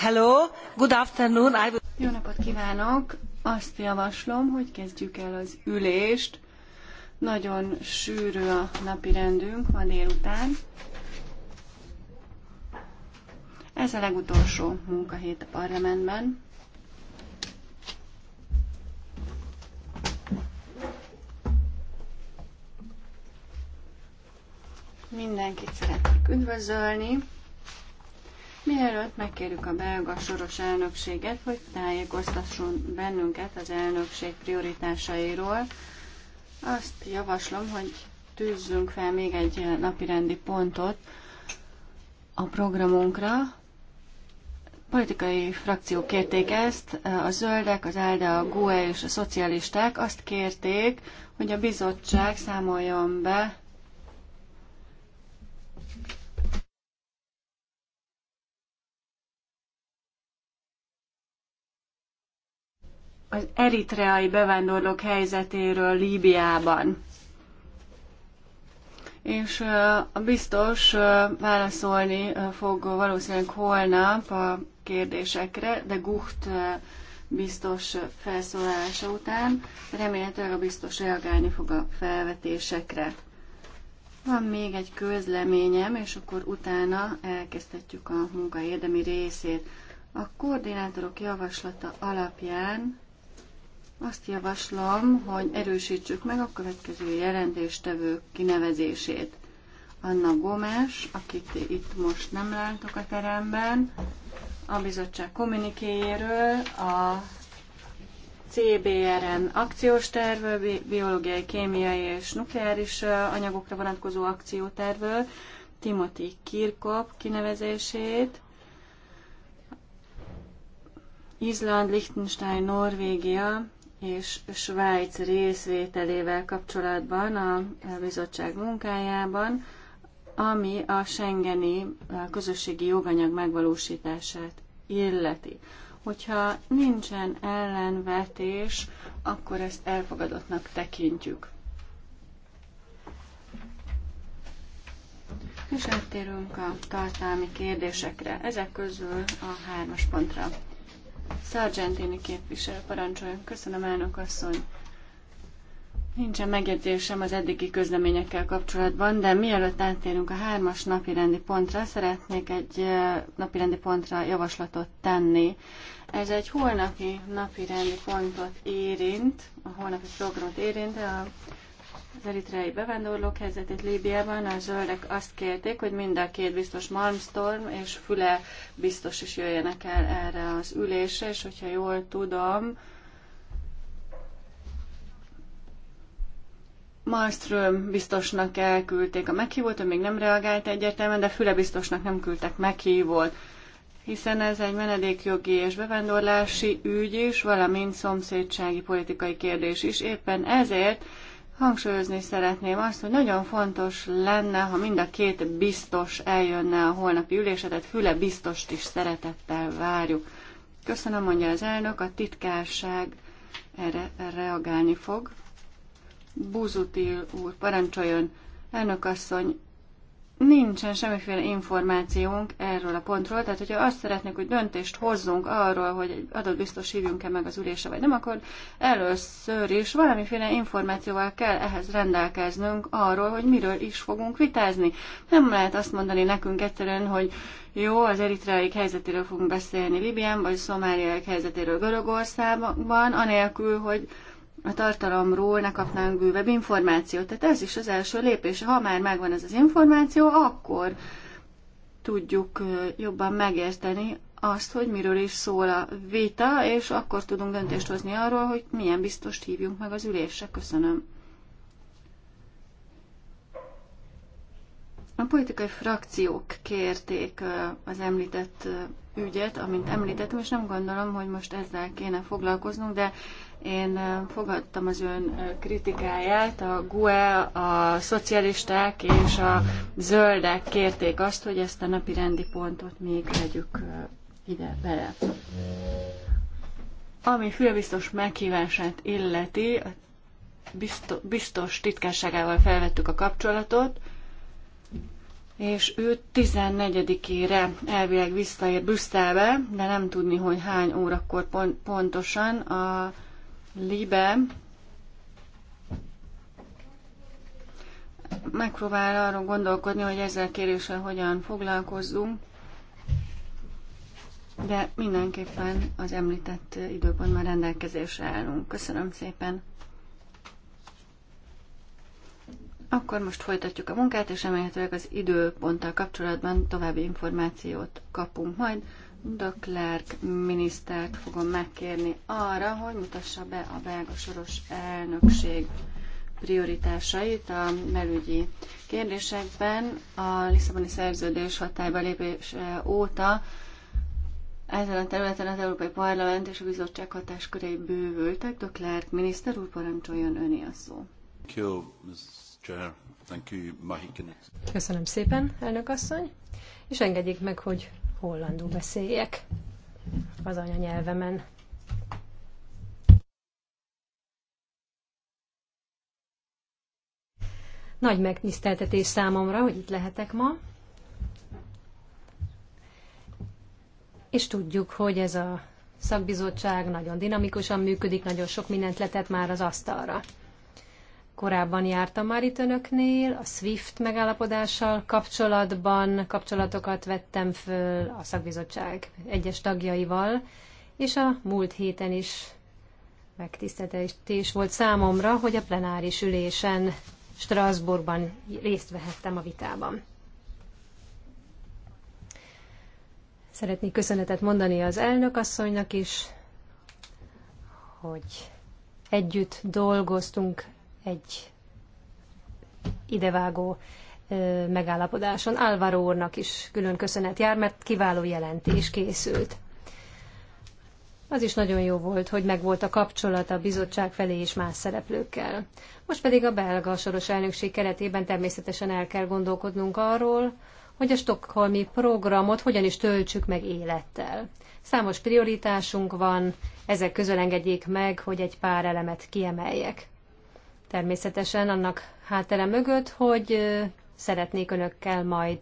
Hello, good afternoon. I will... Jó napot kívánok! Azt javaslom, hogy kezdjük el az ülést. Nagyon sűrű a napi rendünk ma délután. Ez a legutolsó munkahét a parlamentben. Mindenkit szeretnék üdvözölni. Mielőtt megkérjük a belga soros elnökséget, hogy tájékoztasson bennünket az elnökség prioritásairól, azt javaslom, hogy tűzzünk fel még egy napirendi pontot a programunkra. Politikai frakciók kérték ezt, a zöldek, az ELDE, a GUE és a szocialisták azt kérték, hogy a bizottság számoljon be az eritreai bevándorlók helyzetéről Líbiában. És a biztos válaszolni fog valószínűleg holnap a kérdésekre, de Gucht biztos felszólása után remélhetőleg a biztos reagálni fog a felvetésekre. Van még egy közleményem, és akkor utána elkezdhetjük a munka érdemi részét. A koordinátorok javaslata alapján azt javaslom, hogy erősítsük meg a következő jelentéstevők kinevezését. Anna Gomes, akit itt most nem látok a teremben, a bizottság kommunikéjéről, a CBRN akciós tervről, biológiai, kémiai és nukleáris anyagokra vonatkozó akcióterv. Timothy Kirkop kinevezését, Izland, Liechtenstein, Norvégia és Svájc részvételével kapcsolatban a bizottság munkájában, ami a Schengeni a közösségi joganyag megvalósítását illeti. Hogyha nincsen ellenvetés, akkor ezt elfogadottnak tekintjük. És áttérünk a tartalmi kérdésekre. Ezek közül a hármas pontra. Sargentini képviselő, parancsoljon. Köszönöm, elnök asszony. Nincsen megjegyzésem az eddigi közleményekkel kapcsolatban, de mielőtt átérünk a hármas napirendi pontra, szeretnék egy napirendi pontra javaslatot tenni. Ez egy holnapi napirendi pontot érint, a holnapi programot érint, a az eritreai bevándorlók helyzetét Líbiában, a zöldek azt kérték, hogy mind a két biztos Malmstorm és Füle biztos is jöjjenek el erre az ülésre, és hogyha jól tudom, Malmström biztosnak elküldték a meghívót, ő még nem reagált egyértelműen, de Füle biztosnak nem küldtek meghívót hiszen ez egy menedékjogi és bevándorlási ügy is, valamint szomszédsági politikai kérdés is. Éppen ezért Hangsúlyozni szeretném azt, hogy nagyon fontos lenne, ha mind a két biztos eljönne a holnapi ülésedet. Füle biztost is szeretettel várjuk. Köszönöm, mondja az elnök, a titkárság erre reagálni fog. Buzutil úr, parancsoljon, elnök asszony, Nincsen semmiféle információnk erről a pontról, tehát hogyha azt szeretnék, hogy döntést hozzunk arról, hogy egy adott biztos hívjunk-e meg az ülése, vagy nem, akkor először is valamiféle információval kell ehhez rendelkeznünk arról, hogy miről is fogunk vitázni. Nem lehet azt mondani nekünk egyszerűen, hogy jó, az eritreaik helyzetéről fogunk beszélni Libián, vagy szomáliaik helyzetéről Görögországban, anélkül, hogy a tartalomról ne kapnánk bővebb információt. Tehát ez is az első lépés. Ha már megvan ez az információ, akkor tudjuk jobban megérteni azt, hogy miről is szól a vita, és akkor tudunk döntést hozni arról, hogy milyen biztost hívjunk meg az ülésre. Köszönöm. A politikai frakciók kérték az említett ügyet, amint említettem, és nem gondolom, hogy most ezzel kéne foglalkoznunk, de én fogadtam az ön kritikáját, a GUE, a szocialisták és a zöldek kérték azt, hogy ezt a napi rendi pontot még vegyük ide bele. Ami fülbiztos meghívását illeti, biztos, titkásságával felvettük a kapcsolatot, és ő 14-ére elvileg visszaér Brüsszelbe, de nem tudni, hogy hány órakor pon- pontosan a Libe megpróbál arról gondolkodni, hogy ezzel kéréssel hogyan foglalkozzunk, de mindenképpen az említett már rendelkezésre állunk. Köszönöm szépen! Akkor most folytatjuk a munkát, és remélhetőleg az időponttal kapcsolatban további információt kapunk majd. De Klerk minisztert fogom megkérni arra, hogy mutassa be a belga soros elnökség prioritásait a belügyi kérdésekben. A Lisszaboni szerződés hatályba lépés óta ezen a területen az Európai Parlament és a Bizottság hatáskörei bővültek. De Klerk miniszter úr, parancsoljon öné a szó. Chair. Thank you, Köszönöm szépen, elnök asszony, és engedjék meg, hogy hollandul beszéljek az anyanyelvemen. Nagy megtiszteltetés számomra, hogy itt lehetek ma. És tudjuk, hogy ez a szakbizottság nagyon dinamikusan működik, nagyon sok mindent letett már az asztalra korábban jártam már itt önöknél, a SWIFT megállapodással kapcsolatban kapcsolatokat vettem föl a szakbizottság egyes tagjaival, és a múlt héten is megtiszteltetés volt számomra, hogy a plenáris ülésen Strasbourgban részt vehettem a vitában. Szeretnék köszönetet mondani az elnök asszonynak is, hogy együtt dolgoztunk egy idevágó megállapodáson. Álvaro úrnak is külön köszönet jár, mert kiváló jelentés készült. Az is nagyon jó volt, hogy megvolt a kapcsolat a bizottság felé és más szereplőkkel. Most pedig a belga soros elnökség keretében természetesen el kell gondolkodnunk arról, hogy a stokholmi programot hogyan is töltsük meg élettel. Számos prioritásunk van, ezek közül engedjék meg, hogy egy pár elemet kiemeljek. Természetesen annak háttere mögött, hogy szeretnék önökkel majd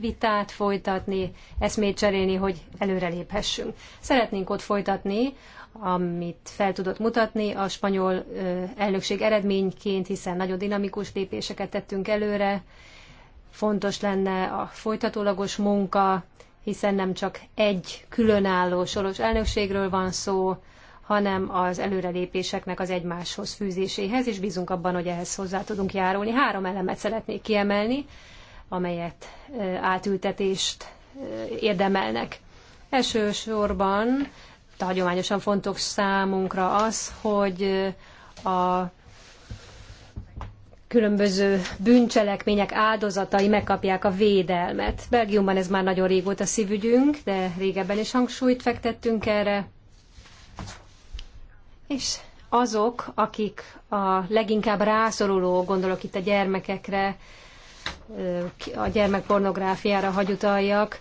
vitát folytatni, eszmét cserélni, hogy előreléphessünk. Szeretnénk ott folytatni, amit fel tudott mutatni a spanyol elnökség eredményként, hiszen nagyon dinamikus lépéseket tettünk előre. Fontos lenne a folytatólagos munka, hiszen nem csak egy különálló soros elnökségről van szó, hanem az előrelépéseknek az egymáshoz fűzéséhez, és bízunk abban, hogy ehhez hozzá tudunk járulni. Három elemet szeretnék kiemelni, amelyet átültetést érdemelnek. Elsősorban hagyományosan fontos számunkra az, hogy a különböző bűncselekmények áldozatai megkapják a védelmet. Belgiumban ez már nagyon régóta szívügyünk, de régebben is hangsúlyt fektettünk erre és azok, akik a leginkább rászoruló, gondolok itt a gyermekekre, a gyermekpornográfiára hagyutaljak,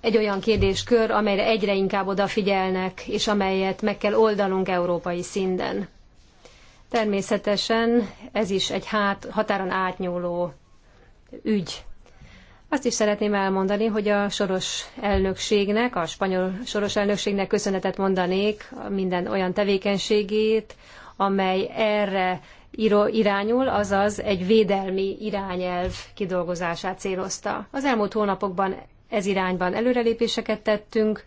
egy olyan kérdéskör, amelyre egyre inkább odafigyelnek, és amelyet meg kell oldanunk európai szinten. Természetesen ez is egy hát, határon átnyúló ügy. Azt is szeretném elmondani, hogy a soros elnökségnek, a spanyol soros elnökségnek köszönetet mondanék minden olyan tevékenységét, amely erre irányul, azaz egy védelmi irányelv kidolgozását célozta. Az elmúlt hónapokban ez irányban előrelépéseket tettünk,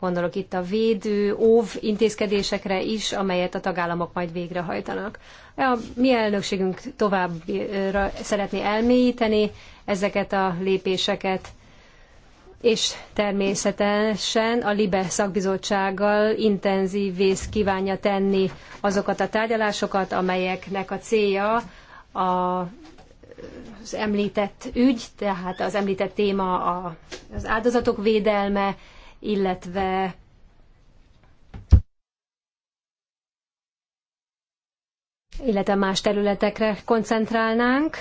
Gondolok itt a védő, óv intézkedésekre is, amelyet a tagállamok majd végrehajtanak. A mi elnökségünk továbbra szeretné elmélyíteni ezeket a lépéseket, és természetesen a LIBE szakbizottsággal intenzív kívánja tenni azokat a tárgyalásokat, amelyeknek a célja a az említett ügy, tehát az említett téma a, az áldozatok védelme, illetve illetve más területekre koncentrálnánk.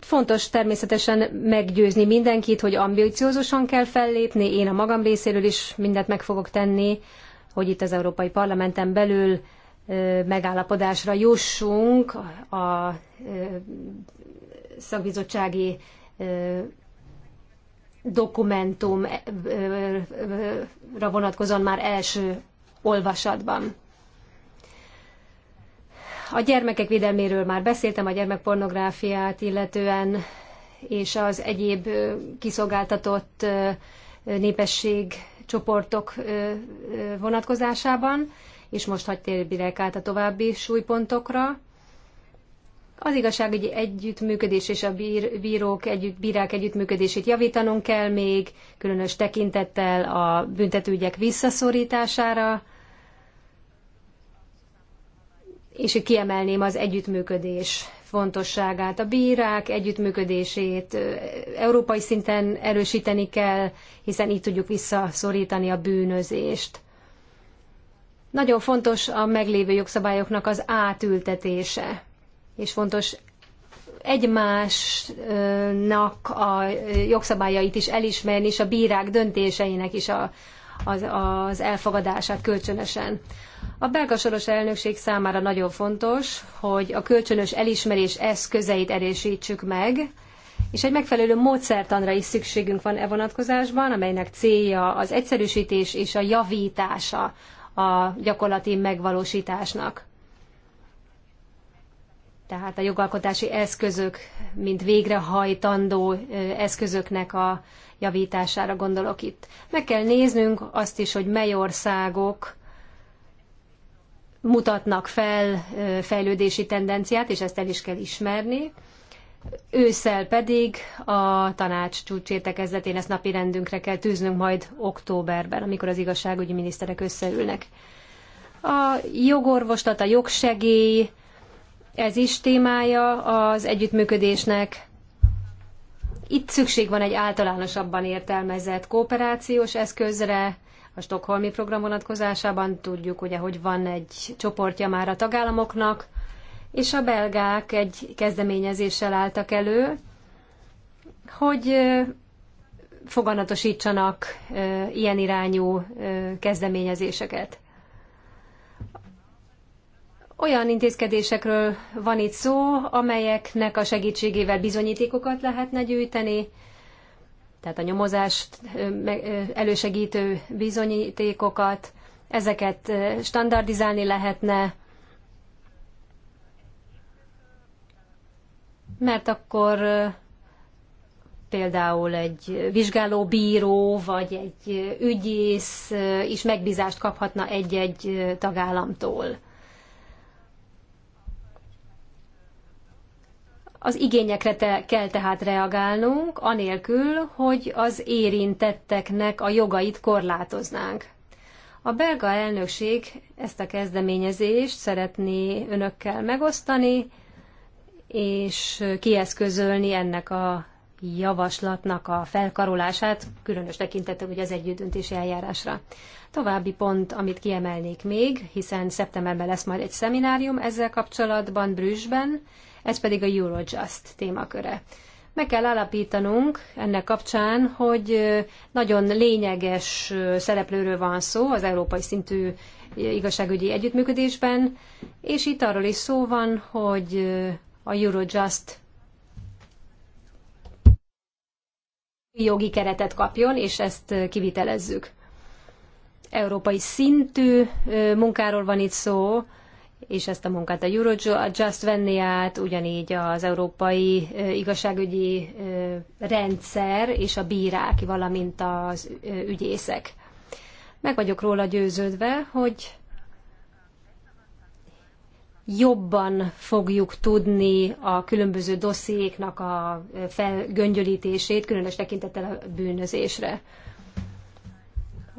Fontos természetesen meggyőzni mindenkit, hogy ambiciózusan kell fellépni. Én a magam részéről is mindent meg fogok tenni, hogy itt az Európai Parlamenten belül megállapodásra jussunk a szakbizottsági dokumentumra vonatkozóan már első olvasatban. A gyermekek védelméről már beszéltem, a gyermekpornográfiát illetően, és az egyéb kiszolgáltatott népesség csoportok vonatkozásában, és most hagyj térjek át a további súlypontokra. Az igazság hogy együttműködés és a bír, bírók együtt, bírák együttműködését javítanunk kell még, különös tekintettel a büntetőügyek visszaszorítására, és kiemelném az együttműködés fontosságát. A bírák együttműködését európai szinten erősíteni kell, hiszen így tudjuk visszaszorítani a bűnözést. Nagyon fontos a meglévő jogszabályoknak az átültetése és fontos egymásnak a jogszabályait is elismerni, és a bírák döntéseinek is a, az, az elfogadását kölcsönösen. A belga soros elnökség számára nagyon fontos, hogy a kölcsönös elismerés eszközeit erősítsük meg, és egy megfelelő módszertanra is szükségünk van e vonatkozásban, amelynek célja az egyszerűsítés és a javítása a gyakorlati megvalósításnak tehát a jogalkotási eszközök, mint végrehajtandó eszközöknek a javítására gondolok itt. Meg kell néznünk azt is, hogy mely országok mutatnak fel fejlődési tendenciát, és ezt el is kell ismerni. Ősszel pedig a tanács csúcsértekezletén ezt napi rendünkre kell tűznünk majd októberben, amikor az igazságügyi miniszterek összeülnek. A jogorvoslat, a jogsegély, ez is témája az együttműködésnek. Itt szükség van egy általánosabban értelmezett kooperációs eszközre, a Stockholmi program vonatkozásában tudjuk ugye, hogy van egy csoportja már a tagállamoknak, és a belgák egy kezdeményezéssel álltak elő, hogy foganatosítsanak ilyen irányú kezdeményezéseket. Olyan intézkedésekről van itt szó, amelyeknek a segítségével bizonyítékokat lehetne gyűjteni, tehát a nyomozást elősegítő bizonyítékokat, ezeket standardizálni lehetne, mert akkor például egy bíró vagy egy ügyész is megbízást kaphatna egy-egy tagállamtól. Az igényekre te, kell tehát reagálnunk, anélkül, hogy az érintetteknek a jogait korlátoznánk. A belga elnökség ezt a kezdeményezést szeretné önökkel megosztani, és kieszközölni ennek a javaslatnak a felkarolását, különös tekintettel az együttdöntési eljárásra. További pont, amit kiemelnék még, hiszen szeptemberben lesz majd egy szeminárium ezzel kapcsolatban Brüsszben, ez pedig a Eurojust témaköre. Meg kell állapítanunk ennek kapcsán, hogy nagyon lényeges szereplőről van szó az európai szintű igazságügyi együttműködésben, és itt arról is szó van, hogy a Eurojust jogi keretet kapjon, és ezt kivitelezzük. Európai szintű munkáról van itt szó, és ezt a munkát a Eurojust venni át, ugyanígy az európai igazságügyi rendszer és a bírák, valamint az ügyészek. Meg vagyok róla győződve, hogy jobban fogjuk tudni a különböző dossziéknak a felgöngyölítését, különös tekintettel a bűnözésre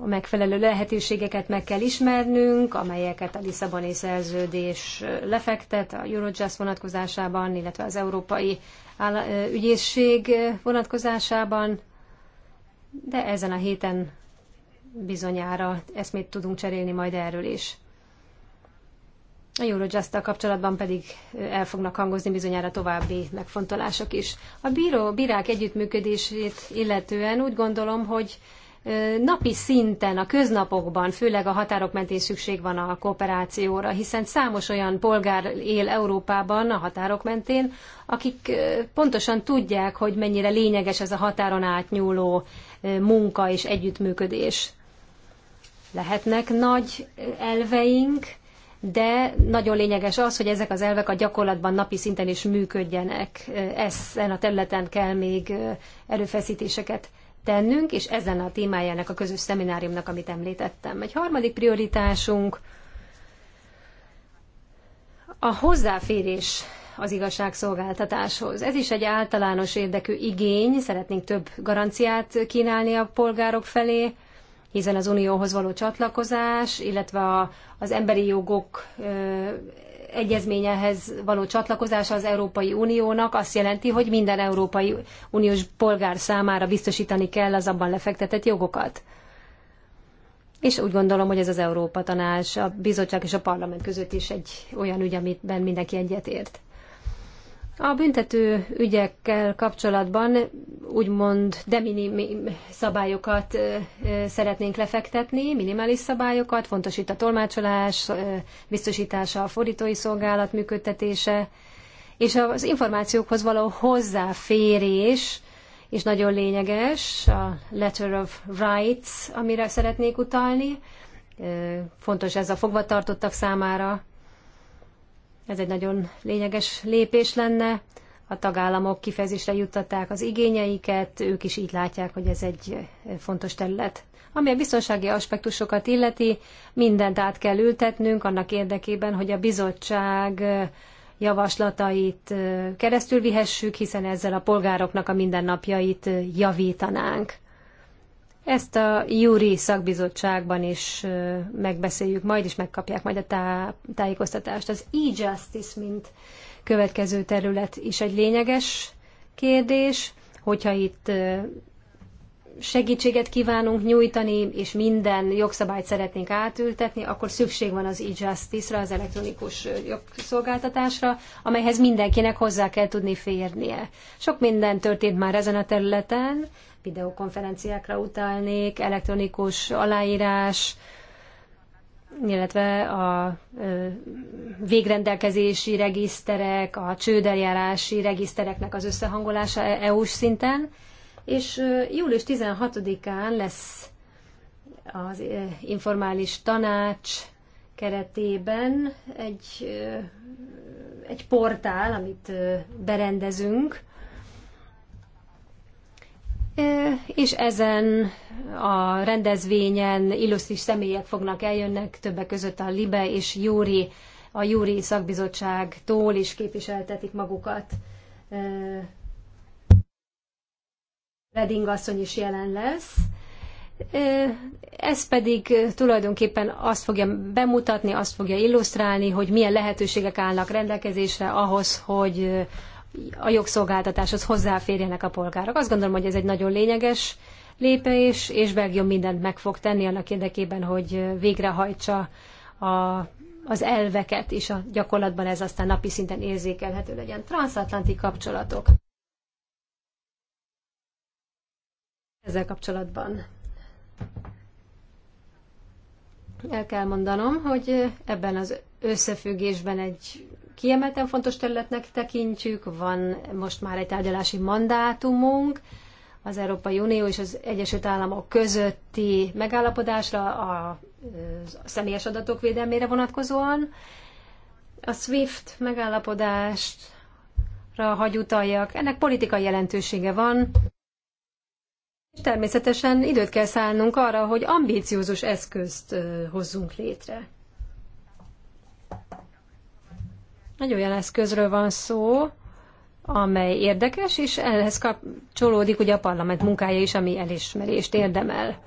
a megfelelő lehetőségeket meg kell ismernünk, amelyeket a Lisszaboni szerződés lefektet a Eurojust vonatkozásában, illetve az Európai Ügyészség vonatkozásában, de ezen a héten bizonyára eszmét tudunk cserélni majd erről is. A eurojust kapcsolatban pedig el fognak hangozni bizonyára további megfontolások is. A bíró, bírák együttműködését illetően úgy gondolom, hogy napi szinten, a köznapokban, főleg a határok mentén szükség van a kooperációra, hiszen számos olyan polgár él Európában a határok mentén, akik pontosan tudják, hogy mennyire lényeges ez a határon átnyúló munka és együttműködés. Lehetnek nagy elveink, de nagyon lényeges az, hogy ezek az elvek a gyakorlatban napi szinten is működjenek. Ezen a területen kell még erőfeszítéseket tennünk, és ezen a témájának a közös szemináriumnak, amit említettem. Egy harmadik prioritásunk a hozzáférés az igazságszolgáltatáshoz. Ez is egy általános érdekű igény, szeretnénk több garanciát kínálni a polgárok felé, hiszen az unióhoz való csatlakozás, illetve az emberi jogok egyezményehez való csatlakozása az Európai Uniónak azt jelenti, hogy minden Európai Uniós polgár számára biztosítani kell az abban lefektetett jogokat. És úgy gondolom, hogy ez az Európa Tanács, a bizottság és a parlament között is egy olyan ügy, amiben mindenki egyetért. A büntető ügyekkel kapcsolatban úgymond de minim szabályokat szeretnénk lefektetni, minimális szabályokat, fontos itt a tolmácsolás, biztosítása, a fordítói szolgálat működtetése, és az információkhoz való hozzáférés, és nagyon lényeges, a Letter of Rights, amire szeretnék utalni. Fontos ez a fogvatartottak számára, ez egy nagyon lényeges lépés lenne. A tagállamok kifejezésre juttatták az igényeiket, ők is így látják, hogy ez egy fontos terület. Ami a biztonsági aspektusokat illeti, mindent át kell ültetnünk annak érdekében, hogy a bizottság javaslatait keresztül vihessük, hiszen ezzel a polgároknak a mindennapjait javítanánk. Ezt a Júri szakbizottságban is megbeszéljük majd, és megkapják majd a tá- tájékoztatást. Az e-justice, mint következő terület is egy lényeges kérdés, hogyha itt segítséget kívánunk nyújtani, és minden jogszabályt szeretnénk átültetni, akkor szükség van az e-justice-ra, az elektronikus jogszolgáltatásra, amelyhez mindenkinek hozzá kell tudni férnie. Sok minden történt már ezen a területen, videokonferenciákra utalnék, elektronikus aláírás, illetve a végrendelkezési regiszterek, a csődeljárási regisztereknek az összehangolása e- EU-s szinten, és július 16-án lesz az informális tanács keretében egy, egy portál, amit berendezünk, E, és ezen a rendezvényen illusztris személyek fognak eljönnek, többek között a Libe és Júri, a Júri szakbizottságtól is képviseltetik magukat. E, Reding asszony is jelen lesz. E, ez pedig tulajdonképpen azt fogja bemutatni, azt fogja illusztrálni, hogy milyen lehetőségek állnak rendelkezésre ahhoz, hogy a jogszolgáltatáshoz hozzáférjenek a polgárok. Azt gondolom, hogy ez egy nagyon lényeges lépés, és Belgium mindent meg fog tenni annak érdekében, hogy végrehajtsa a, az elveket, és a gyakorlatban ez aztán napi szinten érzékelhető legyen. Transatlanti kapcsolatok. Ezzel kapcsolatban el kell mondanom, hogy ebben az összefüggésben egy kiemelten fontos területnek tekintjük, van most már egy tárgyalási mandátumunk, az Európai Unió és az Egyesült Államok közötti megállapodásra a személyes adatok védelmére vonatkozóan. A SWIFT megállapodást hagy utaljak. Ennek politikai jelentősége van. És természetesen időt kell szánnunk arra, hogy ambíciózus eszközt hozzunk létre. Nagyon olyan eszközről van szó, amely érdekes, és ehhez kapcsolódik ugye a parlament munkája is, ami elismerést érdemel.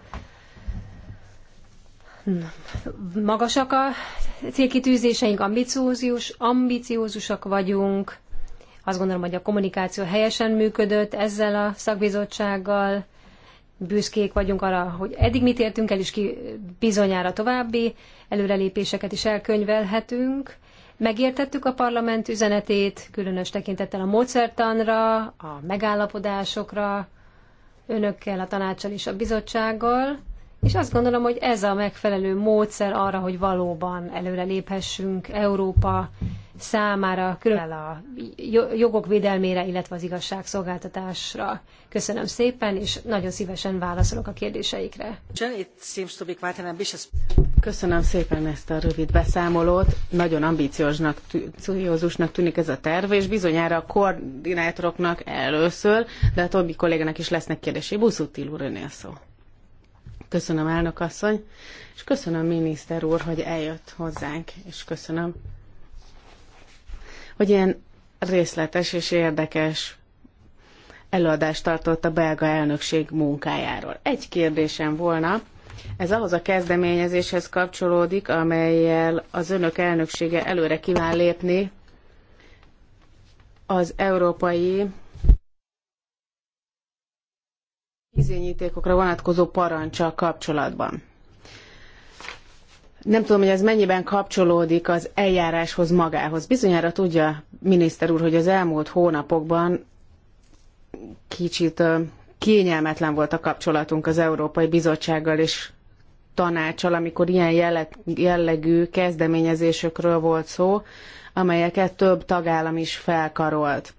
Magasak a célkitűzéseink, ambiciózus, ambiciózusak vagyunk. Azt gondolom, hogy a kommunikáció helyesen működött ezzel a szakbizottsággal. Büszkék vagyunk arra, hogy eddig mit értünk el, és ki bizonyára további előrelépéseket is elkönyvelhetünk Megértettük a parlament üzenetét, különös tekintettel a módszertanra, a megállapodásokra, önökkel, a tanácsal és a bizottsággal, és azt gondolom, hogy ez a megfelelő módszer arra, hogy valóban előre léphessünk Európa számára, különösen a jogok védelmére, illetve az igazságszolgáltatásra. Köszönöm szépen, és nagyon szívesen válaszolok a kérdéseikre. Köszönöm szépen ezt a rövid beszámolót. Nagyon ambiciózusnak tű, tűnik ez a terv, és bizonyára a koordinátoroknak először, de a többi kollégának is lesznek kérdései. Buszutil úr, önél szó. Köszönöm, elnök asszony, és köszönöm, miniszter úr, hogy eljött hozzánk, és köszönöm hogy ilyen részletes és érdekes előadást tartott a belga elnökség munkájáról. Egy kérdésem volna, ez ahhoz a kezdeményezéshez kapcsolódik, amelyel az önök elnöksége előre kíván lépni az európai vízényítékokra vonatkozó parancsa kapcsolatban. Nem tudom, hogy ez mennyiben kapcsolódik az eljáráshoz magához. Bizonyára tudja, miniszter úr, hogy az elmúlt hónapokban kicsit kényelmetlen volt a kapcsolatunk az Európai Bizottsággal és tanácsal, amikor ilyen jellegű kezdeményezésekről volt szó, amelyeket több tagállam is felkarolt.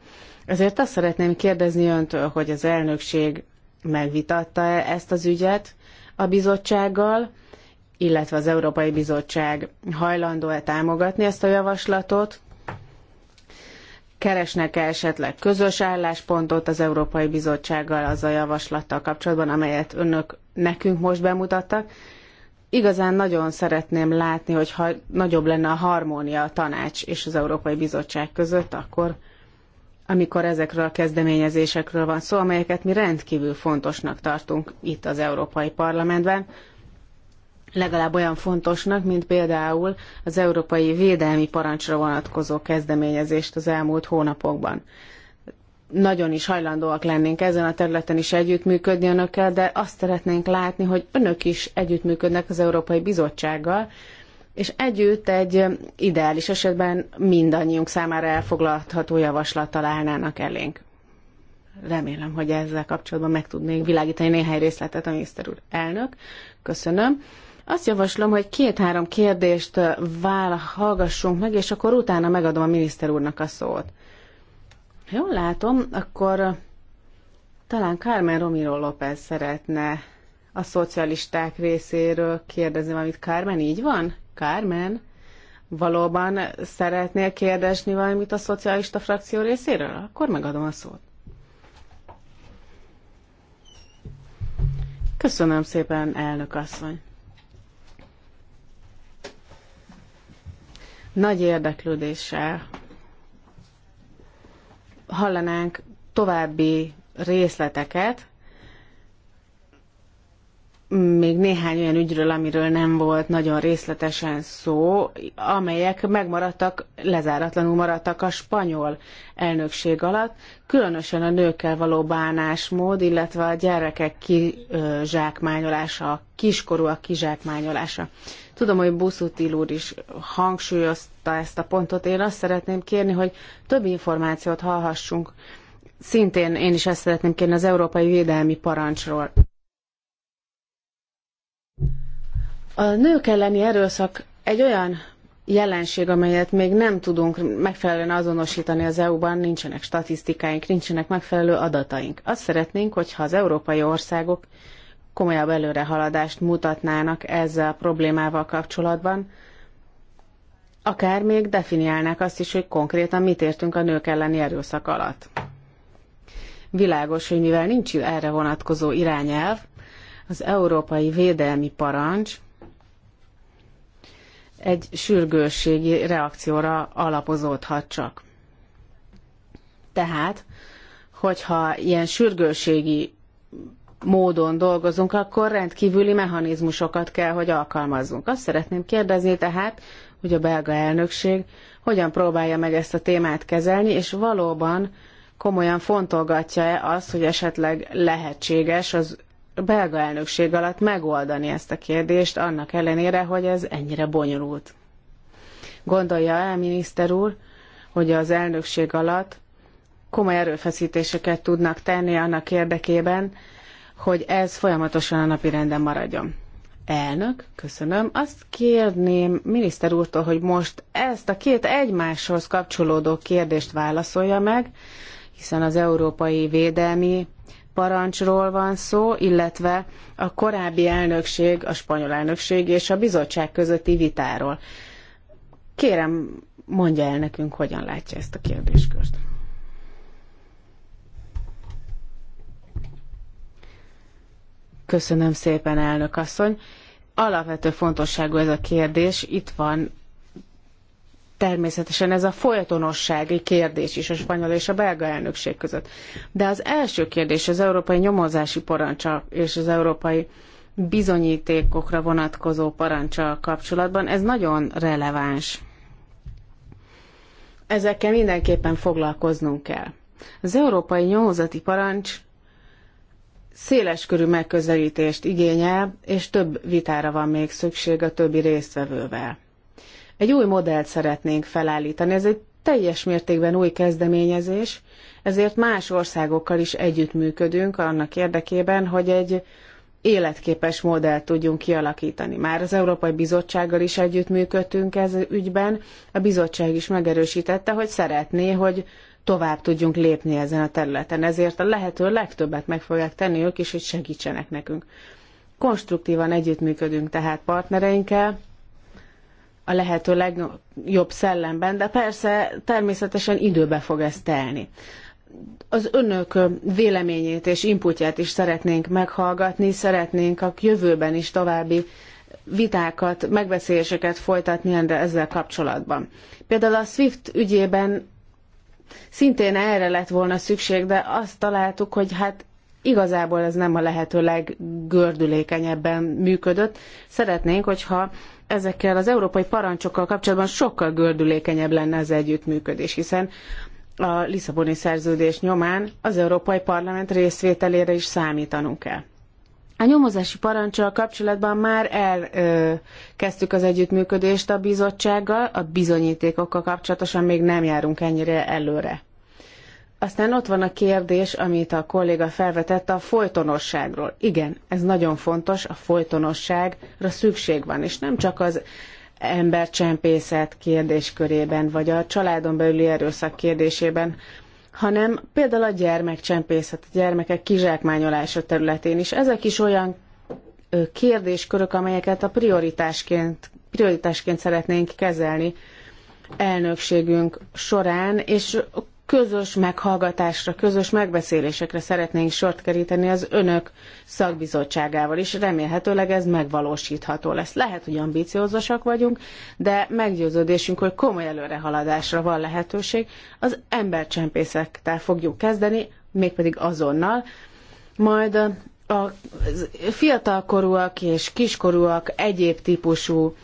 Ezért azt szeretném kérdezni öntől, hogy az elnökség megvitatta-e ezt az ügyet a bizottsággal, illetve az Európai Bizottság hajlandó-e támogatni ezt a javaslatot, keresnek-e esetleg közös álláspontot az Európai Bizottsággal az a javaslattal kapcsolatban, amelyet önök nekünk most bemutattak. Igazán nagyon szeretném látni, hogy ha nagyobb lenne a harmónia a tanács és az Európai Bizottság között, akkor amikor ezekről a kezdeményezésekről van szó, amelyeket mi rendkívül fontosnak tartunk itt az Európai Parlamentben, legalább olyan fontosnak, mint például az Európai Védelmi Parancsra vonatkozó kezdeményezést az elmúlt hónapokban. Nagyon is hajlandóak lennénk ezen a területen is együttműködni önökkel, de azt szeretnénk látni, hogy önök is együttműködnek az Európai Bizottsággal, és együtt egy ideális esetben mindannyiunk számára elfoglalható javaslat találnának elénk. Remélem, hogy ezzel kapcsolatban meg tudnék világítani néhány részletet a miniszter úr elnök. Köszönöm. Azt javaslom, hogy két-három kérdést vála, hallgassunk meg, és akkor utána megadom a miniszter úrnak a szót. Ha jól látom, akkor talán Carmen Romero López szeretne a szocialisták részéről kérdezni valamit. Carmen, így van? Carmen, valóban szeretnél kérdezni valamit a szocialista frakció részéről? Akkor megadom a szót. Köszönöm szépen, elnök asszony. nagy érdeklődéssel hallanánk további részleteket még néhány olyan ügyről, amiről nem volt nagyon részletesen szó, amelyek megmaradtak, lezáratlanul maradtak a spanyol elnökség alatt, különösen a nőkkel való bánásmód, illetve a gyerekek kizsákmányolása, a kiskorúak kizsákmányolása. Tudom, hogy Buszutil úr is hangsúlyozta ezt a pontot. Én azt szeretném kérni, hogy több információt hallhassunk. Szintén én is ezt szeretném kérni az Európai Védelmi Parancsról a nők elleni erőszak egy olyan jelenség, amelyet még nem tudunk megfelelően azonosítani az EU-ban, nincsenek statisztikáink, nincsenek megfelelő adataink. Azt szeretnénk, hogyha az európai országok komolyabb előrehaladást mutatnának ezzel a problémával kapcsolatban, akár még definiálnák azt is, hogy konkrétan mit értünk a nők elleni erőszak alatt. Világos, hogy mivel nincs erre vonatkozó irányelv, az Európai Védelmi Parancs egy sürgősségi reakcióra alapozódhat csak. Tehát, hogyha ilyen sürgősségi módon dolgozunk, akkor rendkívüli mechanizmusokat kell, hogy alkalmazzunk. Azt szeretném kérdezni tehát, hogy a belga elnökség hogyan próbálja meg ezt a témát kezelni, és valóban komolyan fontolgatja-e azt, hogy esetleg lehetséges az belga elnökség alatt megoldani ezt a kérdést, annak ellenére, hogy ez ennyire bonyolult. Gondolja el, miniszter úr, hogy az elnökség alatt komoly erőfeszítéseket tudnak tenni annak érdekében, hogy ez folyamatosan a napirenden maradjon. Elnök, köszönöm. Azt kérném miniszter úrtól, hogy most ezt a két egymáshoz kapcsolódó kérdést válaszolja meg, hiszen az európai védelmi parancsról van szó, illetve a korábbi elnökség, a spanyol elnökség és a bizottság közötti vitáról. Kérem, mondja el nekünk, hogyan látja ezt a kérdéskört. Köszönöm szépen, elnök asszony. Alapvető fontosságú ez a kérdés. Itt van természetesen ez a folytonossági kérdés is a spanyol és a belga elnökség között. De az első kérdés az európai nyomozási parancsa és az európai bizonyítékokra vonatkozó parancsa kapcsolatban, ez nagyon releváns. Ezekkel mindenképpen foglalkoznunk kell. Az európai nyomozati parancs széleskörű megközelítést igényel, és több vitára van még szükség a többi résztvevővel. Egy új modellt szeretnénk felállítani. Ez egy teljes mértékben új kezdeményezés, ezért más országokkal is együttműködünk annak érdekében, hogy egy életképes modellt tudjunk kialakítani. Már az Európai Bizottsággal is együttműködtünk ez ügyben. A bizottság is megerősítette, hogy szeretné, hogy tovább tudjunk lépni ezen a területen. Ezért a lehető legtöbbet meg fogják tenni ők is, hogy segítsenek nekünk. Konstruktívan együttműködünk tehát partnereinkkel, a lehető legjobb szellemben, de persze természetesen időbe fog ez telni. Az önök véleményét és inputját is szeretnénk meghallgatni, szeretnénk a jövőben is további vitákat, megbeszéléseket folytatni de ezzel kapcsolatban. Például a SWIFT ügyében szintén erre lett volna szükség, de azt találtuk, hogy hát igazából ez nem a lehető leggördülékenyebben működött. Szeretnénk, hogyha ezekkel az európai parancsokkal kapcsolatban sokkal gördülékenyebb lenne az együttműködés, hiszen a Lisszaboni szerződés nyomán az Európai Parlament részvételére is számítanunk kell. A nyomozási parancsal kapcsolatban már elkezdtük az együttműködést a bizottsággal, a bizonyítékokkal kapcsolatosan még nem járunk ennyire előre. Aztán ott van a kérdés, amit a kolléga felvetett a folytonosságról. Igen, ez nagyon fontos, a folytonosságra szükség van, és nem csak az embercsempészet kérdéskörében, vagy a családon belüli erőszak kérdésében, hanem például a gyermekcsempészet, a gyermekek kizsákmányolása területén is. Ezek is olyan kérdéskörök, amelyeket a prioritásként, prioritásként szeretnénk kezelni elnökségünk során, és közös meghallgatásra, közös megbeszélésekre szeretnénk sort keríteni az önök szakbizottságával is. Remélhetőleg ez megvalósítható lesz. Lehet, hogy ambiciózusak vagyunk, de meggyőződésünk, hogy komoly előrehaladásra van lehetőség. Az embercsempészekkel fogjuk kezdeni, mégpedig azonnal, majd a fiatalkorúak és kiskorúak egyéb típusú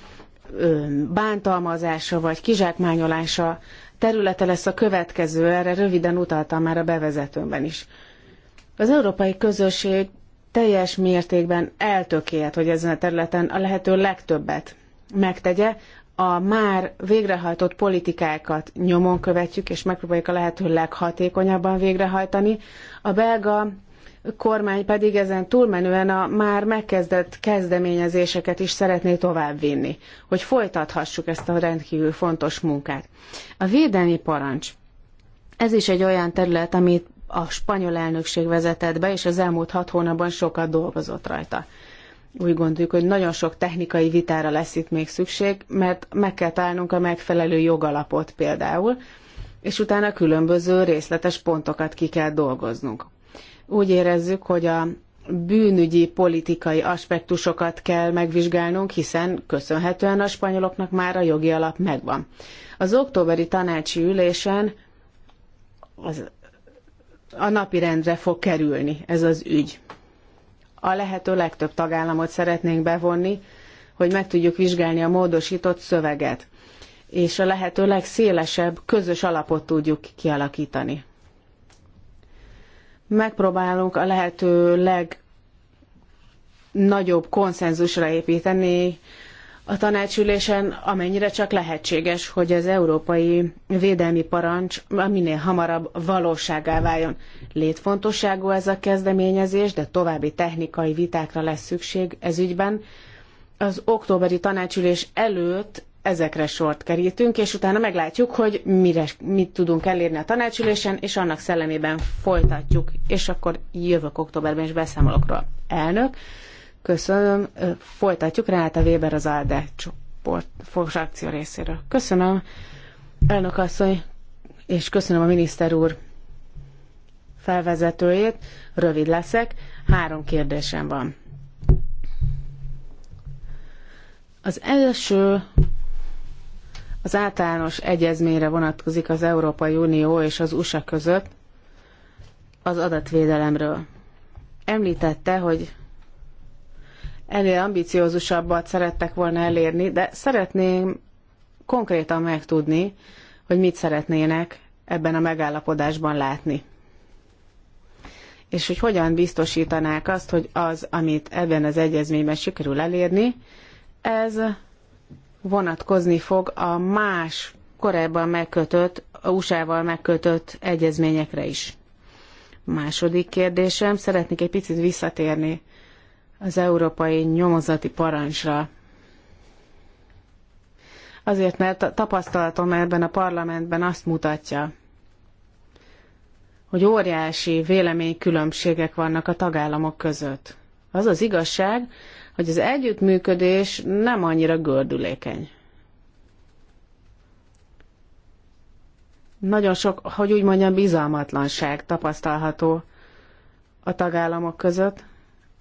bántalmazása vagy kizsákmányolása területe lesz a következő, erre röviden utaltam már a bevezetőmben is. Az európai közösség teljes mértékben eltökélt, hogy ezen a területen a lehető legtöbbet megtegye, a már végrehajtott politikákat nyomon követjük, és megpróbáljuk a lehető leghatékonyabban végrehajtani. A belga kormány pedig ezen túlmenően a már megkezdett kezdeményezéseket is szeretné továbbvinni, hogy folytathassuk ezt a rendkívül fontos munkát. A védelmi parancs. Ez is egy olyan terület, amit a spanyol elnökség vezetett be, és az elmúlt hat hónapban sokat dolgozott rajta. Úgy gondoljuk, hogy nagyon sok technikai vitára lesz itt még szükség, mert meg kell találnunk a megfelelő jogalapot például, és utána különböző részletes pontokat ki kell dolgoznunk. Úgy érezzük, hogy a bűnügyi politikai aspektusokat kell megvizsgálnunk, hiszen köszönhetően a spanyoloknak már a jogi alap megvan. Az októberi tanácsi ülésen az, a napirendre fog kerülni ez az ügy. A lehető legtöbb tagállamot szeretnénk bevonni, hogy meg tudjuk vizsgálni a módosított szöveget, és a lehető legszélesebb közös alapot tudjuk kialakítani megpróbálunk a lehető legnagyobb konszenzusra építeni a tanácsülésen, amennyire csak lehetséges, hogy az európai védelmi parancs minél hamarabb valóságá váljon. Létfontosságú ez a kezdeményezés, de további technikai vitákra lesz szükség ez ügyben. Az októberi tanácsülés előtt ezekre sort kerítünk, és utána meglátjuk, hogy mire, mit tudunk elérni a tanácsülésen, és annak szellemében folytatjuk, és akkor jövök októberben is beszámolok róla. Elnök, köszönöm, folytatjuk Ráta Weber az ALDE csoport frakció részéről. Köszönöm, elnök asszony, és köszönöm a miniszter úr felvezetőjét, rövid leszek, három kérdésem van. Az első az általános egyezményre vonatkozik az Európai Unió és az USA között az adatvédelemről. Említette, hogy ennél ambiciózusabbat szerettek volna elérni, de szeretném konkrétan megtudni, hogy mit szeretnének ebben a megállapodásban látni. És hogy hogyan biztosítanák azt, hogy az, amit ebben az egyezményben sikerül elérni, ez vonatkozni fog a más korábban megkötött, a USA-val megkötött egyezményekre is. Második kérdésem, szeretnék egy picit visszatérni az európai nyomozati parancsra. Azért, mert a tapasztalatom ebben a parlamentben azt mutatja, hogy óriási véleménykülönbségek vannak a tagállamok között. Az az igazság, hogy az együttműködés nem annyira gördülékeny. Nagyon sok, hogy úgy mondjam, bizalmatlanság tapasztalható a tagállamok között,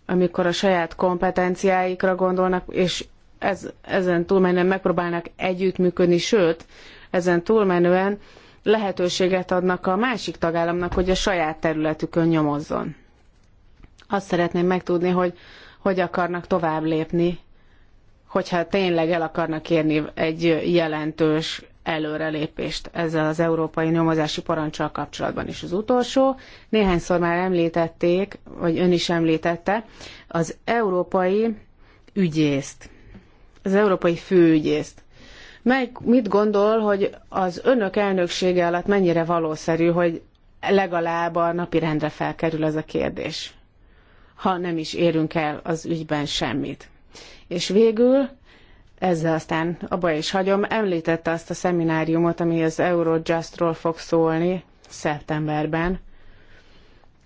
amikor a saját kompetenciáikra gondolnak, és ez, ezen túlmenően megpróbálnak együttműködni, sőt, ezen túlmenően lehetőséget adnak a másik tagállamnak, hogy a saját területükön nyomozzon. Azt szeretném megtudni, hogy hogy akarnak tovább lépni, hogyha tényleg el akarnak érni egy jelentős előrelépést ezzel az európai nyomozási parancsal kapcsolatban is. Az utolsó, néhányszor már említették, vagy ön is említette, az európai ügyészt, az európai főügyészt. Mely, mit gondol, hogy az önök elnöksége alatt mennyire valószerű, hogy legalább a napirendre felkerül ez a kérdés? ha nem is érünk el az ügyben semmit. És végül, ezzel aztán abba is hagyom, említette azt a szemináriumot, ami az Eurojustról fog szólni szeptemberben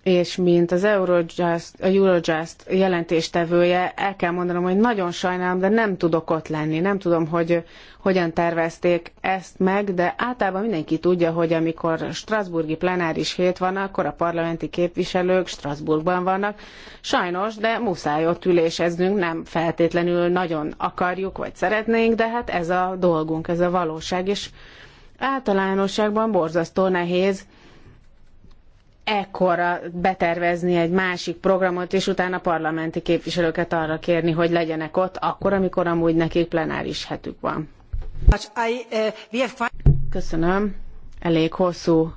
és mint az Eurojust, a Eurojust jelentéstevője, el kell mondanom, hogy nagyon sajnálom, de nem tudok ott lenni. Nem tudom, hogy hogyan tervezték ezt meg, de általában mindenki tudja, hogy amikor Strasburgi plenáris hét van, akkor a parlamenti képviselők Strasbourgban vannak. Sajnos, de muszáj ott üléseznünk, nem feltétlenül nagyon akarjuk vagy szeretnénk, de hát ez a dolgunk, ez a valóság, és általánosságban borzasztó nehéz ekkora betervezni egy másik programot, és utána parlamenti képviselőket arra kérni, hogy legyenek ott, akkor, amikor amúgy nekik plenáris hetük van. Uh, Köszönöm. Elég hosszú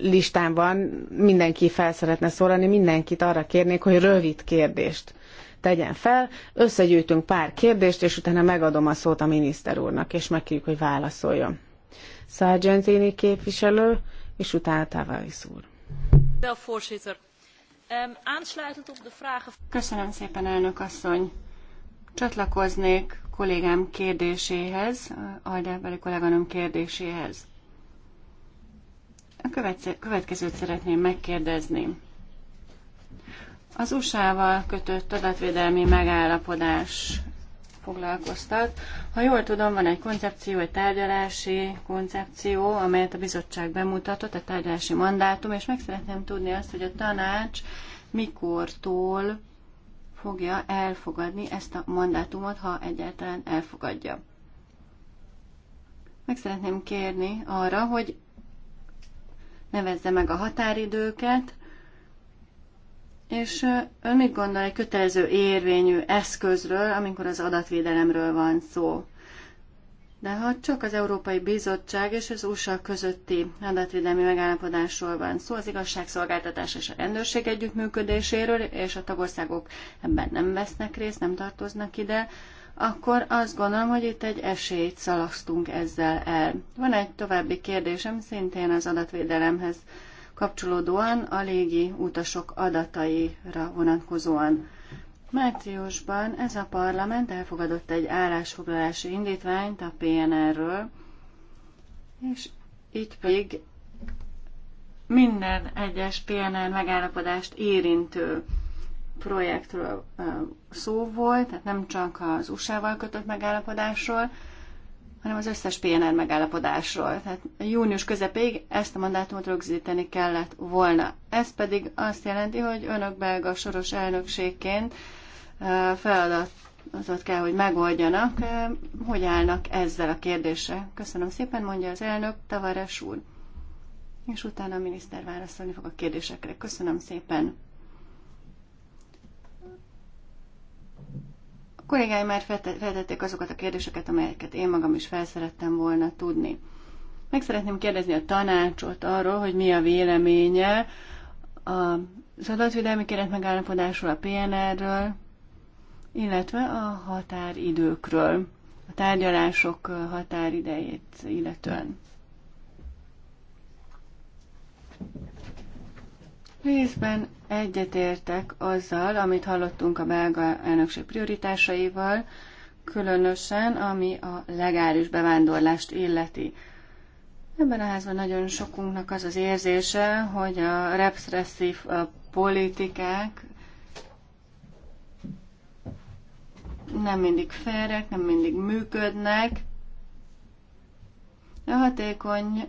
listán van, mindenki fel szeretne szólalni, mindenkit arra kérnék, hogy rövid kérdést tegyen fel. Összegyűjtünk pár kérdést, és utána megadom a szót a miniszter úrnak, és megkérjük, hogy válaszoljon. Sargentini képviselő, és utána Tavares úr. Ehm, Köszönöm szépen, Csatlakoznék kollégám kérdéséhez, Alderbeli kolléganőm kérdéséhez. A következőt szeretném megkérdezni. Az USA-val kötött adatvédelmi megállapodás foglalkoztat. Ha jól tudom, van egy koncepció, egy tárgyalási koncepció, amelyet a bizottság bemutatott, a tárgyalási mandátum, és meg szeretném tudni azt, hogy a tanács mikortól fogja elfogadni ezt a mandátumot, ha egyáltalán elfogadja. Meg szeretném kérni arra, hogy nevezze meg a határidőket, és ön mit gondol egy kötelező érvényű eszközről, amikor az adatvédelemről van szó? De ha csak az Európai Bizottság és az USA közötti adatvédelmi megállapodásról van szó, az igazságszolgáltatás és a rendőrség együttműködéséről, és a tagországok ebben nem vesznek részt, nem tartoznak ide, akkor azt gondolom, hogy itt egy esélyt szalasztunk ezzel el. Van egy további kérdésem, szintén az adatvédelemhez kapcsolódóan a légi utasok adataira vonatkozóan. Márciusban ez a parlament elfogadott egy állásfoglalási indítványt a PNR-ről, és így pedig minden egyes PNR megállapodást érintő projektről szó volt, tehát nem csak az USA-val kötött megállapodásról, hanem az összes PNR megállapodásról. Tehát június közepéig ezt a mandátumot rögzíteni kellett volna. Ez pedig azt jelenti, hogy önök belga soros elnökségként feladatot kell, hogy megoldjanak. Hogy állnak ezzel a kérdéssel? Köszönöm szépen, mondja az elnök, Tavares úr. És utána a miniszter válaszolni fog a kérdésekre. Köszönöm szépen. kollégáim már feltették azokat a kérdéseket, amelyeket én magam is felszerettem volna tudni. Meg szeretném kérdezni a tanácsot arról, hogy mi a véleménye az adatvédelmi keret megállapodásról, a PNR-ről, illetve a határidőkről, a tárgyalások határidejét illetően. Részben Egyetértek azzal, amit hallottunk a belga elnökség prioritásaival, különösen ami a legális bevándorlást illeti. Ebben a házban nagyon sokunknak az az érzése, hogy a repressív politikák nem mindig férek, nem mindig működnek, a hatékony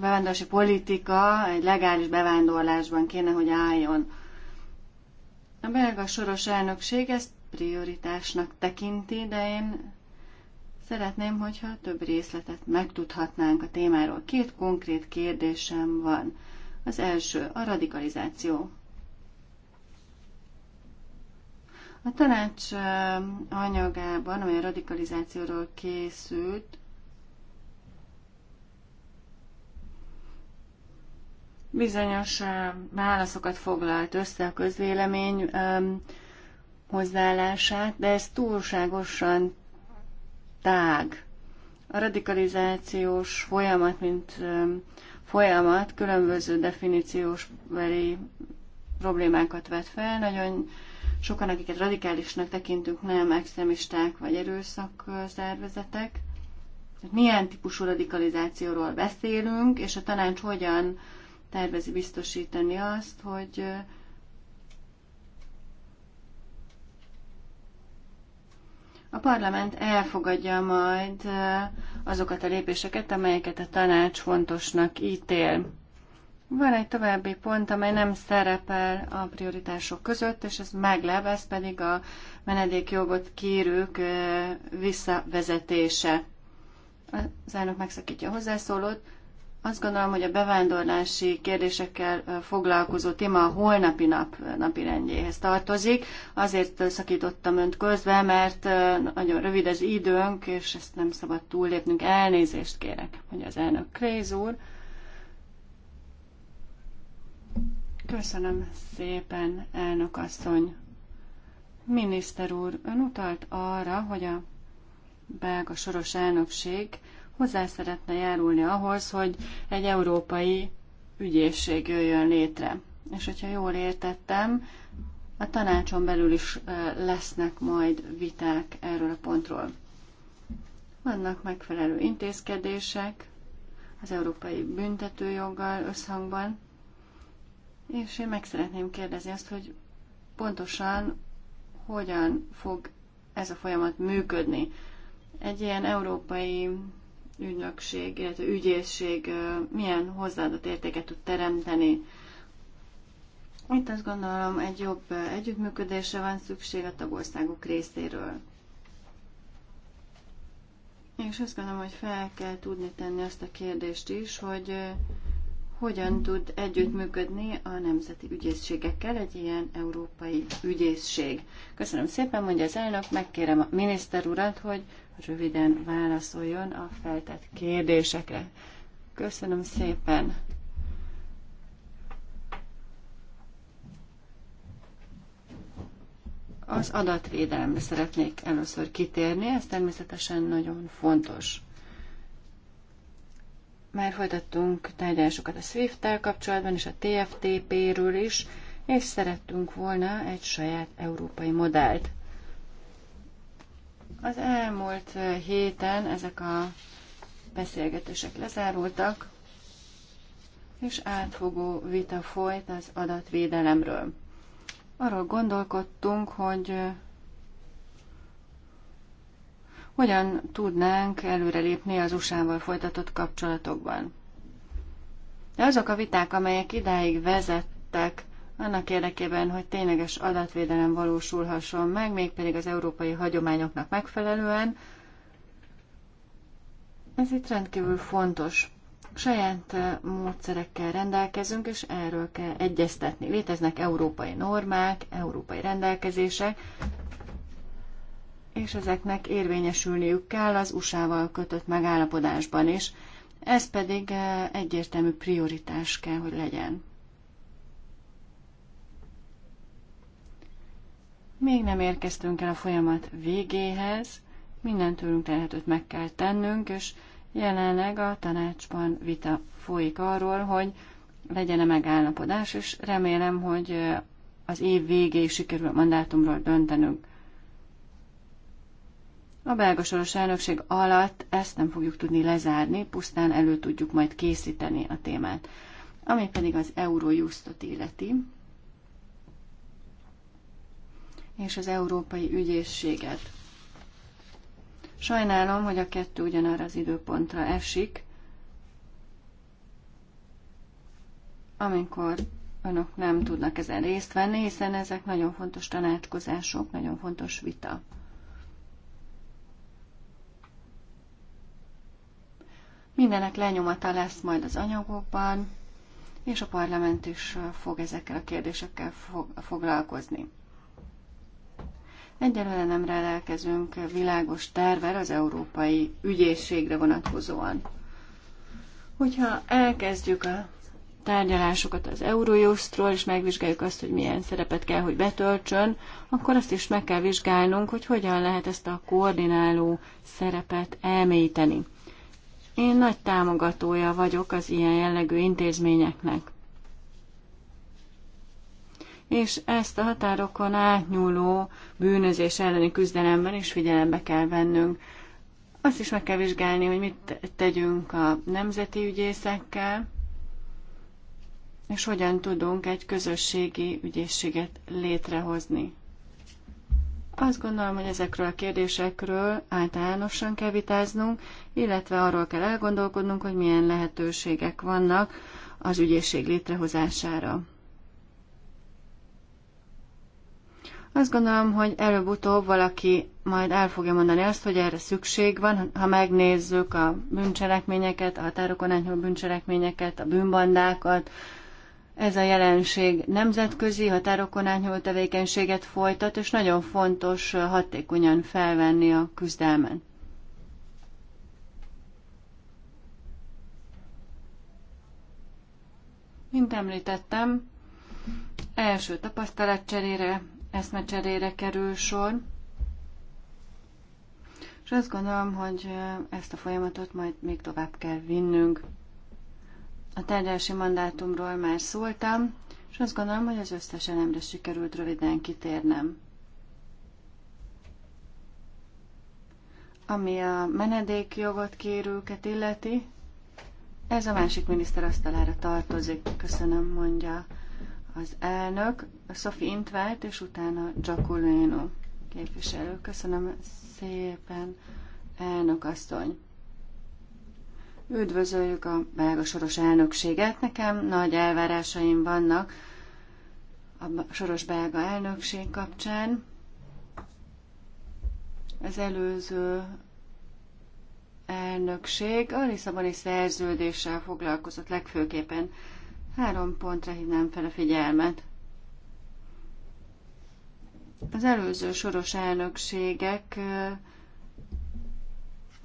bevándorlási politika egy legális bevándorlásban kéne, hogy álljon. A belga soros elnökség ezt prioritásnak tekinti, de én szeretném, hogyha több részletet megtudhatnánk a témáról. Két konkrét kérdésem van. Az első a radikalizáció. A tanács anyagában, amely a radikalizációról készült, Bizonyos válaszokat foglalt össze a közvélemény hozzáállását, de ez túlságosan tág. A radikalizációs folyamat, mint folyamat különböző definíciós veri problémákat vet fel. Nagyon sokan, akiket radikálisnak tekintünk, nem extremisták vagy erőszak szervezetek. milyen típusú radikalizációról beszélünk, és a tanács hogyan tervezi biztosítani azt, hogy a parlament elfogadja majd azokat a lépéseket, amelyeket a tanács fontosnak ítél. Van egy további pont, amely nem szerepel a prioritások között, és ez meglev, ez pedig a menedékjogot kérők visszavezetése. Az elnök megszakítja a hozzászólót. Azt gondolom, hogy a bevándorlási kérdésekkel foglalkozó téma a holnapi nap napirendjéhez tartozik. Azért szakítottam önt közbe, mert nagyon rövid az időnk, és ezt nem szabad túllépnünk. Elnézést kérek, hogy az elnök Kréz úr. Köszönöm szépen, elnök asszony. Miniszter úr, ön utalt arra, hogy a belga soros elnökség hozzá szeretne járulni ahhoz, hogy egy európai ügyészség jöjjön létre. És hogyha jól értettem, a tanácson belül is lesznek majd viták erről a pontról. Vannak megfelelő intézkedések az európai büntetőjoggal összhangban, és én meg szeretném kérdezni azt, hogy pontosan hogyan fog ez a folyamat működni. Egy ilyen európai ügynökség, illetve ügyészség milyen hozzáadott értéket tud teremteni. Itt azt gondolom, egy jobb együttműködésre van szükség a tagországok részéről. És azt gondolom, hogy fel kell tudni tenni azt a kérdést is, hogy hogyan tud együttműködni a nemzeti ügyészségekkel egy ilyen európai ügyészség. Köszönöm szépen, mondja az elnök, megkérem a miniszter urat, hogy röviden válaszoljon a feltett kérdésekre. Köszönöm szépen! Az adatvédelemre szeretnék először kitérni, ez természetesen nagyon fontos. Már folytattunk tárgyalásokat a SWIFT-tel kapcsolatban és a TFTP-ről is, és szerettünk volna egy saját európai modellt. Az elmúlt eh, héten ezek a beszélgetések lezárultak, és átfogó vita folyt az adatvédelemről. Arról gondolkodtunk, hogy eh, hogyan tudnánk előrelépni az USA-val folytatott kapcsolatokban. De azok a viták, amelyek idáig vezettek, annak érdekében, hogy tényleges adatvédelem valósulhasson meg, mégpedig az európai hagyományoknak megfelelően. Ez itt rendkívül fontos. Saját eh, módszerekkel rendelkezünk, és erről kell egyeztetni. Léteznek európai normák, európai rendelkezések, és ezeknek érvényesülniük kell az USA-val kötött megállapodásban is. Ez pedig eh, egyértelmű prioritás kell, hogy legyen. Még nem érkeztünk el a folyamat végéhez, minden tőlünk telhetőt meg kell tennünk, és jelenleg a tanácsban vita folyik arról, hogy legyen-e megállapodás, és remélem, hogy az év végéig sikerül a mandátumról döntenünk. A belga soros elnökség alatt ezt nem fogjuk tudni lezárni, pusztán elő tudjuk majd készíteni a témát. Ami pedig az Eurojustot illeti, és az Európai Ügyészséget. Sajnálom, hogy a kettő ugyanarra az időpontra esik, amikor önök nem tudnak ezen részt venni, hiszen ezek nagyon fontos tanácskozások, nagyon fontos vita. Mindenek lenyomata lesz majd az anyagokban, és a parlament is fog ezekkel a kérdésekkel foglalkozni. Egyelőre nem rendelkezünk világos tervel az európai ügyészségre vonatkozóan. Hogyha elkezdjük a tárgyalásokat az Eurojustról, és megvizsgáljuk azt, hogy milyen szerepet kell, hogy betöltsön, akkor azt is meg kell vizsgálnunk, hogy hogyan lehet ezt a koordináló szerepet elmélyíteni. Én nagy támogatója vagyok az ilyen jellegű intézményeknek és ezt a határokon átnyúló bűnözés elleni küzdelemben is figyelembe kell vennünk. Azt is meg kell vizsgálni, hogy mit tegyünk a nemzeti ügyészekkel, és hogyan tudunk egy közösségi ügyészséget létrehozni. Azt gondolom, hogy ezekről a kérdésekről általánosan kell vitáznunk, illetve arról kell elgondolkodnunk, hogy milyen lehetőségek vannak az ügyészség létrehozására. Azt gondolom, hogy előbb-utóbb valaki majd el fogja mondani azt, hogy erre szükség van, ha megnézzük a bűncselekményeket, a határokon átnyúló bűncselekményeket, a bűnbandákat. Ez a jelenség nemzetközi határokon átnyúló tevékenységet folytat, és nagyon fontos hatékonyan felvenni a küzdelmet. Mint említettem, első tapasztalatcserére eszmecserére kerül sor. És azt gondolom, hogy ezt a folyamatot majd még tovább kell vinnünk. A tárgyalási mandátumról már szóltam, és azt gondolom, hogy az összes elemre sikerült röviden kitérnem. Ami a menedékjogot kérőket illeti, ez a másik miniszter asztalára tartozik. Köszönöm, mondja az elnök, Sophie Intvált, és utána Giacolino képviselő. Köszönöm szépen, elnök asszony. Üdvözöljük a belga soros elnökséget. Nekem nagy elvárásaim vannak a soros belga elnökség kapcsán. Az előző elnökség a Lisszaboni szerződéssel foglalkozott legfőképpen. Három pontra hívnám fel a figyelmet. Az előző soros elnökségek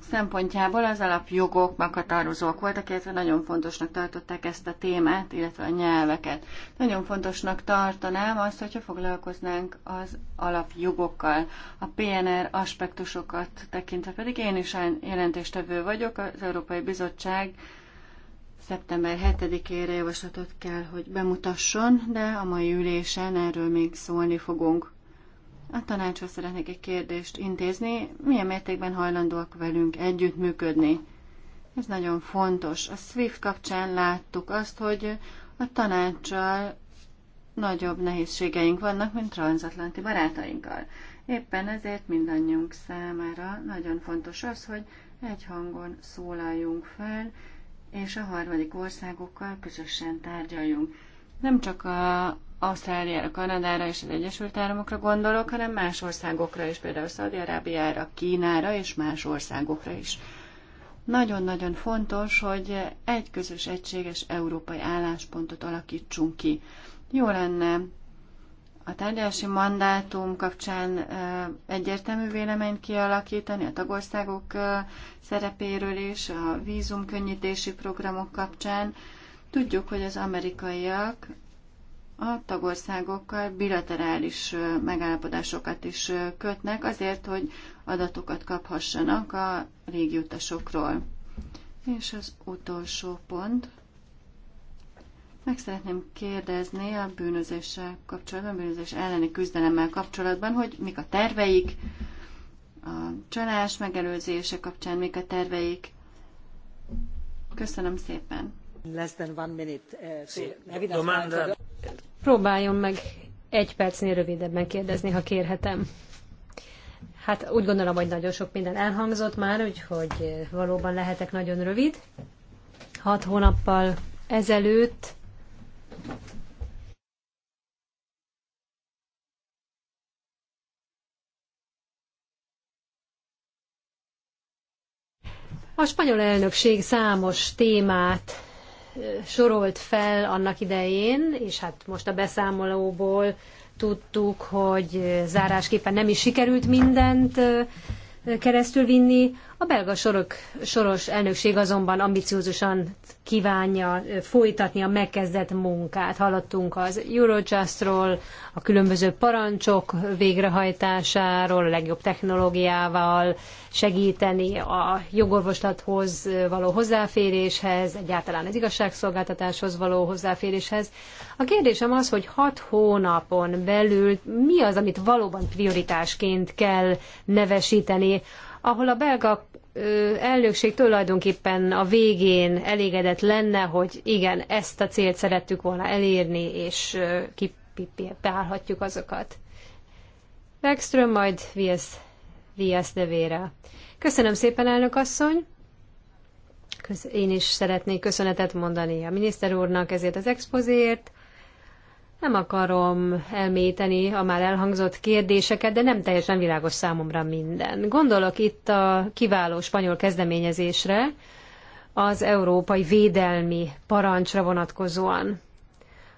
szempontjából az alapjogok meghatározók voltak, illetve nagyon fontosnak tartották ezt a témát, illetve a nyelveket. Nagyon fontosnak tartanám azt, hogyha foglalkoznánk az alapjogokkal. A PNR aspektusokat tekintve pedig én is jelentéstevő vagyok, az Európai Bizottság szeptember 7-ére javaslatot kell, hogy bemutasson, de a mai ülésen erről még szólni fogunk. A tanácshoz szeretnék egy kérdést intézni, milyen mértékben hajlandóak velünk együttműködni. Ez nagyon fontos. A SWIFT kapcsán láttuk azt, hogy a tanácssal nagyobb nehézségeink vannak, mint transatlanti barátainkkal. Éppen ezért mindannyiunk számára nagyon fontos az, hogy egy hangon szólaljunk fel, és a harmadik országokkal közösen tárgyaljunk. Nem csak a Ausztráliára, Kanadára és az Egyesült Államokra gondolok, hanem más országokra is, például Szaudi-Arábiára, Kínára és más országokra is. Nagyon-nagyon fontos, hogy egy közös, egységes európai álláspontot alakítsunk ki. Jó lenne a tárgyalási mandátum kapcsán eh, egyértelmű véleményt kialakítani a tagországok eh, szerepéről is, a vízumkönnyítési programok kapcsán. Tudjuk, hogy az amerikaiak a tagországokkal bilaterális eh, megállapodásokat is kötnek azért, hogy adatokat kaphassanak a légiutasokról. És az utolsó pont. Meg szeretném kérdezni a bűnözéssel kapcsolatban, a bűnözés elleni küzdelemmel kapcsolatban, hogy mik a terveik, a csalás megelőzése kapcsán mik a terveik. Köszönöm szépen. Less than one minute. Uh, eh, so, Próbáljon meg egy percnél rövidebben kérdezni, ha kérhetem. Hát úgy gondolom, hogy nagyon sok minden elhangzott már, úgyhogy eh, valóban lehetek nagyon rövid. Hat hónappal ezelőtt a spanyol elnökség számos témát sorolt fel annak idején, és hát most a beszámolóból tudtuk, hogy zárásképpen nem is sikerült mindent vinni. A belga sorok, soros elnökség azonban ambiciózusan kívánja folytatni a megkezdett munkát. Hallottunk az Eurojustról, a különböző parancsok végrehajtásáról, a legjobb technológiával segíteni a jogorvoslathoz való hozzáféréshez, egyáltalán az igazságszolgáltatáshoz való hozzáféréshez. A kérdésem az, hogy hat hónapon belül mi az, amit valóban prioritásként kell nevesíteni, ahol a belga elnökség tulajdonképpen a végén elégedett lenne, hogy igen, ezt a célt szerettük volna elérni, és kipipálhatjuk azokat. Wegström, majd Viesz, Viesz nevére. Köszönöm szépen, elnök asszony! Én is szeretnék köszönetet mondani a miniszter úrnak ezért az expozért, nem akarom elméteni a már elhangzott kérdéseket, de nem teljesen világos számomra minden. Gondolok itt a kiváló spanyol kezdeményezésre, az európai védelmi parancsra vonatkozóan.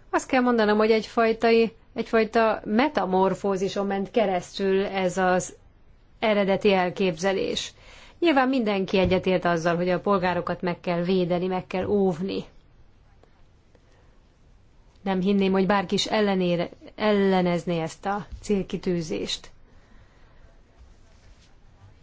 Azt kell mondanom, hogy egyfajta, egyfajta metamorfózison ment keresztül ez az eredeti elképzelés. Nyilván mindenki egyetért azzal, hogy a polgárokat meg kell védeni, meg kell óvni nem hinném, hogy bárki is ellenére, ellenezné ezt a célkitűzést.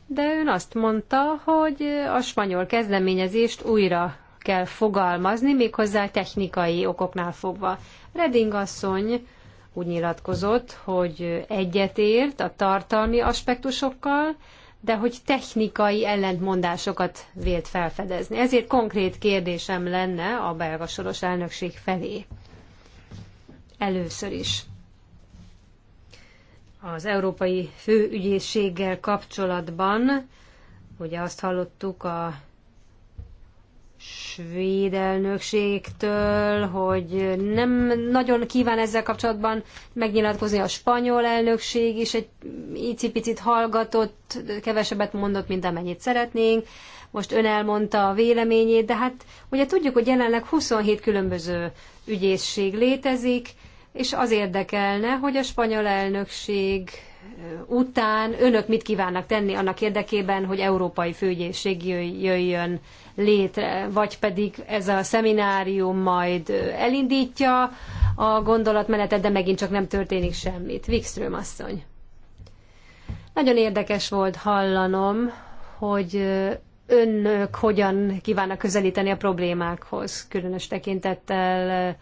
De ön azt mondta, hogy a spanyol kezdeményezést újra kell fogalmazni, méghozzá technikai okoknál fogva. Reding asszony úgy nyilatkozott, hogy egyetért a tartalmi aspektusokkal, de hogy technikai ellentmondásokat vélt felfedezni. Ezért konkrét kérdésem lenne a belga soros elnökség felé. Először is az Európai Főügyészséggel kapcsolatban, ugye azt hallottuk a svéd elnökségtől, hogy nem nagyon kíván ezzel kapcsolatban megnyilatkozni a spanyol elnökség is, egy icipicit hallgatott, kevesebbet mondott, mint amennyit szeretnénk. Most ön elmondta a véleményét, de hát ugye tudjuk, hogy jelenleg 27 különböző ügyészség létezik, és az érdekelne, hogy a spanyol elnökség után önök mit kívánnak tenni annak érdekében, hogy európai főügyészség jöjjön létre, vagy pedig ez a szeminárium majd elindítja a gondolatmenetet, de megint csak nem történik semmit. Wikström asszony. Nagyon érdekes volt hallanom, hogy önök hogyan kívánnak közelíteni a problémákhoz, különös tekintettel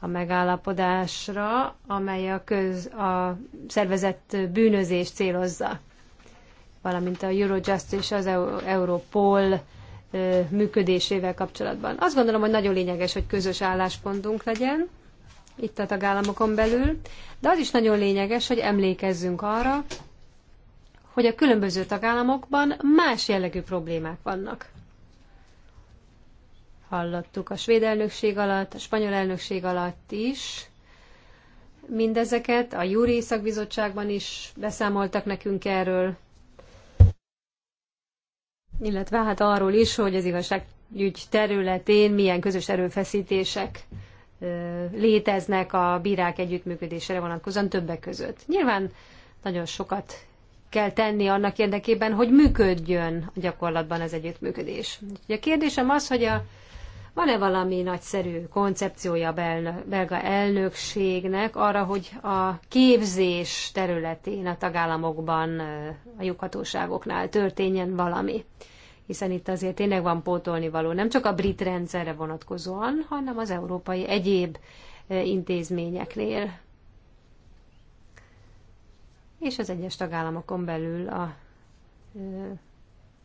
a megállapodásra, amely a, köz, a szervezett bűnözést célozza, valamint a Eurojustice, és az Europol működésével kapcsolatban. Azt gondolom, hogy nagyon lényeges, hogy közös álláspontunk legyen itt a tagállamokon belül, de az is nagyon lényeges, hogy emlékezzünk arra, hogy a különböző tagállamokban más jellegű problémák vannak hallottuk a svéd elnökség alatt, a spanyol elnökség alatt is. Mindezeket a Júri szakbizottságban is beszámoltak nekünk erről, illetve hát arról is, hogy az igazságügy területén milyen közös erőfeszítések léteznek a bírák együttműködésére vonatkozóan többek között. Nyilván nagyon sokat kell tenni annak érdekében, hogy működjön a gyakorlatban az együttműködés. a kérdésem az, hogy a van-e valami nagyszerű koncepciója a belga elnökségnek arra, hogy a képzés területén a tagállamokban, a lyukhatóságoknál történjen valami? Hiszen itt azért tényleg van pótolni való, nem csak a brit rendszerre vonatkozóan, hanem az európai egyéb intézményeknél. És az egyes tagállamokon belül a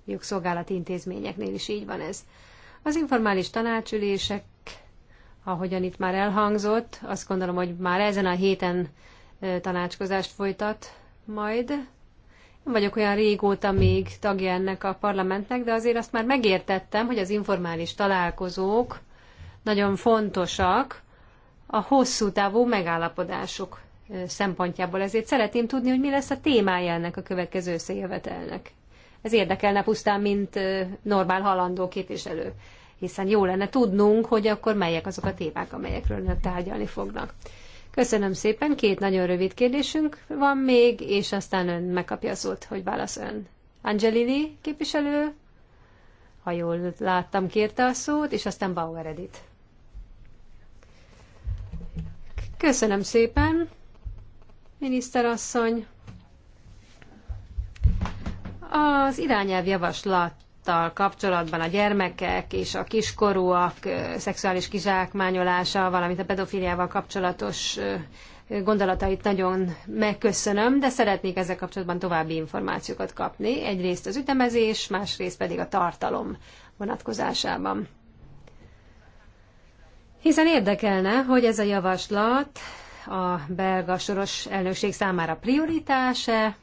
jogszolgálati intézményeknél is így van ez. Az informális tanácsülések, ahogyan itt már elhangzott, azt gondolom, hogy már ezen a héten tanácskozást folytat majd. Nem vagyok olyan régóta még tagja ennek a parlamentnek, de azért azt már megértettem, hogy az informális találkozók nagyon fontosak a hosszú távú megállapodások szempontjából. Ezért szeretném tudni, hogy mi lesz a témája ennek a következő összejövetelnek. Ez érdekelne pusztán, mint normál halandó képviselő, hiszen jó lenne tudnunk, hogy akkor melyek azok a témák, amelyekről önök tárgyalni fognak. Köszönöm szépen, két nagyon rövid kérdésünk van még, és aztán ön megkapja a szót, hogy ön. Angelili képviselő, ha jól láttam, kérte a szót, és aztán Bauer Edith. Köszönöm szépen, miniszterasszony. Az irányelv javaslattal kapcsolatban a gyermekek és a kiskorúak szexuális kizsákmányolása, valamint a pedofiliával kapcsolatos gondolatait nagyon megköszönöm, de szeretnék ezzel kapcsolatban további információkat kapni. Egyrészt az ütemezés, másrészt pedig a tartalom vonatkozásában. Hiszen érdekelne, hogy ez a javaslat a belga soros elnökség számára prioritása,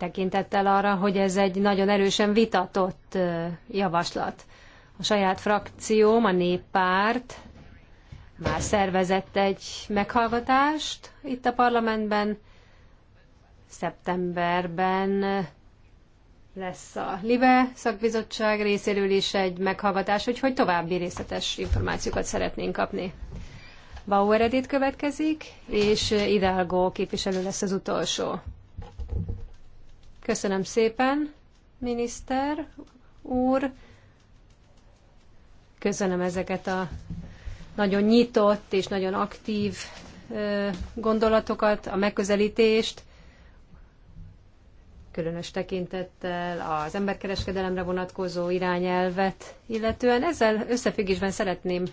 tekintettel arra, hogy ez egy nagyon erősen vitatott javaslat. A saját frakcióm, a néppárt már szervezett egy meghallgatást itt a parlamentben. Szeptemberben lesz a LIBE szakbizottság részéről is egy meghallgatás, hogy további részletes információkat szeretnénk kapni. Bauer Edith következik, és Hidalgo képviselő lesz az utolsó. Köszönöm szépen, miniszter úr. Köszönöm ezeket a nagyon nyitott és nagyon aktív gondolatokat, a megközelítést, különös tekintettel az emberkereskedelemre vonatkozó irányelvet, illetően ezzel összefüggésben szeretném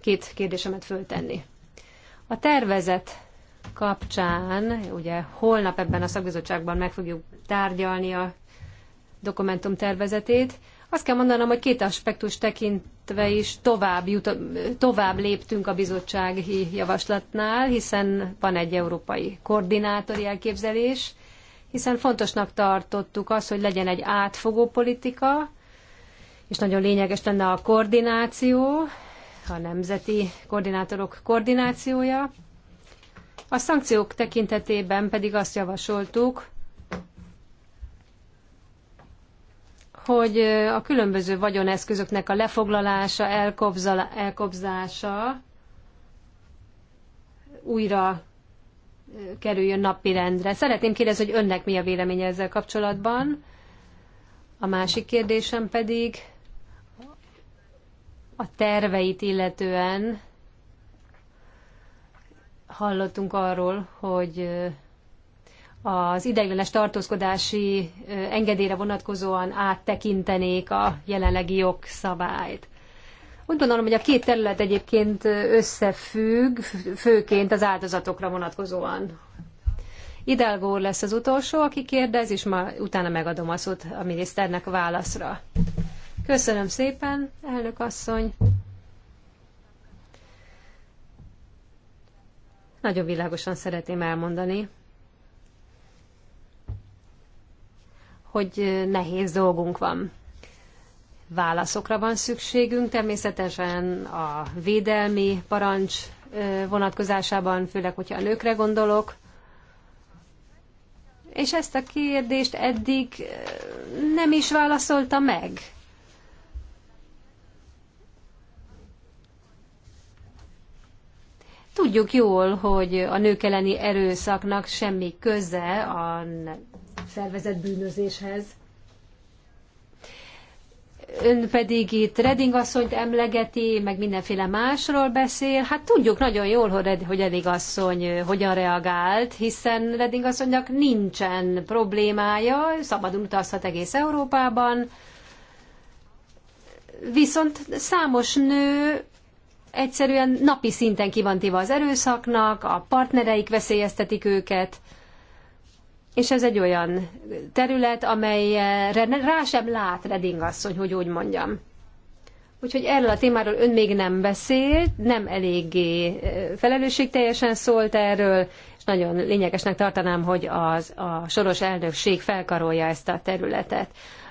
két kérdésemet föltenni. A tervezet kapcsán, ugye holnap ebben a szakbizottságban meg fogjuk tárgyalni a dokumentum tervezetét, azt kell mondanom, hogy két aspektus tekintve is tovább, jut, tovább léptünk a bizottsági javaslatnál, hiszen van egy európai koordinátori elképzelés, hiszen fontosnak tartottuk azt, hogy legyen egy átfogó politika, és nagyon lényeges lenne a koordináció, a nemzeti koordinátorok koordinációja, a szankciók tekintetében pedig azt javasoltuk, hogy a különböző vagyoneszközöknek a lefoglalása, elkobzása újra kerüljön napirendre. Szeretném kérdezni, hogy önnek mi a véleménye ezzel kapcsolatban. A másik kérdésem pedig a terveit illetően hallottunk arról, hogy az ideiglenes tartózkodási engedélyre vonatkozóan áttekintenék a jelenlegi jogszabályt. Úgy gondolom, hogy a két terület egyébként összefügg, főként az áldozatokra vonatkozóan. Idelgó lesz az utolsó, aki kérdez, és ma utána megadom a szót a miniszternek válaszra. Köszönöm szépen, elnök asszony! Nagyon világosan szeretném elmondani, hogy nehéz dolgunk van. Válaszokra van szükségünk, természetesen a védelmi parancs vonatkozásában, főleg, hogyha a nőkre gondolok. És ezt a kérdést eddig nem is válaszolta meg Tudjuk jól, hogy a nők elleni erőszaknak semmi köze a szervezett bűnözéshez. Ön pedig itt Reding asszonyt emlegeti, meg mindenféle másról beszél. Hát tudjuk nagyon jól, hogy Reding asszony hogyan reagált, hiszen Reding asszonynak nincsen problémája, szabadon utazhat egész Európában. Viszont számos nő egyszerűen napi szinten kivantiva az erőszaknak, a partnereik veszélyeztetik őket, és ez egy olyan terület, amelyre rá sem lát Reding asszony, hogy úgy mondjam. Úgyhogy erről a témáról ön még nem beszélt, nem eléggé felelősségteljesen szólt erről, és nagyon lényegesnek tartanám, hogy az, a soros elnökség felkarolja ezt a területet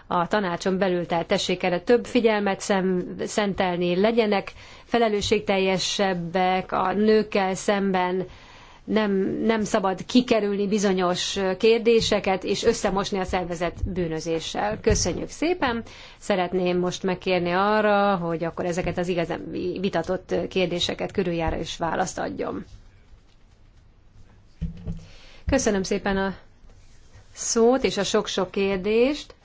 a tanácson belül, tehát tessék erre több figyelmet szem, szentelni, legyenek felelősségteljesebbek a nőkkel szemben, nem, nem szabad kikerülni bizonyos kérdéseket, és összemosni a szervezet bűnözéssel. Köszönjük szépen! Szeretném most megkérni arra, hogy akkor ezeket az igazán vitatott kérdéseket körüljára is választ adjon. Köszönöm szépen a szót és a sok-sok kérdést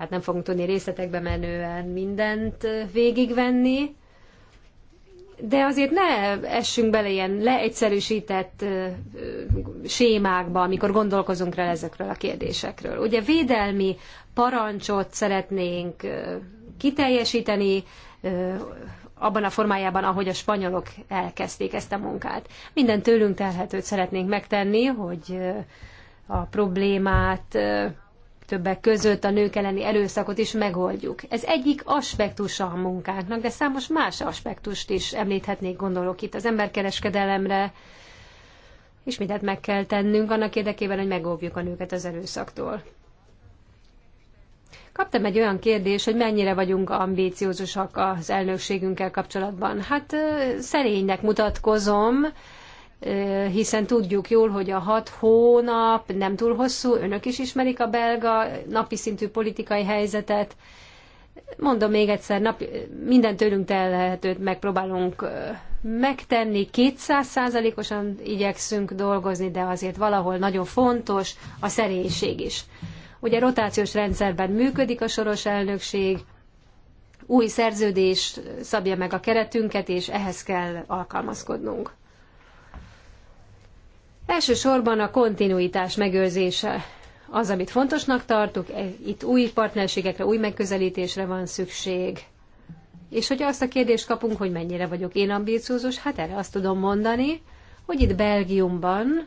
hát nem fogunk tudni részletekbe menően mindent eh, végigvenni, de azért ne essünk bele ilyen leegyszerűsített eh, eh, sémákba, amikor gondolkozunk rá ezekről a kérdésekről. Ugye védelmi parancsot szeretnénk kiteljesíteni, abban a formájában, ahogy a spanyolok elkezdték ezt a munkát. Minden tőlünk telhetőt szeretnénk megtenni, hogy a problémát többek között a nők elleni erőszakot is megoldjuk. Ez egyik aspektusa a munkánknak, de számos más aspektust is említhetnék, gondolok itt az emberkereskedelemre, és mindent meg kell tennünk annak érdekében, hogy megóvjuk a nőket az erőszaktól. Kaptam egy olyan kérdést, hogy mennyire vagyunk ambíciózusak az elnökségünkkel kapcsolatban. Hát szerénynek mutatkozom, hiszen tudjuk jól, hogy a hat hónap nem túl hosszú, önök is ismerik a belga napi szintű politikai helyzetet. Mondom még egyszer, nap, minden tőlünk telhetőt megpróbálunk megtenni, 200 osan igyekszünk dolgozni, de azért valahol nagyon fontos a szerénység is. Ugye rotációs rendszerben működik a soros elnökség, új szerződés szabja meg a keretünket, és ehhez kell alkalmazkodnunk. Elsősorban a kontinuitás megőrzése az, amit fontosnak tartunk. E, itt új partnerségekre, új megközelítésre van szükség. És hogy azt a kérdést kapunk, hogy mennyire vagyok én ambíciózus, hát erre azt tudom mondani, hogy itt Belgiumban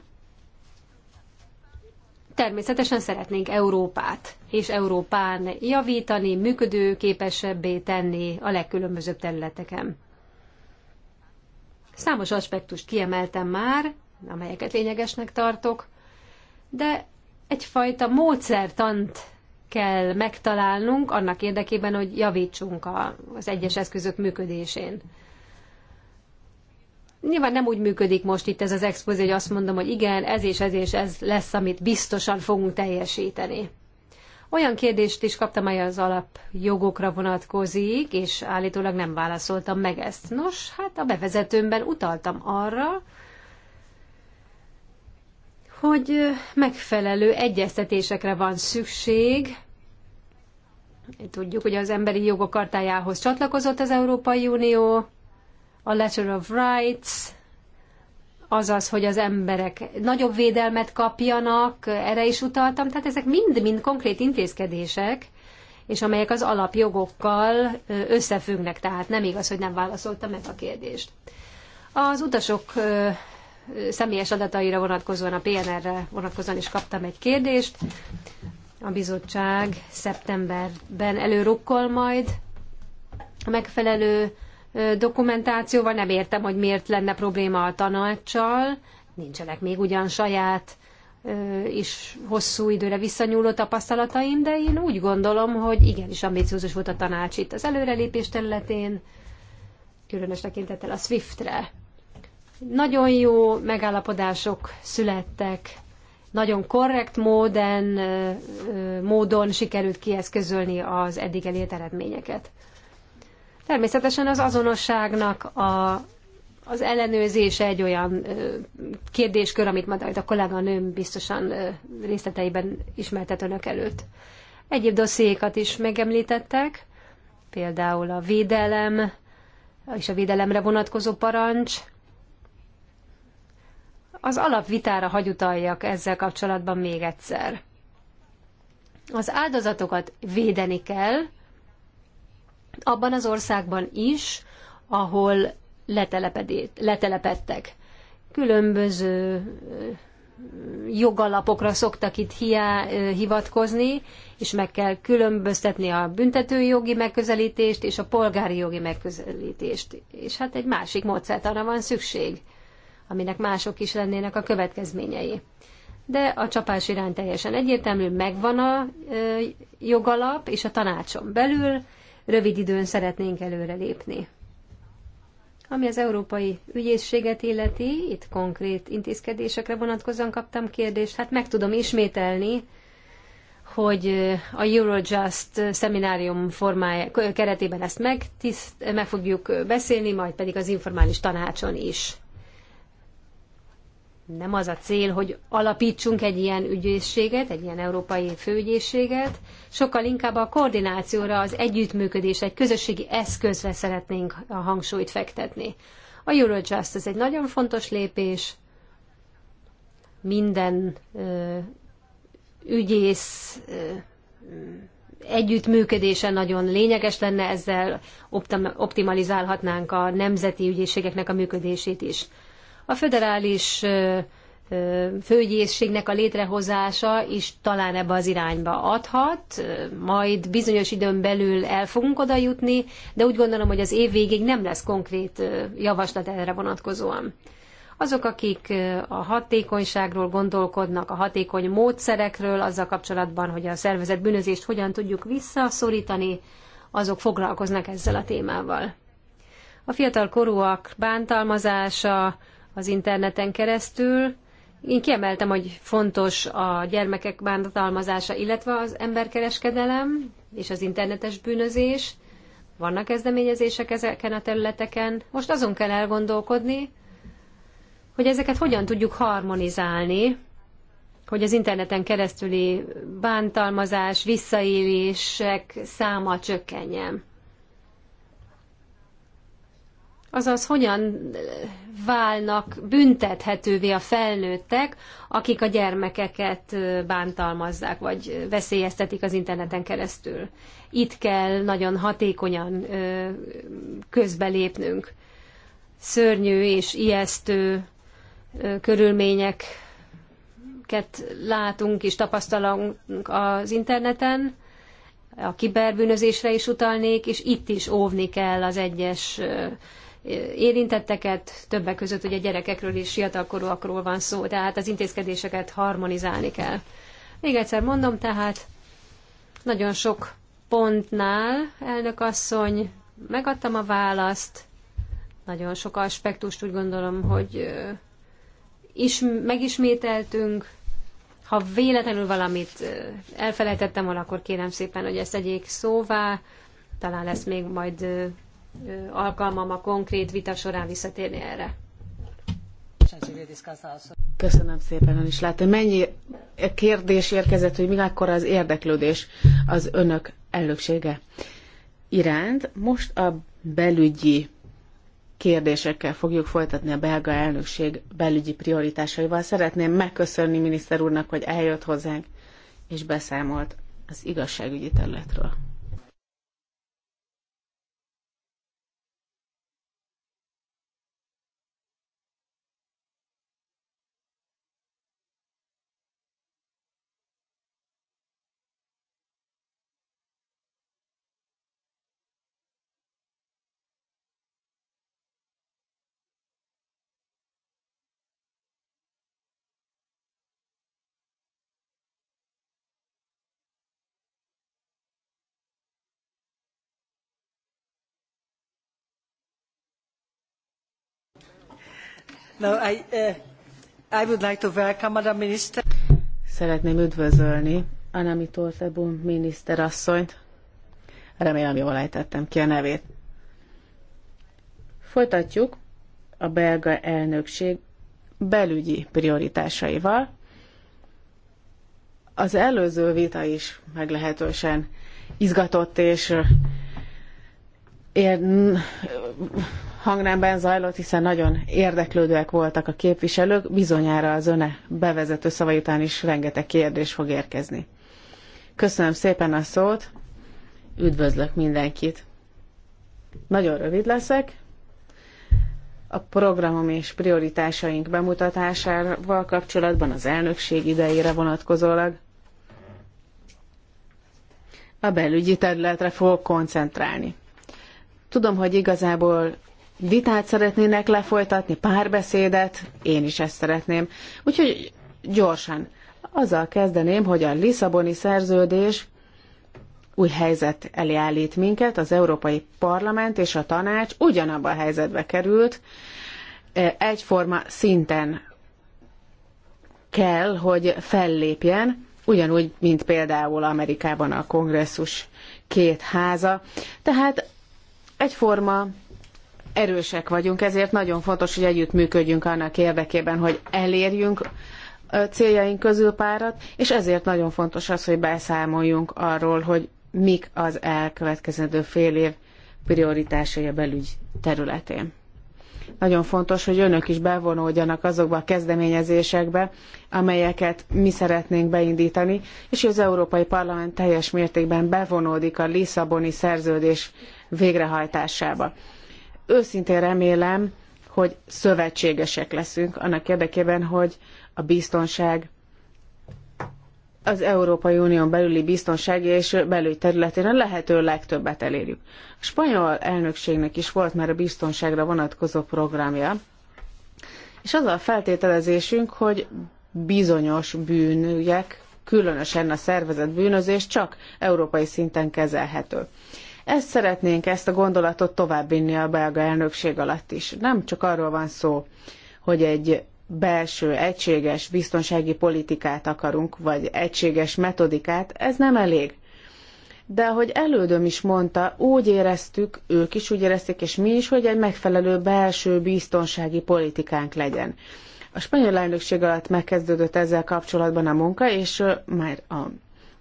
természetesen szeretnénk Európát, és Európán javítani, működőképesebbé tenni a legkülönbözőbb területeken. Számos aspektust kiemeltem már, amelyeket lényegesnek tartok, de egyfajta módszertant kell megtalálnunk annak érdekében, hogy javítsunk a, az egyes eszközök működésén. Nyilván nem úgy működik most itt ez az expozi, hogy azt mondom, hogy igen, ez és ez és ez lesz, amit biztosan fogunk teljesíteni. Olyan kérdést is kaptam, amely az alapjogokra vonatkozik, és állítólag nem válaszoltam meg ezt. Nos, hát a bevezetőmben utaltam arra, hogy megfelelő egyeztetésekre van szükség. Tudjuk, hogy az emberi jogok kartájához csatlakozott az Európai Unió, a Letter of Rights, azaz, hogy az emberek nagyobb védelmet kapjanak, erre is utaltam, tehát ezek mind-mind konkrét intézkedések, és amelyek az alapjogokkal összefüggnek, tehát nem igaz, hogy nem válaszoltam meg a kérdést. Az utasok személyes adataira vonatkozóan, a PNR-re vonatkozóan is kaptam egy kérdést. A bizottság szeptemberben előrukkol majd a megfelelő dokumentációval. Nem értem, hogy miért lenne probléma a tanácssal. Nincsenek még ugyan saját és hosszú időre visszanyúló tapasztalataim, de én úgy gondolom, hogy igenis ambiciózus volt a tanács itt az előrelépés területén, különös tekintettel a SWIFT-re. Nagyon jó megállapodások születtek, nagyon korrekt móden, módon sikerült kieszközölni az eddig elért eredményeket. Természetesen az azonosságnak a, az ellenőrzése egy olyan kérdéskör, amit majd a kolléganőm biztosan részleteiben ismertet önök előtt. Egyéb dossziékat is megemlítettek, például a védelem és a védelemre vonatkozó parancs, az alapvitára hagyutaljak ezzel kapcsolatban még egyszer. Az áldozatokat védeni kell, abban az országban is, ahol letelepedtek. Különböző jogalapokra szoktak itt hiá, hivatkozni, és meg kell különböztetni a büntetőjogi megközelítést és a polgári jogi megközelítést. És hát egy másik módszertana van szükség aminek mások is lennének a következményei. De a csapás irány teljesen egyértelmű, megvan a jogalap, és a tanácson belül rövid időn szeretnénk előrelépni. Ami az Európai Ügyészséget illeti, itt konkrét intézkedésekre vonatkozóan kaptam kérdést, hát meg tudom ismételni, hogy a Eurojust szeminárium formája, keretében ezt meg, tiszt, meg fogjuk beszélni, majd pedig az informális tanácson is nem az a cél, hogy alapítsunk egy ilyen ügyészséget, egy ilyen európai főügyészséget, sokkal inkább a koordinációra, az együttműködésre, egy közösségi eszközre szeretnénk a hangsúlyt fektetni. A Eurojust ez egy nagyon fontos lépés, minden ö, ügyész ö, együttműködése nagyon lényeges lenne, ezzel optimalizálhatnánk a nemzeti ügyészségeknek a működését is. A föderális főügyészségnek a létrehozása is talán ebbe az irányba adhat, majd bizonyos időn belül el fogunk oda jutni, de úgy gondolom, hogy az év végéig nem lesz konkrét javaslat erre vonatkozóan. Azok, akik a hatékonyságról gondolkodnak, a hatékony módszerekről, azzal kapcsolatban, hogy a szervezet bűnözést hogyan tudjuk visszaszorítani, azok foglalkoznak ezzel a témával. A fiatal korúak bántalmazása, az interneten keresztül. Én kiemeltem, hogy fontos a gyermekek bántalmazása, illetve az emberkereskedelem és az internetes bűnözés. Vannak kezdeményezések ezeken a területeken. Most azon kell elgondolkodni, hogy ezeket hogyan tudjuk harmonizálni, hogy az interneten keresztüli bántalmazás, visszaélések száma csökkenjen azaz hogyan eh, válnak büntethetővé a felnőttek, akik a gyermekeket eh, bántalmazzák, vagy eh, veszélyeztetik az interneten keresztül. Itt kell nagyon hatékonyan közbelépnünk. Szörnyű és ijesztő körülményeket látunk és tapasztalunk az interneten, a kiberbűnözésre is utalnék, és itt is óvni kell az egyes érintetteket, többek között ugye gyerekekről és fiatalkorúakról van szó, tehát az intézkedéseket harmonizálni kell. Még egyszer mondom, tehát nagyon sok pontnál, elnök asszony, megadtam a választ, nagyon sok aspektust úgy gondolom, hogy is, megismételtünk. Ha véletlenül valamit elfelejtettem volna, akkor kérem szépen, hogy ezt tegyék szóvá. Talán lesz még majd alkalmam a konkrét vita során visszatérni erre. Köszönöm szépen, ön is látta. Mennyi kérdés érkezett, hogy mikor az érdeklődés az önök elnöksége iránt. Most a belügyi kérdésekkel fogjuk folytatni a belga elnökség belügyi prioritásaival. Szeretném megköszönni miniszter úrnak, hogy eljött hozzánk és beszámolt az igazságügyi területről. No, I, uh, I Szeretném üdvözölni Anami miniszterasszonyt. Remélem jól ejtettem ki a nevét. Folytatjuk a belga elnökség belügyi prioritásaival. Az előző vita is meglehetősen izgatott és uh, ér, hangnemben zajlott, hiszen nagyon érdeklődőek voltak a képviselők, bizonyára az öne bevezető szavai után is rengeteg kérdés fog érkezni. Köszönöm szépen a szót, üdvözlök mindenkit. Nagyon rövid leszek. A programom és prioritásaink bemutatásával kapcsolatban az elnökség idejére vonatkozólag a belügyi területre fogok koncentrálni. Tudom, hogy igazából vitát szeretnének lefolytatni, párbeszédet, én is ezt szeretném. Úgyhogy gyorsan. Azzal kezdeném, hogy a Lisszaboni szerződés új helyzet elé állít minket, az Európai Parlament és a Tanács ugyanabba a helyzetbe került, e, egyforma szinten kell, hogy fellépjen, ugyanúgy, mint például Amerikában a kongresszus két háza. Tehát egyforma erősek vagyunk, ezért nagyon fontos, hogy együttműködjünk annak érdekében, hogy elérjünk céljaink közül párat, és ezért nagyon fontos az, hogy beszámoljunk arról, hogy mik az elkövetkezendő fél év prioritásai a belügy területén. Nagyon fontos, hogy önök is bevonódjanak azokba a kezdeményezésekbe, amelyeket mi szeretnénk beindítani, és hogy az Európai Parlament teljes mértékben bevonódik a Lisszaboni szerződés végrehajtásába őszintén remélem, hogy szövetségesek leszünk annak érdekében, hogy a biztonság az Európai Unión belüli biztonsági és belügy területén a lehető legtöbbet elérjük. A spanyol elnökségnek is volt már a biztonságra vonatkozó programja, és az a feltételezésünk, hogy bizonyos bűnügyek, különösen a szervezett bűnözés csak európai szinten kezelhető. Ezt szeretnénk, ezt a gondolatot továbbvinni a belga elnökség alatt is. Nem csak arról van szó, hogy egy belső, egységes biztonsági politikát akarunk, vagy egységes metodikát, ez nem elég. De ahogy elődöm is mondta, úgy éreztük, ők is úgy érezték, és mi is, hogy egy megfelelő belső biztonsági politikánk legyen. A spanyol elnökség alatt megkezdődött ezzel kapcsolatban a munka, és már a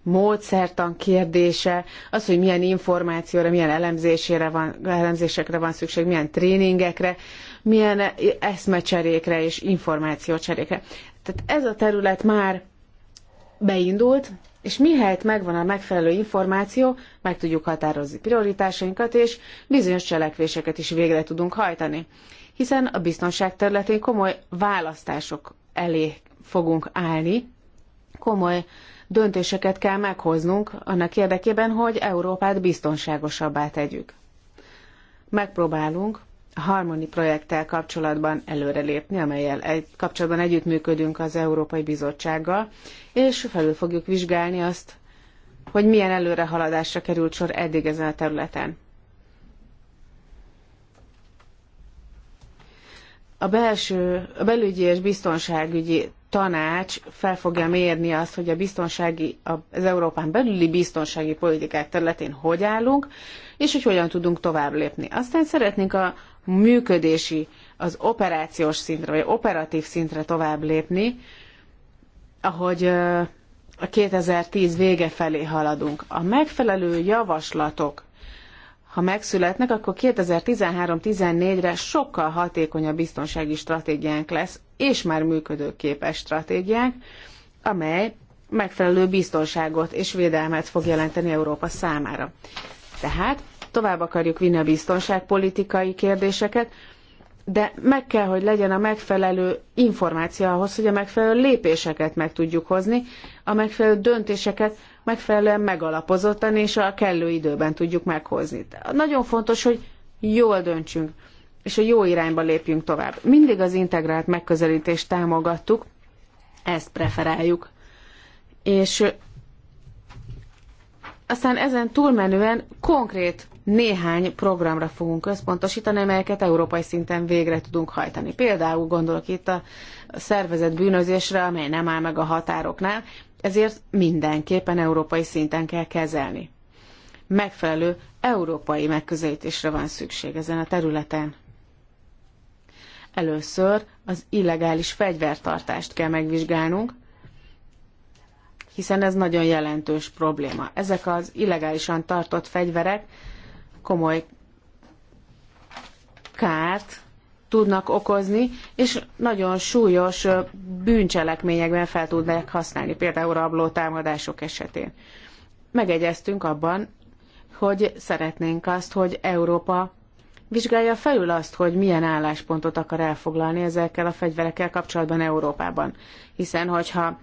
módszertan kérdése, az, hogy milyen információra, milyen elemzésére van, elemzésekre van szükség, milyen tréningekre, milyen eszmecserékre és információcserékre. Tehát ez a terület már beindult, és mihelyt megvan a megfelelő információ, meg tudjuk határozni prioritásainkat, és bizonyos cselekvéseket is végre tudunk hajtani. Hiszen a biztonság területén komoly választások elé fogunk állni, komoly döntéseket kell meghoznunk annak érdekében, hogy Európát biztonságosabbá tegyük. Megpróbálunk a Harmony projekttel kapcsolatban előrelépni, amelyel egy, kapcsolatban együttműködünk az Európai Bizottsággal, és felül fogjuk vizsgálni azt, hogy milyen előrehaladásra került sor eddig ezen a területen. A belső, a belügyi és biztonságügyi tanács fel fogja mérni azt, hogy a biztonsági, az Európán belüli biztonsági politikák területén hogy állunk, és hogy hogyan tudunk tovább lépni. Aztán szeretnénk a működési, az operációs szintre, vagy operatív szintre tovább lépni, ahogy a 2010 vége felé haladunk. A megfelelő javaslatok ha megszületnek, akkor 2013-14-re sokkal hatékonyabb biztonsági stratégiánk lesz, és már működőképes stratégiánk, amely megfelelő biztonságot és védelmet fog jelenteni Európa számára. Tehát tovább akarjuk vinni a biztonságpolitikai kérdéseket, de meg kell, hogy legyen a megfelelő információ ahhoz, hogy a megfelelő lépéseket meg tudjuk hozni, a megfelelő döntéseket megfelelően megalapozottan és a kellő időben tudjuk meghozni. De nagyon fontos, hogy jól döntsünk, és a jó irányba lépjünk tovább. Mindig az integrált megközelítést támogattuk, ezt preferáljuk. És aztán ezen túlmenően konkrét néhány programra fogunk központosítani, amelyeket európai szinten végre tudunk hajtani. Például gondolok itt a szervezetbűnözésre, bűnözésre, amely nem áll meg a határoknál, ezért mindenképpen európai szinten kell kezelni. Megfelelő európai megközelítésre van szükség ezen a területen. Először az illegális fegyvertartást kell megvizsgálnunk, hiszen ez nagyon jelentős probléma. Ezek az illegálisan tartott fegyverek komoly kárt tudnak okozni, és nagyon súlyos bűncselekményekben fel tudnák használni, például rabló támadások esetén. Megegyeztünk abban, hogy szeretnénk azt, hogy Európa vizsgálja felül azt, hogy milyen álláspontot akar elfoglalni ezekkel a fegyverekkel kapcsolatban Európában. Hiszen, hogyha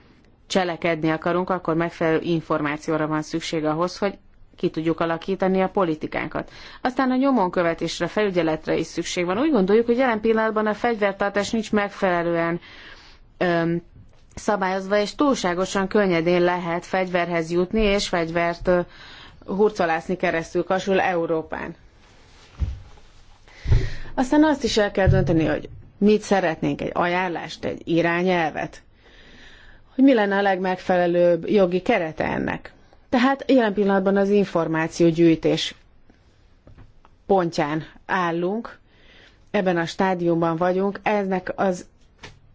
cselekedni akarunk, akkor megfelelő információra van szükség ahhoz, hogy ki tudjuk alakítani a politikánkat. Aztán a nyomon követésre, felügyeletre is szükség van. Úgy gondoljuk, hogy jelen pillanatban a fegyvertartás nincs megfelelően öm, szabályozva, és túlságosan könnyedén lehet fegyverhez jutni, és fegyvert ö, hurcolászni keresztül kasul Európán. Aztán azt is el kell dönteni, hogy mit szeretnénk, egy ajánlást, egy irányelvet, hogy mi lenne a legmegfelelőbb jogi kerete ennek. Tehát jelen pillanatban az információgyűjtés pontján állunk, ebben a stádiumban vagyunk, ennek, az,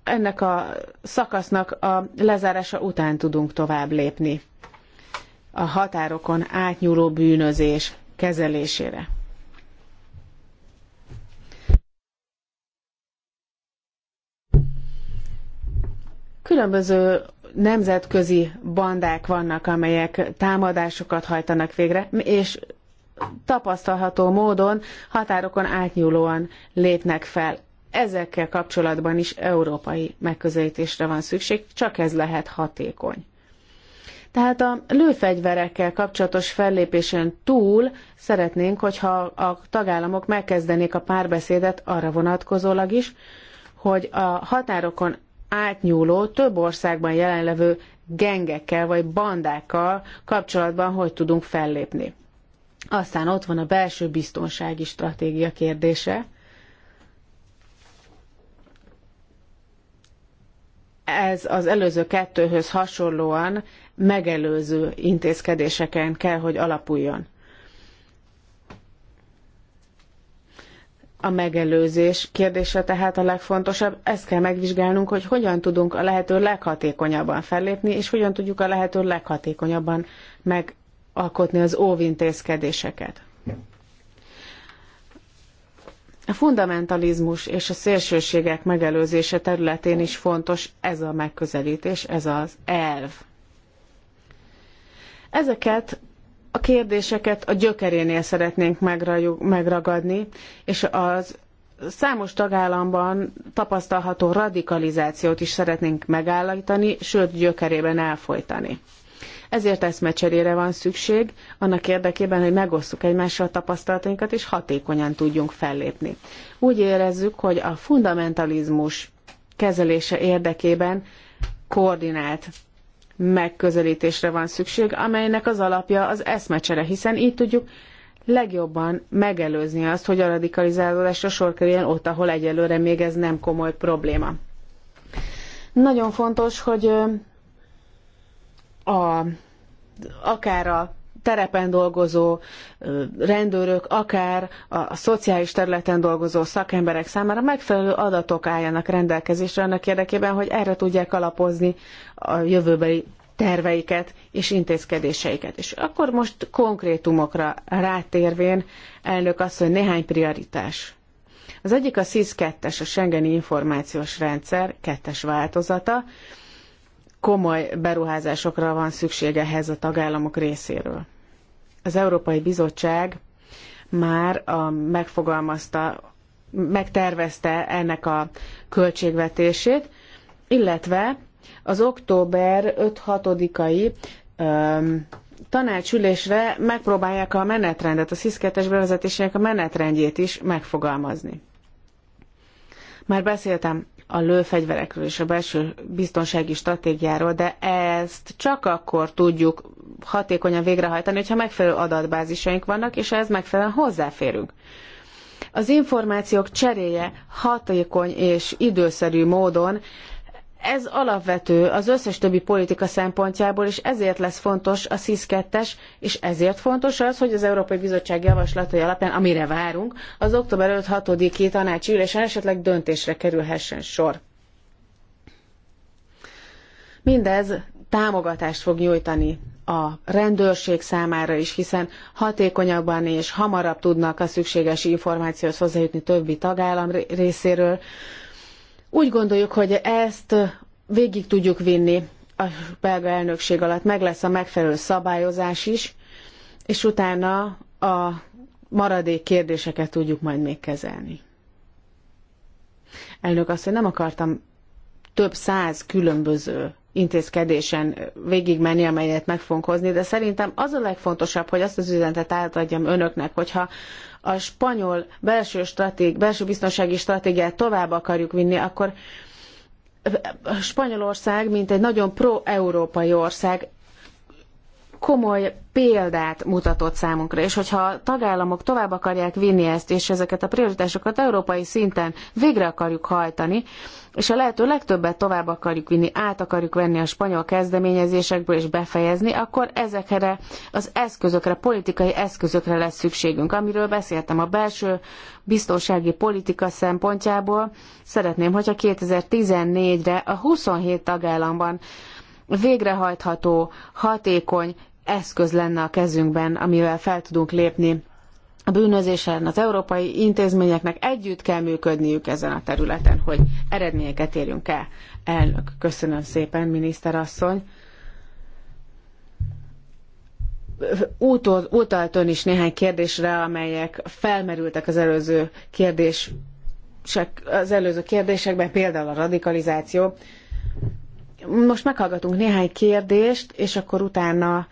ennek a szakasznak a lezárása után tudunk tovább lépni a határokon átnyúló bűnözés kezelésére. Különböző nemzetközi bandák vannak, amelyek támadásokat hajtanak végre, és tapasztalható módon határokon átnyúlóan lépnek fel. Ezekkel kapcsolatban is európai megközelítésre van szükség, csak ez lehet hatékony. Tehát a lőfegyverekkel kapcsolatos fellépésen túl szeretnénk, hogyha a tagállamok megkezdenék a párbeszédet arra vonatkozólag is, hogy a határokon átnyúló, több országban jelenlevő gengekkel vagy bandákkal kapcsolatban hogy tudunk fellépni. Aztán ott van a belső biztonsági stratégia kérdése. Ez az előző kettőhöz hasonlóan megelőző intézkedéseken kell, hogy alapuljon. a megelőzés kérdése tehát a legfontosabb. Ezt kell megvizsgálnunk, hogy hogyan tudunk a lehető leghatékonyabban fellépni, és hogyan tudjuk a lehető leghatékonyabban megalkotni az óvintézkedéseket. A fundamentalizmus és a szélsőségek megelőzése területén is fontos ez a megközelítés, ez az elv. Ezeket a kérdéseket a gyökerénél szeretnénk megragadni, és az számos tagállamban tapasztalható radikalizációt is szeretnénk megállítani, sőt gyökerében elfolytani. Ezért eszmecserére van szükség, annak érdekében, hogy megosszuk egymással a tapasztalatainkat, és hatékonyan tudjunk fellépni. Úgy érezzük, hogy a fundamentalizmus kezelése érdekében koordinált megközelítésre van szükség, amelynek az alapja az eszmecsere, hiszen így tudjuk legjobban megelőzni azt, hogy a radikalizálódásra sor kerüljön ott, ahol egyelőre még ez nem komoly probléma. Nagyon fontos, hogy a, akár a terepen dolgozó rendőrök, akár a szociális területen dolgozó szakemberek számára megfelelő adatok álljanak rendelkezésre annak érdekében, hogy erre tudják alapozni a jövőbeli terveiket és intézkedéseiket. És akkor most konkrétumokra rátérvén, elnök asszony, néhány prioritás. Az egyik a SIS 2-es, a Schengeni Információs Rendszer kettes változata. Komoly beruházásokra van szükség ehhez a tagállamok részéről. Az Európai Bizottság már a, megfogalmazta, megtervezte ennek a költségvetését, illetve az október 5-6-ai tanácsülésre megpróbálják a menetrendet, a sziszketes bevezetésének a menetrendjét is megfogalmazni. Már beszéltem a lőfegyverekről és a belső biztonsági stratégiáról, de ezt csak akkor tudjuk hatékonyan végrehajtani, hogyha megfelelő adatbázisaink vannak, és ehhez megfelelően hozzáférünk. Az információk cseréje hatékony és időszerű módon ez alapvető az összes többi politika szempontjából, és ezért lesz fontos a SZISZ 2 és ezért fontos az, hogy az Európai Bizottság javaslatai alapján, amire várunk, az október 5-6-i tanácsi ülésen esetleg döntésre kerülhessen sor. Mindez támogatást fog nyújtani a rendőrség számára is, hiszen hatékonyabban és hamarabb tudnak a szükséges információhoz hozzájutni többi tagállam részéről, úgy gondoljuk, hogy ezt végig tudjuk vinni a belga elnökség alatt. Meg lesz a megfelelő szabályozás is, és utána a maradék kérdéseket tudjuk majd még kezelni. Elnök azt, hogy nem akartam több száz különböző intézkedésen végigmenni, amelyet meg fogunk hozni, de szerintem az a legfontosabb, hogy azt az üzenetet átadjam önöknek, hogyha a spanyol belső, stratég, belső biztonsági stratégiát tovább akarjuk vinni, akkor Spanyolország, mint egy nagyon pro-európai ország, komoly példát mutatott számunkra, és hogyha a tagállamok tovább akarják vinni ezt, és ezeket a prioritásokat európai szinten végre akarjuk hajtani, és a lehető legtöbbet tovább akarjuk vinni, át akarjuk venni a spanyol kezdeményezésekből és befejezni, akkor ezekre az eszközökre, politikai eszközökre lesz szükségünk. Amiről beszéltem a belső biztonsági politika szempontjából, szeretném, hogyha 2014-re a 27 tagállamban végrehajtható, hatékony eszköz lenne a kezünkben, amivel fel tudunk lépni a bűnözés ellen. Az európai intézményeknek együtt kell működniük ezen a területen, hogy eredményeket érjünk el. Elnök, köszönöm szépen, miniszterasszony. asszony. utalt ön is néhány kérdésre, amelyek felmerültek az előző kérdés az előző kérdésekben, például a radikalizáció. Most meghallgatunk néhány kérdést, és akkor utána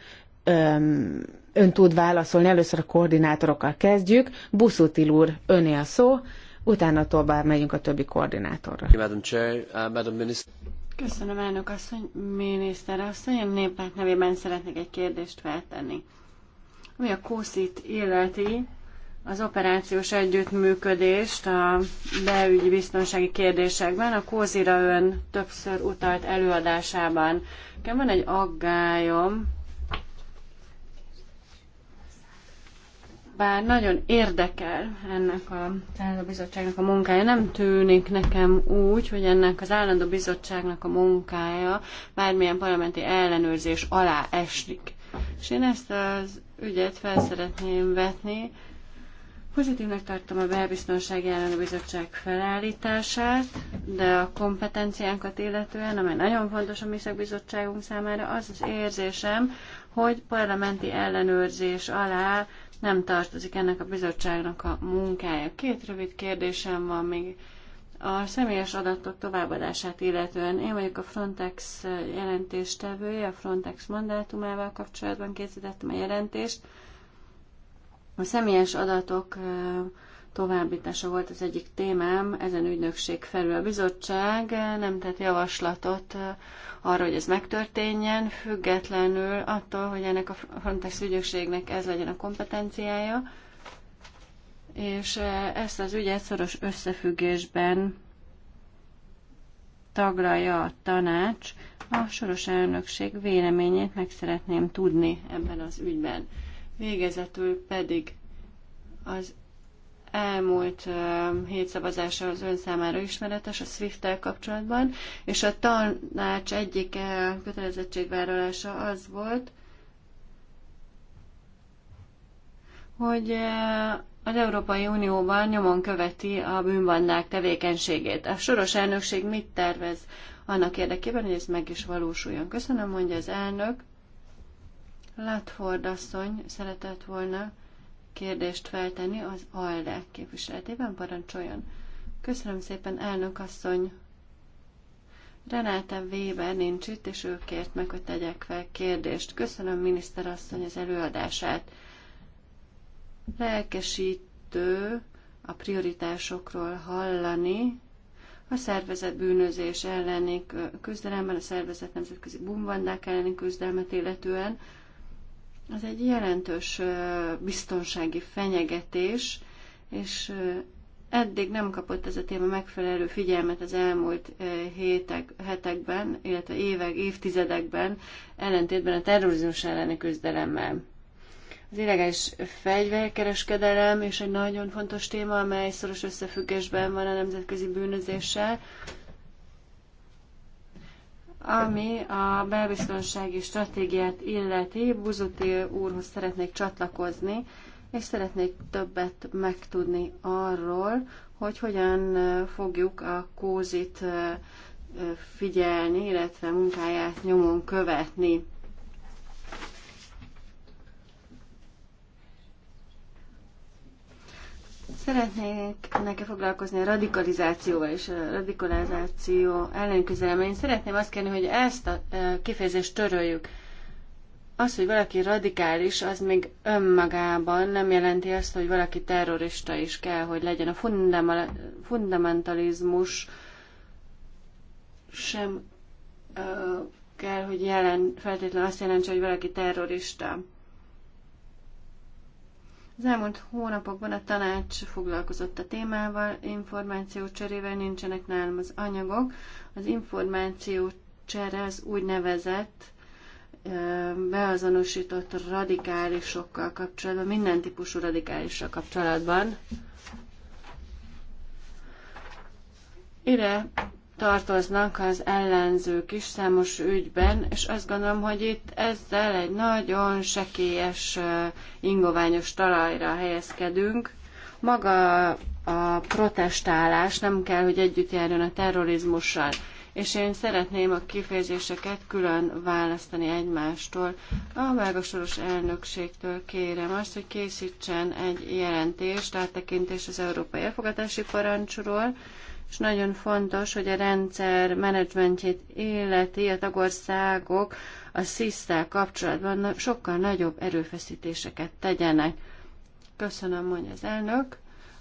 öm, ön tud válaszolni. Először a koordinátorokkal kezdjük. Buszutil úr, öné a szó, utána tovább megyünk a többi koordinátorra. Uh, Köszönöm, elnök asszony, miniszter asszony. A néppárt nevében szeretnék egy kérdést feltenni. Ami a kószit illeti, az operációs együttműködést a beügyi biztonsági kérdésekben. A Kózira ön többször utalt előadásában. Nekem van egy aggályom, bár nagyon érdekel ennek a állandó bizottságnak a munkája, nem tűnik nekem úgy, hogy ennek az állandó bizottságnak a munkája bármilyen parlamenti ellenőrzés alá esik. És én ezt az ügyet fel szeretném vetni. Pozitívnak tartom a Belbiztonsági Állandó Bizottság felállítását, de a kompetenciánkat illetően, amely nagyon fontos a mi szakbizottságunk számára, az az érzésem, hogy parlamenti ellenőrzés alá nem tartozik ennek a bizottságnak a munkája. Két rövid kérdésem van még. A személyes adatok továbbadását illetően én vagyok a Frontex jelentéstevője, a Frontex mandátumával kapcsolatban készítettem a jelentést. A személyes adatok továbbítása volt az egyik témám, ezen ügynökség felül a bizottság nem tett javaslatot arra, hogy ez megtörténjen, függetlenül attól, hogy ennek a Frontex ügyökségnek ez legyen a kompetenciája, és e, ezt az ügyet szoros összefüggésben taglalja a tanács, a soros elnökség véleményét meg szeretném tudni ebben az ügyben. Végezetül pedig az elmúlt hét szavazása az ön számára ismeretes a SWIFT-tel kapcsolatban, és a tanács egyik kötelezettségvállalása az volt, hogy az Európai Unióban nyomon követi a bűnbandák tevékenységét. A soros elnökség mit tervez annak érdekében, hogy ez meg is valósuljon? Köszönöm, mondja az elnök. Latford asszony szeretett volna kérdést feltenni az ALDE képviseletében. Parancsoljon! Köszönöm szépen, elnök asszony! Renáta Weber nincs itt, és ő kért meg, hogy tegyek fel kérdést. Köszönöm miniszter asszony az előadását. Lelkesítő a prioritásokról hallani, a szervezet bűnözés elleni küzdelemben, a szervezet nemzetközi bumbandák elleni küzdelmet illetően, az egy jelentős biztonsági fenyegetés, és eddig nem kapott ez a téma megfelelő figyelmet az elmúlt hétek, hetekben, illetve évek, évtizedekben, ellentétben a terrorizmus elleni küzdelemmel. Az illegális fegyverkereskedelem és egy nagyon fontos téma, amely szoros összefüggésben van a nemzetközi bűnözéssel. Ami a belbiztonsági stratégiát illeti, Buzuti úrhoz szeretnék csatlakozni, és szeretnék többet megtudni arról, hogy hogyan fogjuk a kózit figyelni, illetve munkáját nyomon követni. Szeretnék e foglalkozni a radikalizációval és a radikalizáció ellenküzdelemmel. Én szeretném azt kérni, hogy ezt a e, kifejezést töröljük. Az, hogy valaki radikális, az még önmagában nem jelenti azt, hogy valaki terrorista is kell, hogy legyen. A fundamentalizmus sem ö, kell, hogy jelen, feltétlenül azt jelentse, hogy valaki terrorista. Az elmúlt hónapokban a tanács foglalkozott a témával, információ cserével nincsenek nálam az anyagok. Az információ csere az úgynevezett beazonosított radikálisokkal kapcsolatban, minden típusú radikálisokkal kapcsolatban. Ide tartoznak az ellenzők is számos ügyben, és azt gondolom, hogy itt ezzel egy nagyon sekélyes, ingoványos talajra helyezkedünk. Maga a protestálás nem kell, hogy együtt járjon a terrorizmussal. És én szeretném a kifejezéseket külön választani egymástól. A belgasoros elnökségtől kérem azt, hogy készítsen egy jelentést, áttekintés az európai elfogadási parancsról, és nagyon fontos, hogy a rendszer menedzsmentjét életi a tagországok a sis kapcsolatban sokkal nagyobb erőfeszítéseket tegyenek. Köszönöm, mondja az elnök.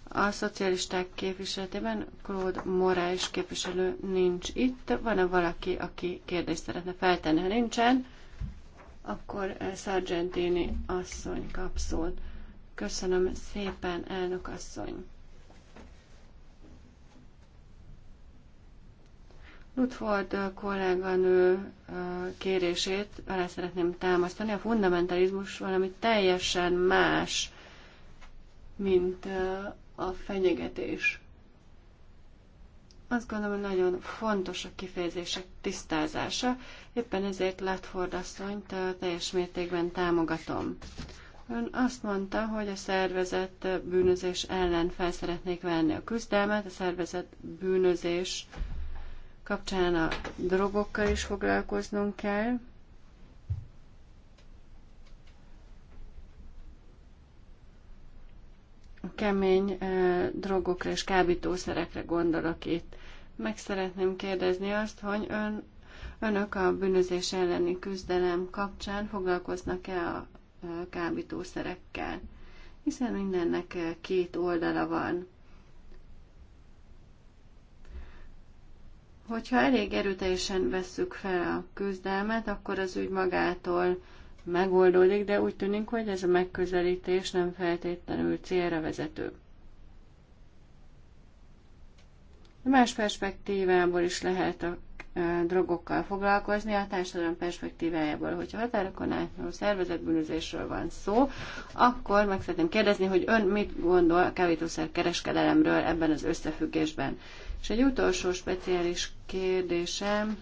A szocialisták képviseletében Claude Morális képviselő nincs itt. Van-e valaki, aki kérdést szeretne feltenni? Ha nincsen, akkor eh, Sargentini asszony kap szót. Köszönöm szépen, elnök asszony. Ludford kolléganő kérését alá szeretném támasztani. A fundamentalizmus valami teljesen más, mint a fenyegetés. Azt gondolom, hogy nagyon fontos a kifejezések tisztázása, éppen ezért Ludford asszonyt teljes mértékben támogatom. Ön azt mondta, hogy a szervezet bűnözés ellen fel szeretnék venni a küzdelmet, a szervezet bűnözés kapcsán a drogokkal is foglalkoznunk kell. A kemény drogokra és kábítószerekre gondolok itt. Meg szeretném kérdezni azt, hogy ön, önök a bűnözés elleni küzdelem kapcsán foglalkoznak-e a kábítószerekkel? Hiszen mindennek két oldala van Hogyha elég erőteljesen vesszük fel a küzdelmet, akkor az úgy magától megoldódik, de úgy tűnik, hogy ez a megközelítés nem feltétlenül célra vezető. Más perspektívából is lehet a e, drogokkal foglalkozni, a társadalom perspektívájából. Hogyha határokon átnyúló szervezetbűnözésről van szó, akkor meg szeretném kérdezni, hogy ön mit gondol a kábítószer kereskedelemről ebben az összefüggésben. És egy utolsó speciális kérdésem,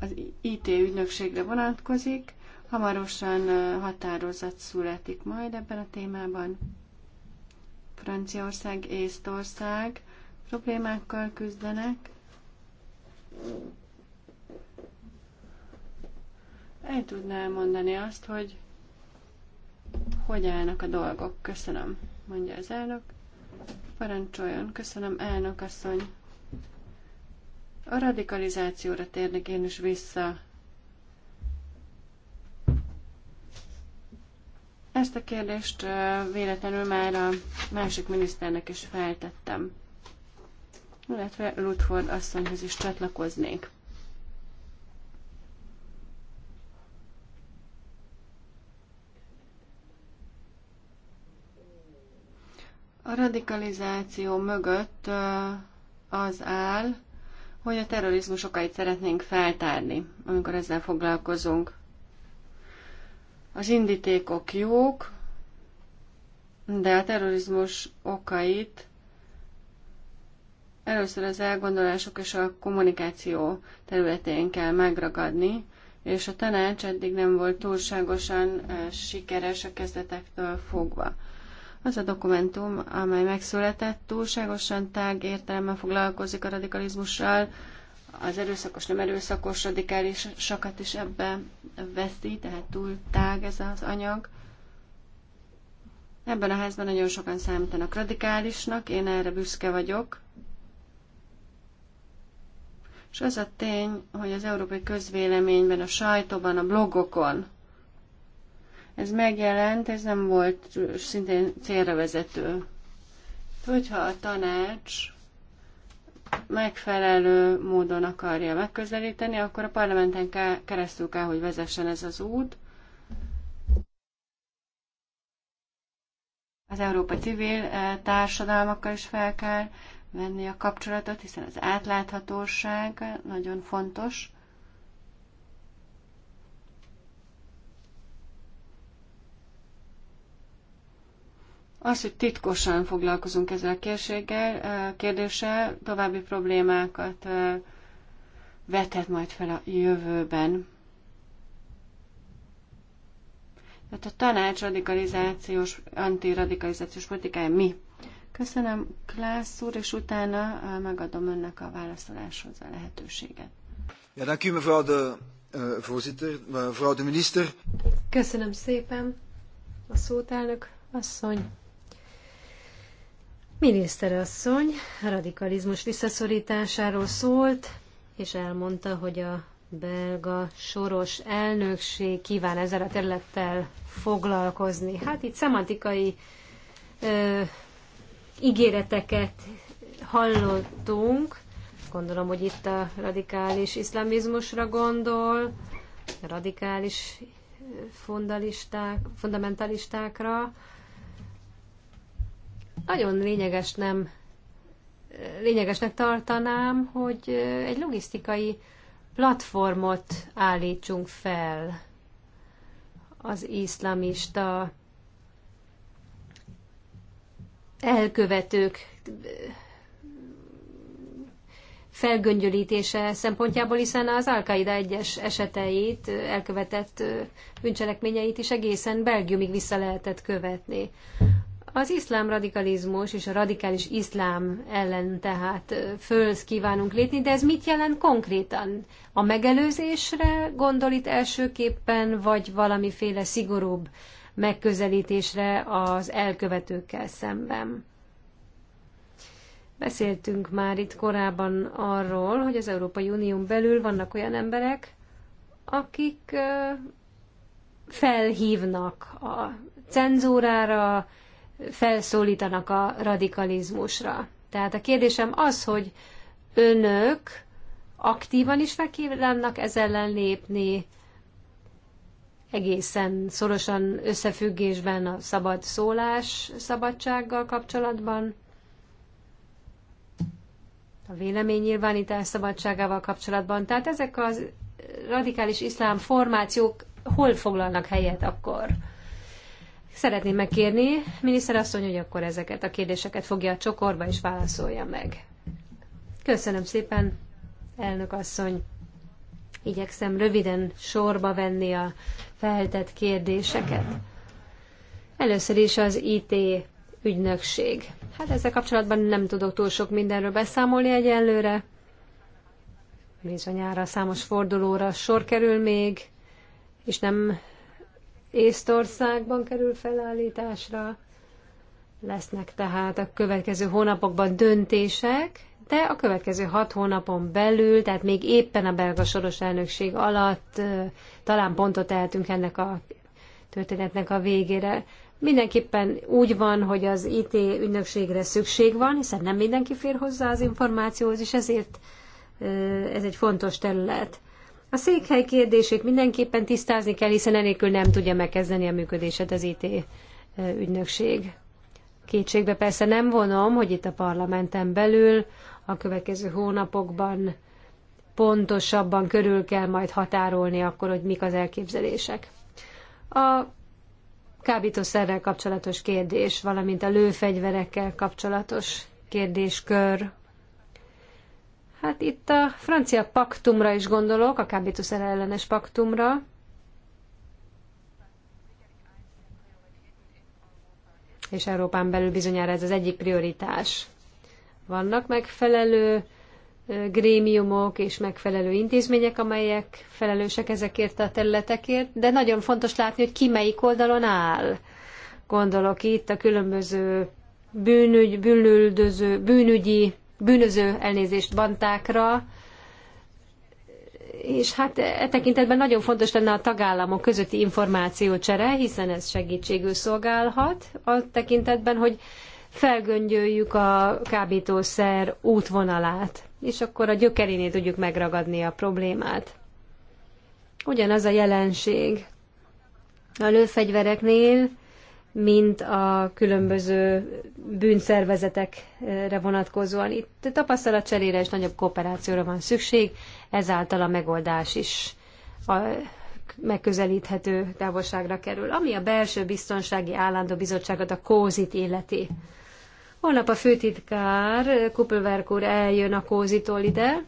az IT ügynökségre vonatkozik. Hamarosan határozat születik majd ebben a témában. Franciaország, Észtország problémákkal küzdenek. El tudnál mondani azt, hogy hogy állnak a dolgok. Köszönöm, mondja az elnök. Parancsoljon, köszönöm, elnök asszony. A radikalizációra térnek én is vissza. Ezt a kérdést véletlenül már a másik miniszternek is feltettem, illetve Ludford asszonyhoz is csatlakoznék. A radikalizáció mögött az áll, hogy a terrorizmus okait szeretnénk feltárni, amikor ezzel foglalkozunk. Az indítékok jók, de a terrorizmus okait először az elgondolások és a kommunikáció területén kell megragadni, és a tanács eddig nem volt túlságosan sikeres a kezdetektől fogva. Az a dokumentum, amely megszületett, túlságosan tág értelemben foglalkozik a radikalizmussal, az erőszakos, nem erőszakos radikális sokat is ebbe veszi, tehát túl tág ez az anyag. Ebben a házban nagyon sokan számítanak radikálisnak, én erre büszke vagyok. És az a tény, hogy az európai közvéleményben, a sajtóban, a blogokon ez megjelent, ez nem volt szintén célravezető. Hogyha a tanács megfelelő módon akarja megközelíteni, akkor a parlamenten kell, keresztül kell, hogy vezessen ez az út. Az európai civil eh, társadalmakkal is fel kell venni a kapcsolatot, hiszen az átláthatóság nagyon fontos Az, hogy titkosan foglalkozunk ezzel a kérséggel, eh, kérdéssel, további problémákat eh, vethet majd fel a jövőben. Tehát a tanács radikalizációs, antiradikalizációs politikája mi? Köszönöm, Klász úr, és utána eh, megadom önnek a válaszoláshoz a lehetőséget. Ja, dank mevrouw de voorzitter, mevrouw de minister. Köszönöm szépen a szót, elnök asszony. Miniszterasszony radikalizmus visszaszorításáról szólt, és elmondta, hogy a belga soros elnökség kíván ezzel a területtel foglalkozni. Hát itt szemantikai ö, ígéreteket hallottunk, gondolom, hogy itt a radikális iszlamizmusra gondol, radikális fundalisták, fundamentalistákra, nagyon lényeges nem, lényegesnek tartanám, hogy eh, egy logisztikai platformot állítsunk fel az iszlamista elkövetők eh, felgöngyölítése szempontjából, hiszen az al egyes eseteit, eh, elkövetett bűncselekményeit is egészen Belgiumig vissza lehetett követni. Az iszlám radikalizmus és a radikális iszlám ellen tehát fölsz kívánunk lépni, de ez mit jelent konkrétan? A megelőzésre gondol itt elsőképpen, vagy valamiféle szigorúbb megközelítésre az elkövetőkkel szemben? Beszéltünk már itt korábban arról, hogy az Európai Unión belül vannak olyan emberek, akik felhívnak a cenzúrára, felszólítanak a radikalizmusra. Tehát a kérdésem az, hogy önök aktívan is megkívánnak ez ellen lépni, egészen szorosan összefüggésben a szabad szólás szabadsággal kapcsolatban, a véleménynyilvánítás szabadságával kapcsolatban. Tehát ezek az radikális iszlám formációk hol foglalnak helyet akkor? Szeretném megkérni miniszter hogy akkor ezeket a kérdéseket fogja a csokorba és válaszolja meg. Köszönöm szépen, elnök asszony. Igyekszem röviden sorba venni a feltett kérdéseket. Először is az IT ügynökség. Hát ezzel kapcsolatban nem tudok túl sok mindenről beszámolni egyelőre. Bizonyára számos fordulóra sor kerül még, és nem Észtországban kerül felállításra. Lesznek tehát a következő hónapokban döntések, de a következő hat hónapon belül, tehát még éppen a belga soros elnökség alatt talán pontot tehetünk ennek a történetnek a végére. Mindenképpen úgy van, hogy az IT ügynökségre szükség van, hiszen nem mindenki fér hozzá az információhoz, és ezért ez egy fontos terület. A székhely kérdését mindenképpen tisztázni kell, hiszen enélkül nem tudja megkezdeni a működését az IT ügynökség. Kétségbe persze nem vonom, hogy itt a parlamenten belül a következő hónapokban pontosabban körül kell majd határolni akkor, hogy mik az elképzelések. A kábítószerrel kapcsolatos kérdés, valamint a lőfegyverekkel kapcsolatos kérdéskör Hát itt a francia paktumra is gondolok, a kábítószer ellenes paktumra. És Európán belül bizonyára ez az egyik prioritás. Vannak megfelelő grémiumok és megfelelő intézmények, amelyek felelősek ezekért a területekért, de nagyon fontos látni, hogy ki melyik oldalon áll. Gondolok itt a különböző bűnügy, bűnüldöző, bűnügyi bűnöző elnézést bantákra, és hát e tekintetben nagyon fontos lenne a tagállamok közötti információcsere, hiszen ez segítségül szolgálhat a tekintetben, hogy felgöngyöljük a kábítószer útvonalát, és akkor a gyökerénél tudjuk megragadni a problémát. Ugyanaz a jelenség a lőfegyvereknél, mint a különböző bűnszervezetekre vonatkozóan. Itt tapasztalatcserére és nagyobb kooperációra van szükség, ezáltal a megoldás is a megközelíthető távolságra kerül. Ami a belső biztonsági állandó bizottságot, a kózit illeti. Holnap a főtitkár Kupelverk úr eljön a kózitól ide,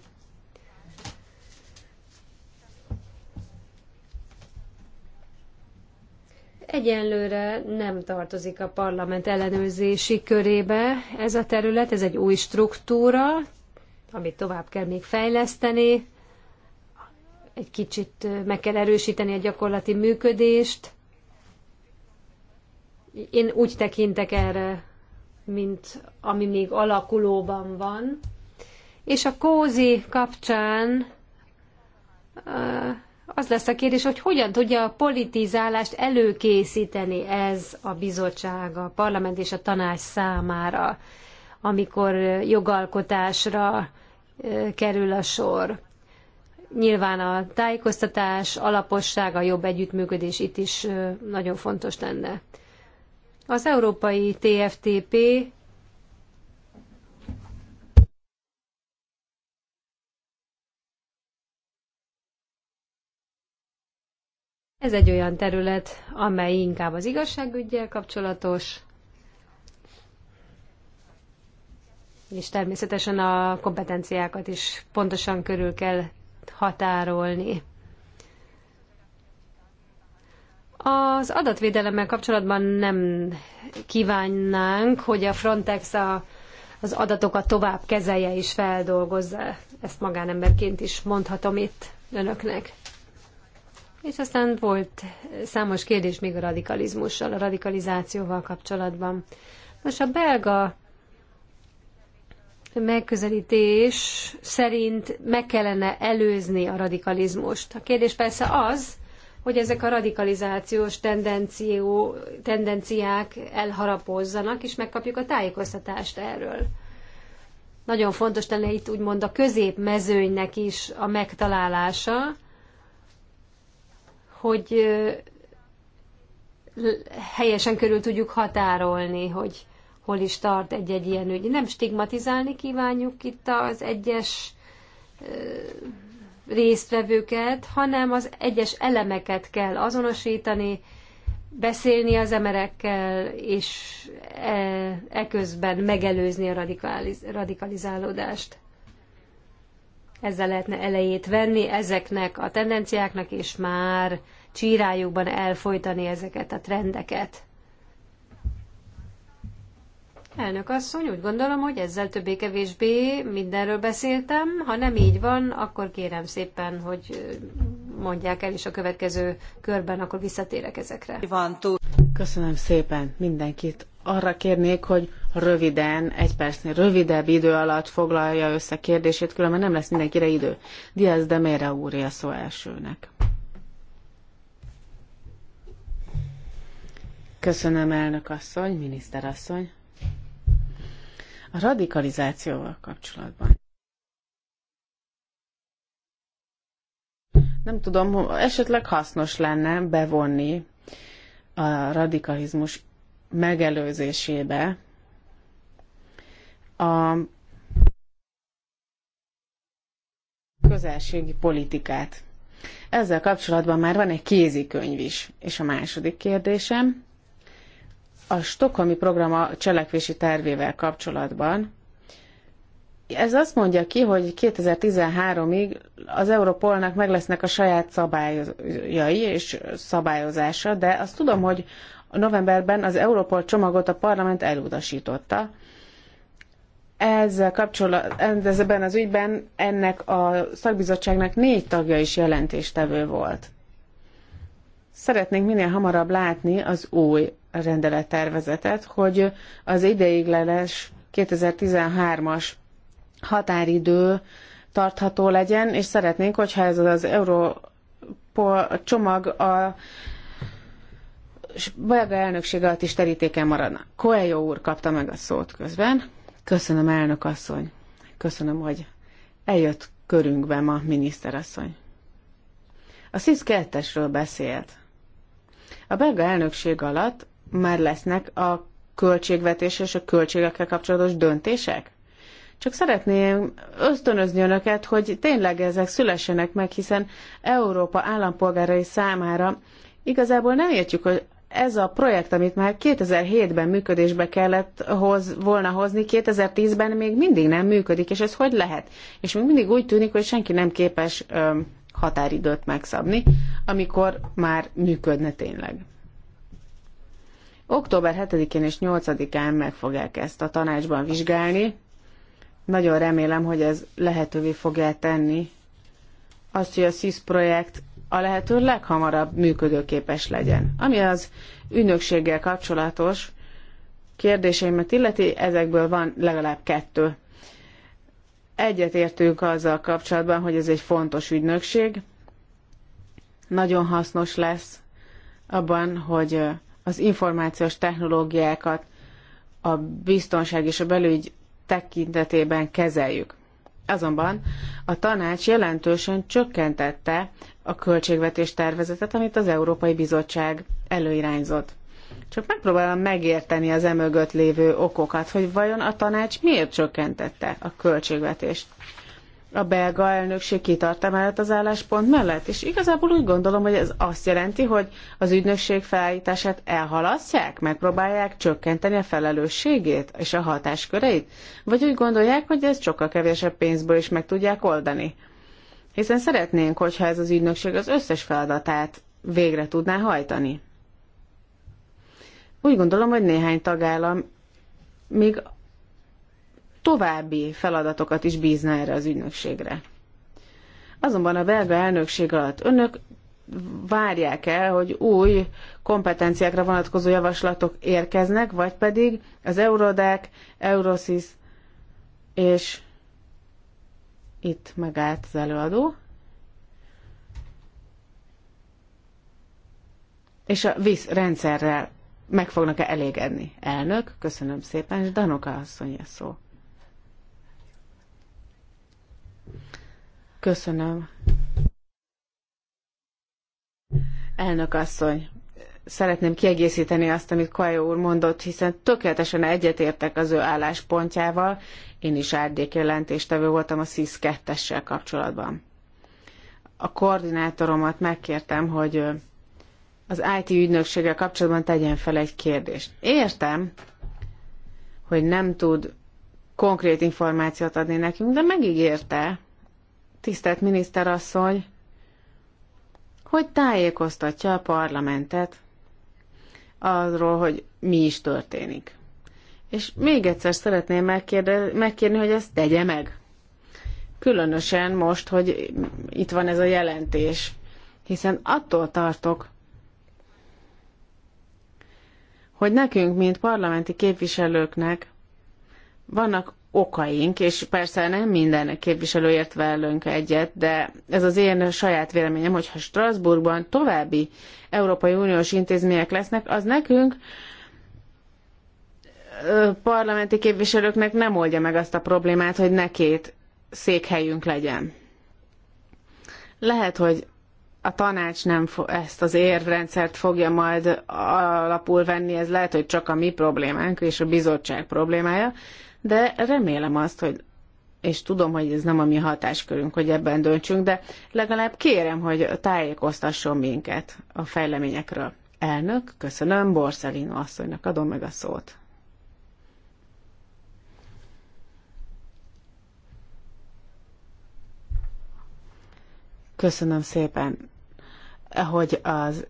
Egyenlőre nem tartozik a parlament ellenőrzési körébe ez a terület, ez egy új struktúra, amit tovább kell még fejleszteni, egy kicsit meg kell erősíteni a gyakorlati működést. Én úgy tekintek erre, mint ami még alakulóban van. És a kózi kapcsán az lesz a kérdés, hogy hogyan tudja a politizálást előkészíteni ez a bizottság, a parlament és a tanács számára, amikor jogalkotásra kerül a sor. Nyilván a tájékoztatás, alaposság, a jobb együttműködés itt is nagyon fontos lenne. Az európai TFTP Ez egy olyan terület, amely inkább az igazságügyjel kapcsolatos, és természetesen a kompetenciákat is pontosan körül kell határolni. Az adatvédelemmel kapcsolatban nem kívánnánk, hogy a Frontex a, az adatokat tovább kezelje és feldolgozza. Ezt magánemberként is mondhatom itt önöknek. És aztán volt számos kérdés még a radikalizmussal, a radikalizációval kapcsolatban. Most a belga megközelítés szerint meg kellene előzni a radikalizmust. A kérdés persze az, hogy ezek a radikalizációs tendenció, tendenciák elharapozzanak, és megkapjuk a tájékoztatást erről. Nagyon fontos lenne itt úgymond a középmezőnynek is a megtalálása, hogy helyesen körül tudjuk határolni, hogy hol is tart egy-egy ilyen ügy. Nem stigmatizálni kívánjuk itt az egyes résztvevőket, hanem az egyes elemeket kell azonosítani, beszélni az emberekkel, és eközben e, e megelőzni a radikaliz- radikalizálódást ezzel lehetne elejét venni ezeknek a tendenciáknak, és már csírájukban elfolytani ezeket a trendeket. Elnök asszony, úgy gondolom, hogy ezzel többé-kevésbé mindenről beszéltem. Ha nem így van, akkor kérem szépen, hogy mondják el is a következő körben, akkor visszatérek ezekre. Köszönöm szépen mindenkit arra kérnék, hogy röviden, egy percnél rövidebb idő alatt foglalja össze kérdését, különben nem lesz mindenkire idő. Diaz de Mera úrja a szó elsőnek. Köszönöm, elnök asszony, miniszter asszony. A radikalizációval kapcsolatban. Nem tudom, esetleg hasznos lenne bevonni a radikalizmus megelőzésébe a közelségi politikát. Ezzel kapcsolatban már van egy kézikönyv is. És a második kérdésem, a Stokholmi program a cselekvési tervével kapcsolatban, ez azt mondja ki, hogy 2013-ig az Europolnak meg lesznek a saját szabályai és szabályozása, de azt tudom, hogy a novemberben az Europol csomagot a parlament elutasította. Ezzel kapcsolatban, ebben az ügyben ennek a szakbizottságnak négy tagja is jelentéstevő volt. Szeretnénk minél hamarabb látni az új rendelettervezetet, hogy az ideiglenes 2013-as határidő tartható legyen, és szeretnénk, hogyha ez az Európol csomag a belga elnökség alatt is terítéken maradnak. Coelho úr kapta meg a szót közben. Köszönöm, elnök asszony. Köszönöm, hogy eljött körünkbe ma miniszterasszony. A SZISZ 2 beszélt. A belga elnökség alatt már lesznek a költségvetés és a költségekkel kapcsolatos döntések? Csak szeretném ösztönözni önöket, hogy tényleg ezek szülessenek meg, hiszen Európa állampolgárai számára igazából nem értjük, hogy ez a projekt, amit már 2007-ben működésbe kellett hoz, volna hozni, 2010-ben még mindig nem működik, és ez hogy lehet? És még mindig úgy tűnik, hogy senki nem képes ö, határidőt megszabni, amikor már működne tényleg. Október 7-én és 8-án meg fogják ezt a tanácsban vizsgálni. Nagyon remélem, hogy ez lehetővé fogja tenni azt, hogy a SZISZ projekt a lehető leghamarabb működőképes legyen. Ami az ügynökséggel kapcsolatos kérdéseimet illeti, ezekből van legalább kettő. Egyet értünk azzal kapcsolatban, hogy ez egy fontos ügynökség, nagyon hasznos lesz abban, hogy az információs technológiákat a biztonság és a belügy tekintetében kezeljük. Azonban a tanács jelentősen csökkentette a költségvetés tervezetet, amit az Európai Bizottság előirányzott. Csak megpróbálom megérteni az emögött lévő okokat, hogy vajon a tanács miért csökkentette a költségvetést a belga elnökség kitart emellett az álláspont mellett, és igazából úgy gondolom, hogy ez azt jelenti, hogy az ügynökség felállítását elhalasztják, megpróbálják csökkenteni a felelősségét és a hatásköreit, vagy úgy gondolják, hogy ezt sokkal kevesebb pénzből is meg tudják oldani. Hiszen szeretnénk, hogyha ez az ügynökség az összes feladatát végre tudná hajtani. Úgy gondolom, hogy néhány tagállam még további feladatokat is bízna erre az ügynökségre. Azonban a belga elnökség alatt önök várják el, hogy új kompetenciákra vonatkozó javaslatok érkeznek, vagy pedig az Eurodac, Eurosis és itt megállt az előadó. És a VISZ rendszerrel meg fognak-e elégedni? Elnök, köszönöm szépen, és Danoka asszony szó. Köszönöm. Elnök asszony, szeretném kiegészíteni azt, amit Kajó úr mondott, hiszen tökéletesen egyetértek az ő álláspontjával. Én is árnyékjelentéstevő voltam a SZISZ 2 kapcsolatban. A koordinátoromat megkértem, hogy az IT ügynökséggel kapcsolatban tegyen fel egy kérdést. Értem, hogy nem tud konkrét információt adni nekünk, de megígérte, tisztelt miniszterasszony, hogy tájékoztatja a parlamentet arról, hogy mi is történik. És még egyszer szeretném megkérni, hogy ezt tegye meg. Különösen most, hogy itt van ez a jelentés, hiszen attól tartok, hogy nekünk, mint parlamenti képviselőknek vannak okaink, és persze nem minden képviselő ért velünk egyet, de ez az én saját véleményem, hogy ha Strasbourgban további Európai Uniós intézmények lesznek, az nekünk parlamenti képviselőknek nem oldja meg azt a problémát, hogy ne két székhelyünk legyen. Lehet, hogy a tanács nem fo- ezt az érvrendszert fogja majd alapul venni, ez lehet, hogy csak a mi problémánk és a bizottság problémája, de remélem azt, hogy és tudom, hogy ez nem a mi hatáskörünk, hogy ebben döntsünk, de legalább kérem, hogy tájékoztasson minket a fejleményekről. Elnök, köszönöm, Borszelino asszonynak adom meg a szót. Köszönöm szépen, hogy az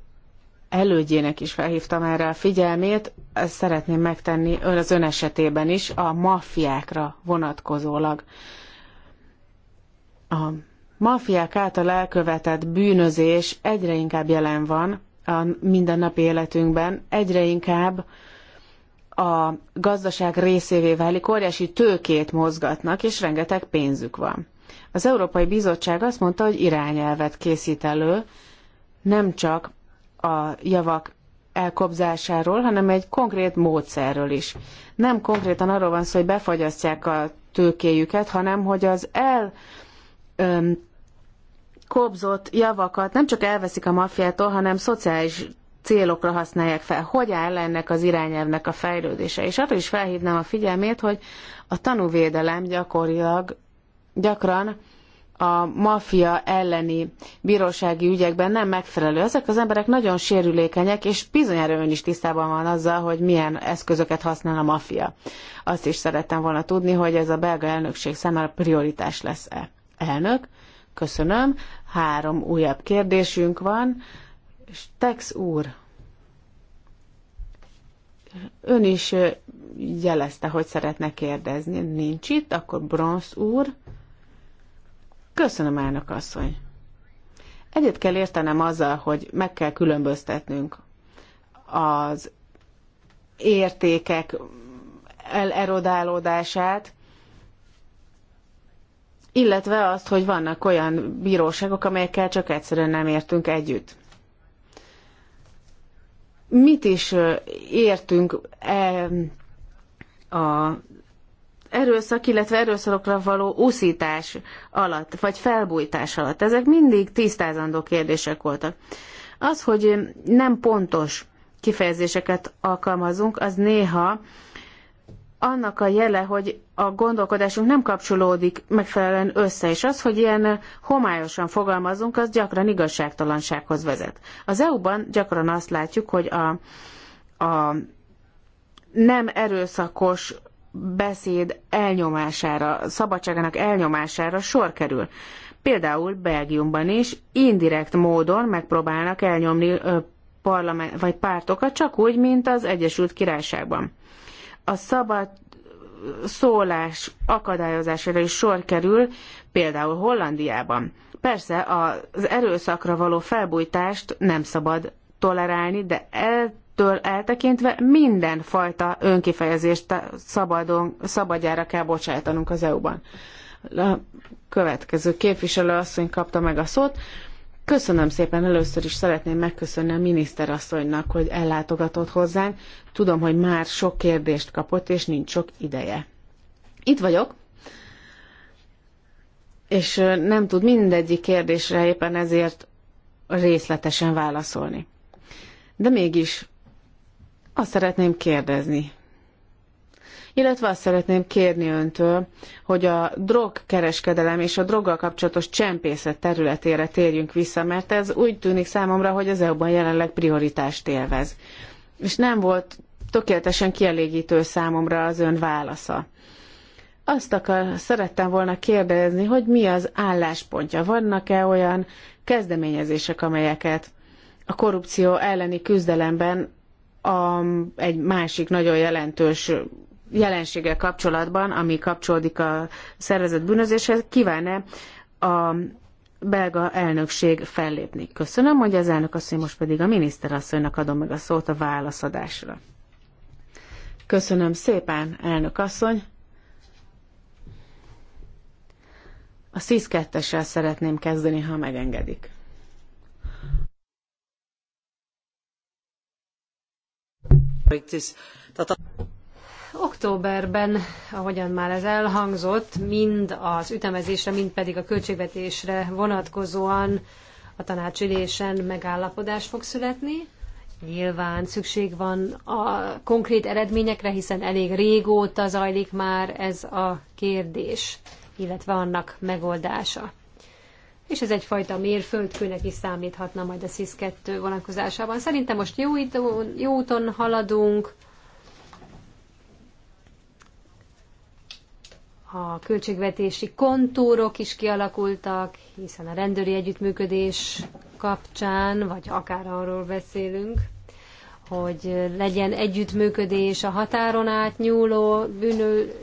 elődjének is felhívtam erre a figyelmét, ezt szeretném megtenni ön az ön esetében is, a maffiákra vonatkozólag. A maffiák által elkövetett bűnözés egyre inkább jelen van a mindennapi életünkben, egyre inkább a gazdaság részévé válik, óriási tőkét mozgatnak, és rengeteg pénzük van. Az Európai Bizottság azt mondta, hogy irányelvet készít elő, nem csak a javak elkobzásáról, hanem egy konkrét módszerről is. Nem konkrétan arról van szó, hogy befagyasztják a tőkéjüket, hanem hogy az el öm, kobzott javakat nem csak elveszik a maffiától, hanem szociális célokra használják fel. Hogy áll ennek az irányelvnek a fejlődése? És arra is felhívnám a figyelmét, hogy a tanúvédelem gyakorilag gyakran a maffia elleni bírósági ügyekben nem megfelelő. Ezek az emberek nagyon sérülékenyek, és bizonyára ön is tisztában van azzal, hogy milyen eszközöket használ a maffia. Azt is szerettem volna tudni, hogy ez a belga elnökség számára prioritás lesz-e. Elnök, köszönöm. Három újabb kérdésünk van. Tex úr, ön is jelezte, hogy szeretne kérdezni. Nincs itt, akkor Bronz úr. Köszönöm, elnök asszony. Egyet kell értenem azzal, hogy meg kell különböztetnünk az értékek elerodálódását, illetve azt, hogy vannak olyan bíróságok, amelyekkel csak egyszerűen nem értünk együtt. Mit is értünk e, a erőszak, illetve erőszakokra való úszítás alatt, vagy felbújtás alatt. Ezek mindig tisztázandó kérdések voltak. Az, hogy nem pontos kifejezéseket alkalmazunk, az néha annak a jele, hogy a gondolkodásunk nem kapcsolódik megfelelően össze, és az, hogy ilyen homályosan fogalmazunk, az gyakran igazságtalansághoz vezet. Az EU-ban gyakran azt látjuk, hogy a, a nem erőszakos beszéd elnyomására, szabadságának elnyomására sor kerül. Például Belgiumban is indirekt módon megpróbálnak elnyomni ö, parlament, vagy pártokat, csak úgy, mint az Egyesült Királyságban. A szabad szólás akadályozására is sor kerül, például Hollandiában. Persze az erőszakra való felbújtást nem szabad tolerálni, de el től eltekintve minden fajta önkifejezést szabadon, szabadjára kell bocsájtanunk az EU-ban. A következő képviselő asszony kapta meg a szót. Köszönöm szépen, először is szeretném megköszönni a miniszterasszonynak, hogy ellátogatott hozzánk. Tudom, hogy már sok kérdést kapott, és nincs sok ideje. Itt vagyok, és nem tud mindegyik kérdésre éppen ezért részletesen válaszolni. De mégis azt szeretném kérdezni, illetve azt szeretném kérni öntől, hogy a drogkereskedelem és a droggal kapcsolatos csempészet területére térjünk vissza, mert ez úgy tűnik számomra, hogy az EU-ban jelenleg prioritást élvez. És nem volt tökéletesen kielégítő számomra az ön válasza. Azt akar, szerettem volna kérdezni, hogy mi az álláspontja. Vannak-e olyan kezdeményezések, amelyeket a korrupció elleni küzdelemben a, egy másik nagyon jelentős jelenséggel kapcsolatban, ami kapcsolódik a szervezett bűnözéshez, kíván-e a belga elnökség fellépni. Köszönöm, hogy az elnök asszony, most pedig a miniszterasszonynak adom meg a szót a válaszadásra. Köszönöm szépen, elnök asszony. A SZISZ 2 szeretném kezdeni, ha megengedik. Októberben, ahogyan már ez elhangzott, mind az ütemezésre, mind pedig a költségvetésre vonatkozóan a tanácsülésen megállapodás fog születni. Nyilván szükség van a konkrét eredményekre, hiszen elég régóta zajlik már ez a kérdés, illetve annak megoldása és ez egyfajta mérföldkőnek is számíthatna majd a SZIS-2 vonatkozásában. Szerintem most jó, itón, jó úton haladunk, a költségvetési kontúrok is kialakultak, hiszen a rendőri együttműködés kapcsán, vagy akár arról beszélünk, hogy legyen együttműködés a határon átnyúló bűnő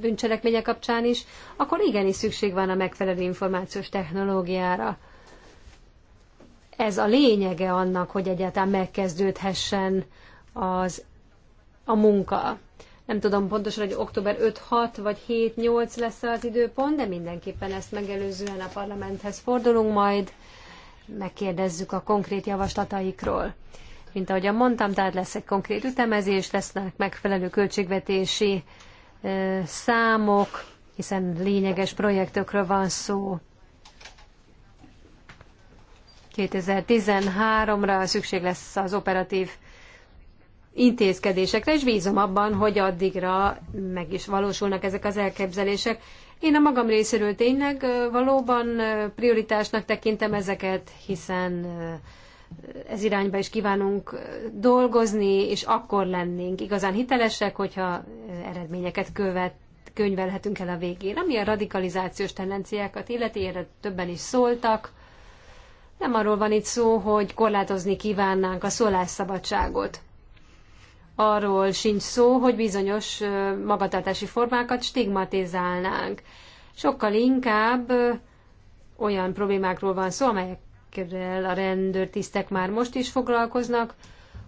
bűncselekménye kapcsán is, akkor igenis szükség van a megfelelő információs technológiára. Ez a lényege annak, hogy egyáltalán megkezdődhessen az, a munka. Nem tudom pontosan, hogy október 5-6 vagy 7-8 lesz az időpont, de mindenképpen ezt megelőzően a parlamenthez fordulunk majd, megkérdezzük a konkrét javaslataikról. Mint ahogyan mondtam, tehát lesz egy konkrét ütemezés, lesznek megfelelő költségvetési számok, hiszen lényeges projektökről van szó. 2013-ra szükség lesz az operatív intézkedésekre, és bízom abban, hogy addigra meg is valósulnak ezek az elképzelések. Én a magam részéről tényleg valóban prioritásnak tekintem ezeket, hiszen ez irányba is kívánunk dolgozni, és akkor lennénk igazán hitelesek, hogyha eredményeket követ, könyvelhetünk el a végén. Ami a radikalizációs tendenciákat illeti, erre többen is szóltak. Nem arról van itt szó, hogy korlátozni kívánnánk a szólásszabadságot. Arról sincs szó, hogy bizonyos magatartási formákat stigmatizálnánk. Sokkal inkább olyan problémákról van szó, amelyek ezekkel a rendőrtisztek már most is foglalkoznak,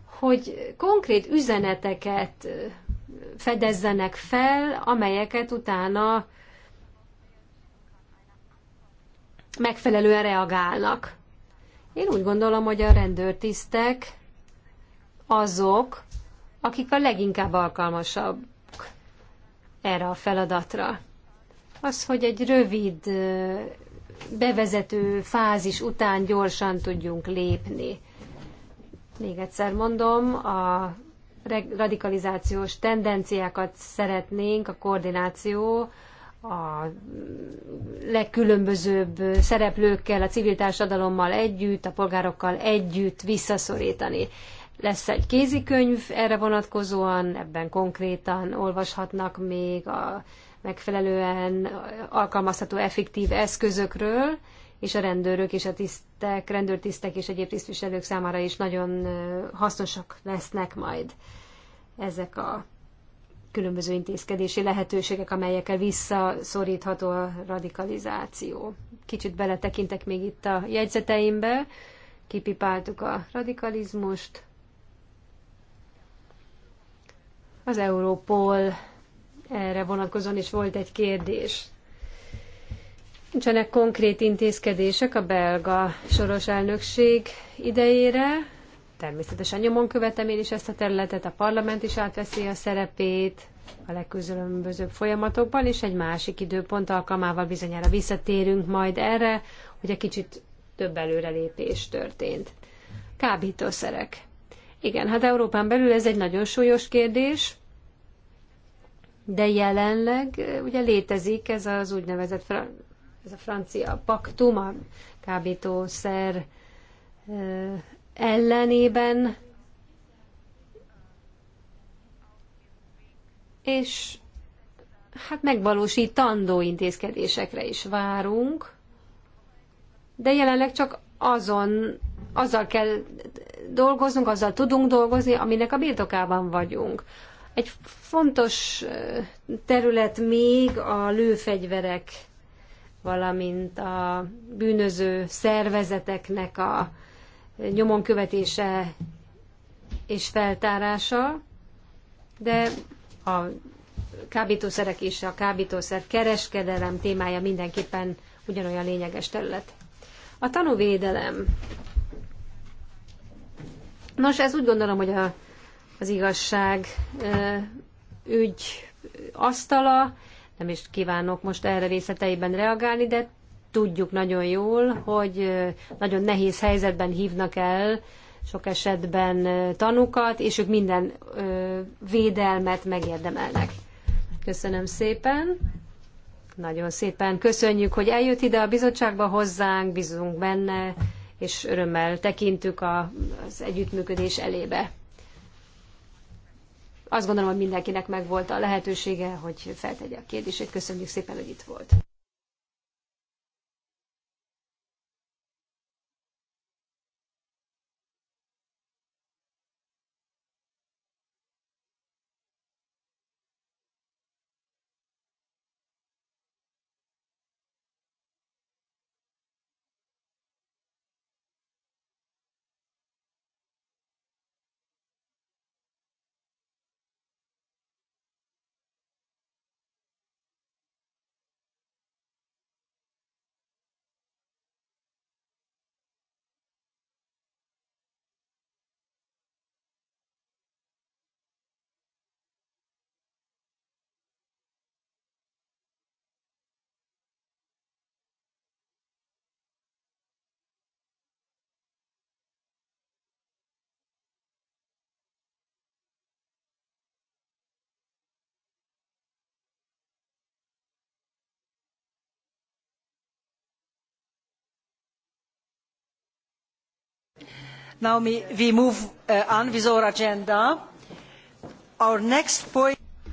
hogy konkrét üzeneteket fedezzenek fel, amelyeket utána megfelelően reagálnak. Én úgy gondolom, hogy a rendőrtisztek azok, akik a leginkább alkalmasabb erre a feladatra. Az, hogy egy rövid bevezető fázis után gyorsan tudjunk lépni. Még egyszer mondom, a radikalizációs tendenciákat szeretnénk a koordináció a legkülönbözőbb szereplőkkel, a civil társadalommal együtt, a polgárokkal együtt visszaszorítani. Lesz egy kézikönyv erre vonatkozóan, ebben konkrétan olvashatnak még a megfelelően alkalmazható effektív eszközökről, és a rendőrök és a tisztek, rendőrtisztek és egyéb tisztviselők számára is nagyon hasznosak lesznek majd ezek a különböző intézkedési lehetőségek, amelyekkel visszaszorítható a radikalizáció. Kicsit beletekintek még itt a jegyzeteimbe, kipipáltuk a radikalizmust. Az Európol erre vonatkozóan is volt egy kérdés. Nincsenek konkrét intézkedések a belga soros elnökség idejére. Természetesen nyomon követem én is ezt a területet, a parlament is átveszi a szerepét a legkülönbözőbb folyamatokban, és egy másik időpont alkalmával bizonyára visszatérünk majd erre, hogy egy kicsit több előrelépés történt. Kábítószerek. Igen, hát Európán belül ez egy nagyon súlyos kérdés, de jelenleg ugye létezik ez az úgynevezett ez a francia paktum, a kábítószer ellenében, és hát megvalósítandó intézkedésekre is várunk, de jelenleg csak azon, azzal kell dolgoznunk, azzal tudunk dolgozni, aminek a birtokában vagyunk. Egy fontos terület még a lőfegyverek, valamint a bűnöző szervezeteknek a nyomon követése és feltárása, de a kábítószerek és a kábítószer kereskedelem témája mindenképpen ugyanolyan lényeges terület. A tanúvédelem. Nos, ez úgy gondolom, hogy a az igazság ügy asztala, nem is kívánok most erre részleteiben reagálni, de tudjuk nagyon jól, hogy nagyon nehéz helyzetben hívnak el sok esetben tanukat, és ők minden védelmet megérdemelnek. Köszönöm szépen. Nagyon szépen köszönjük, hogy eljött ide a bizottságba hozzánk, bízunk benne, és örömmel tekintük az együttműködés elébe. Azt gondolom, hogy mindenkinek megvolt a lehetősége, hogy feltegye a kérdését. Köszönjük szépen, hogy itt volt.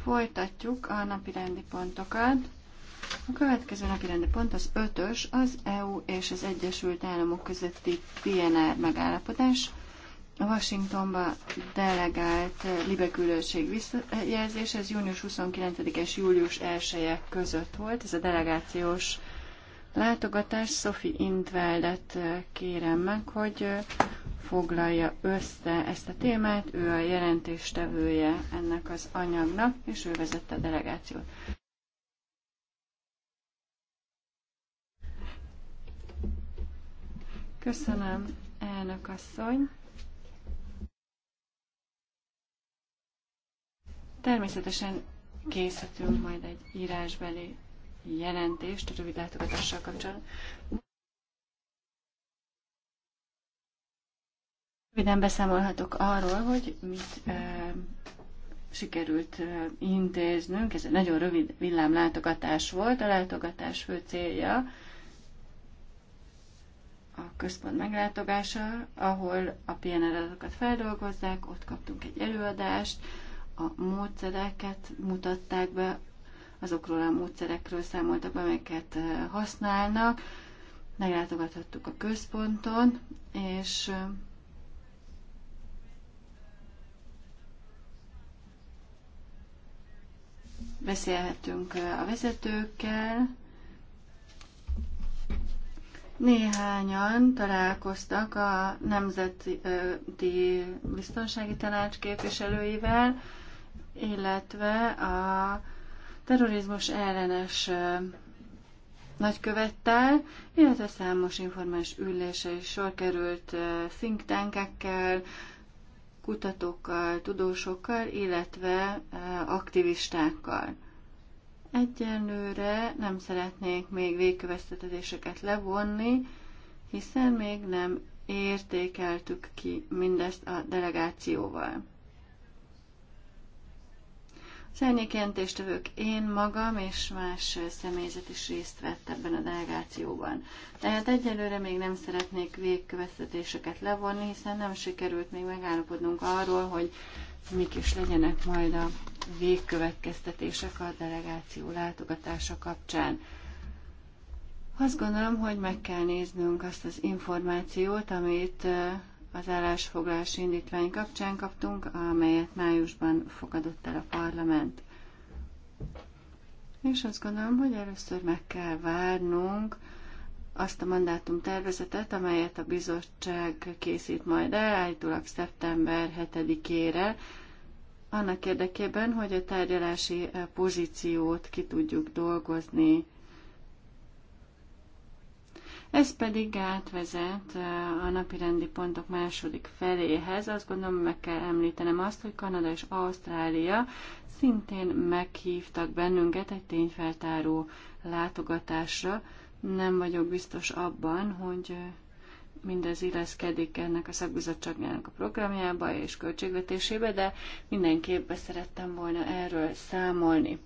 Folytatjuk a napirendi pontokat. A következő napirendi pont az ötös, az EU és az Egyesült Államok közötti PNR megállapodás. A Washingtonba delegált libekülőség visszajelzés, ez június 29 és július 1 -e között volt. Ez a delegációs látogatás. Sophie Intveldet eh, kérem meg, hogy eh, foglalja össze ezt a témát, ő a jelentéstevője ennek az anyagnak, és ő vezette a delegációt. Köszönöm, elnök asszony. Természetesen készítünk majd egy írásbeli jelentést a rövid látogatással kapcsolatban. Röviden beszámolhatok arról, hogy mit e, sikerült e, intéznünk. Ez egy nagyon rövid villámlátogatás volt. A látogatás fő célja a központ meglátogása, ahol a PNR adatokat feldolgozzák, ott kaptunk egy előadást, a módszereket mutatták be, azokról a módszerekről számoltak be, amelyeket használnak. Meglátogathattuk a központon, és beszélhetünk a vezetőkkel. Néhányan találkoztak a Nemzeti Biztonsági Tanács képviselőivel, illetve a terrorizmus ellenes nagykövettel, illetve számos informális ülése is sor került think tankekkel, kutatókkal, tudósokkal, illetve eh, aktivistákkal. Egyenlőre nem szeretnék még végkövetkeztetéseket levonni, hiszen még nem értékeltük ki mindezt a delegációval. Az árnyékjelentéstevők, én magam és más személyzet is részt vett ebben a delegációban. Tehát egyelőre még nem szeretnék végkövetkeztetéseket levonni, hiszen nem sikerült még megállapodnunk arról, hogy mik is legyenek majd a végkövetkeztetések a delegáció látogatása kapcsán. Azt gondolom, hogy meg kell néznünk azt az információt, amit az állásfoglalási indítvány kapcsán kaptunk, amelyet májusban fogadott el a parlament. És azt gondolom, hogy először meg kell várnunk azt a mandátum tervezetet, amelyet a bizottság készít majd el, állítólag szeptember 7-ére, annak érdekében, hogy a tárgyalási eh, pozíciót ki tudjuk dolgozni ez pedig átvezet eh, a napirendi pontok második feléhez. Azt gondolom, meg kell említenem azt, hogy Kanada és Ausztrália szintén meghívtak bennünket egy tényfeltáró látogatásra. Nem vagyok biztos abban, hogy eh, mindez illeszkedik ennek a szakbizottságnak a programjába és költségvetésébe, de mindenképp szerettem volna erről számolni.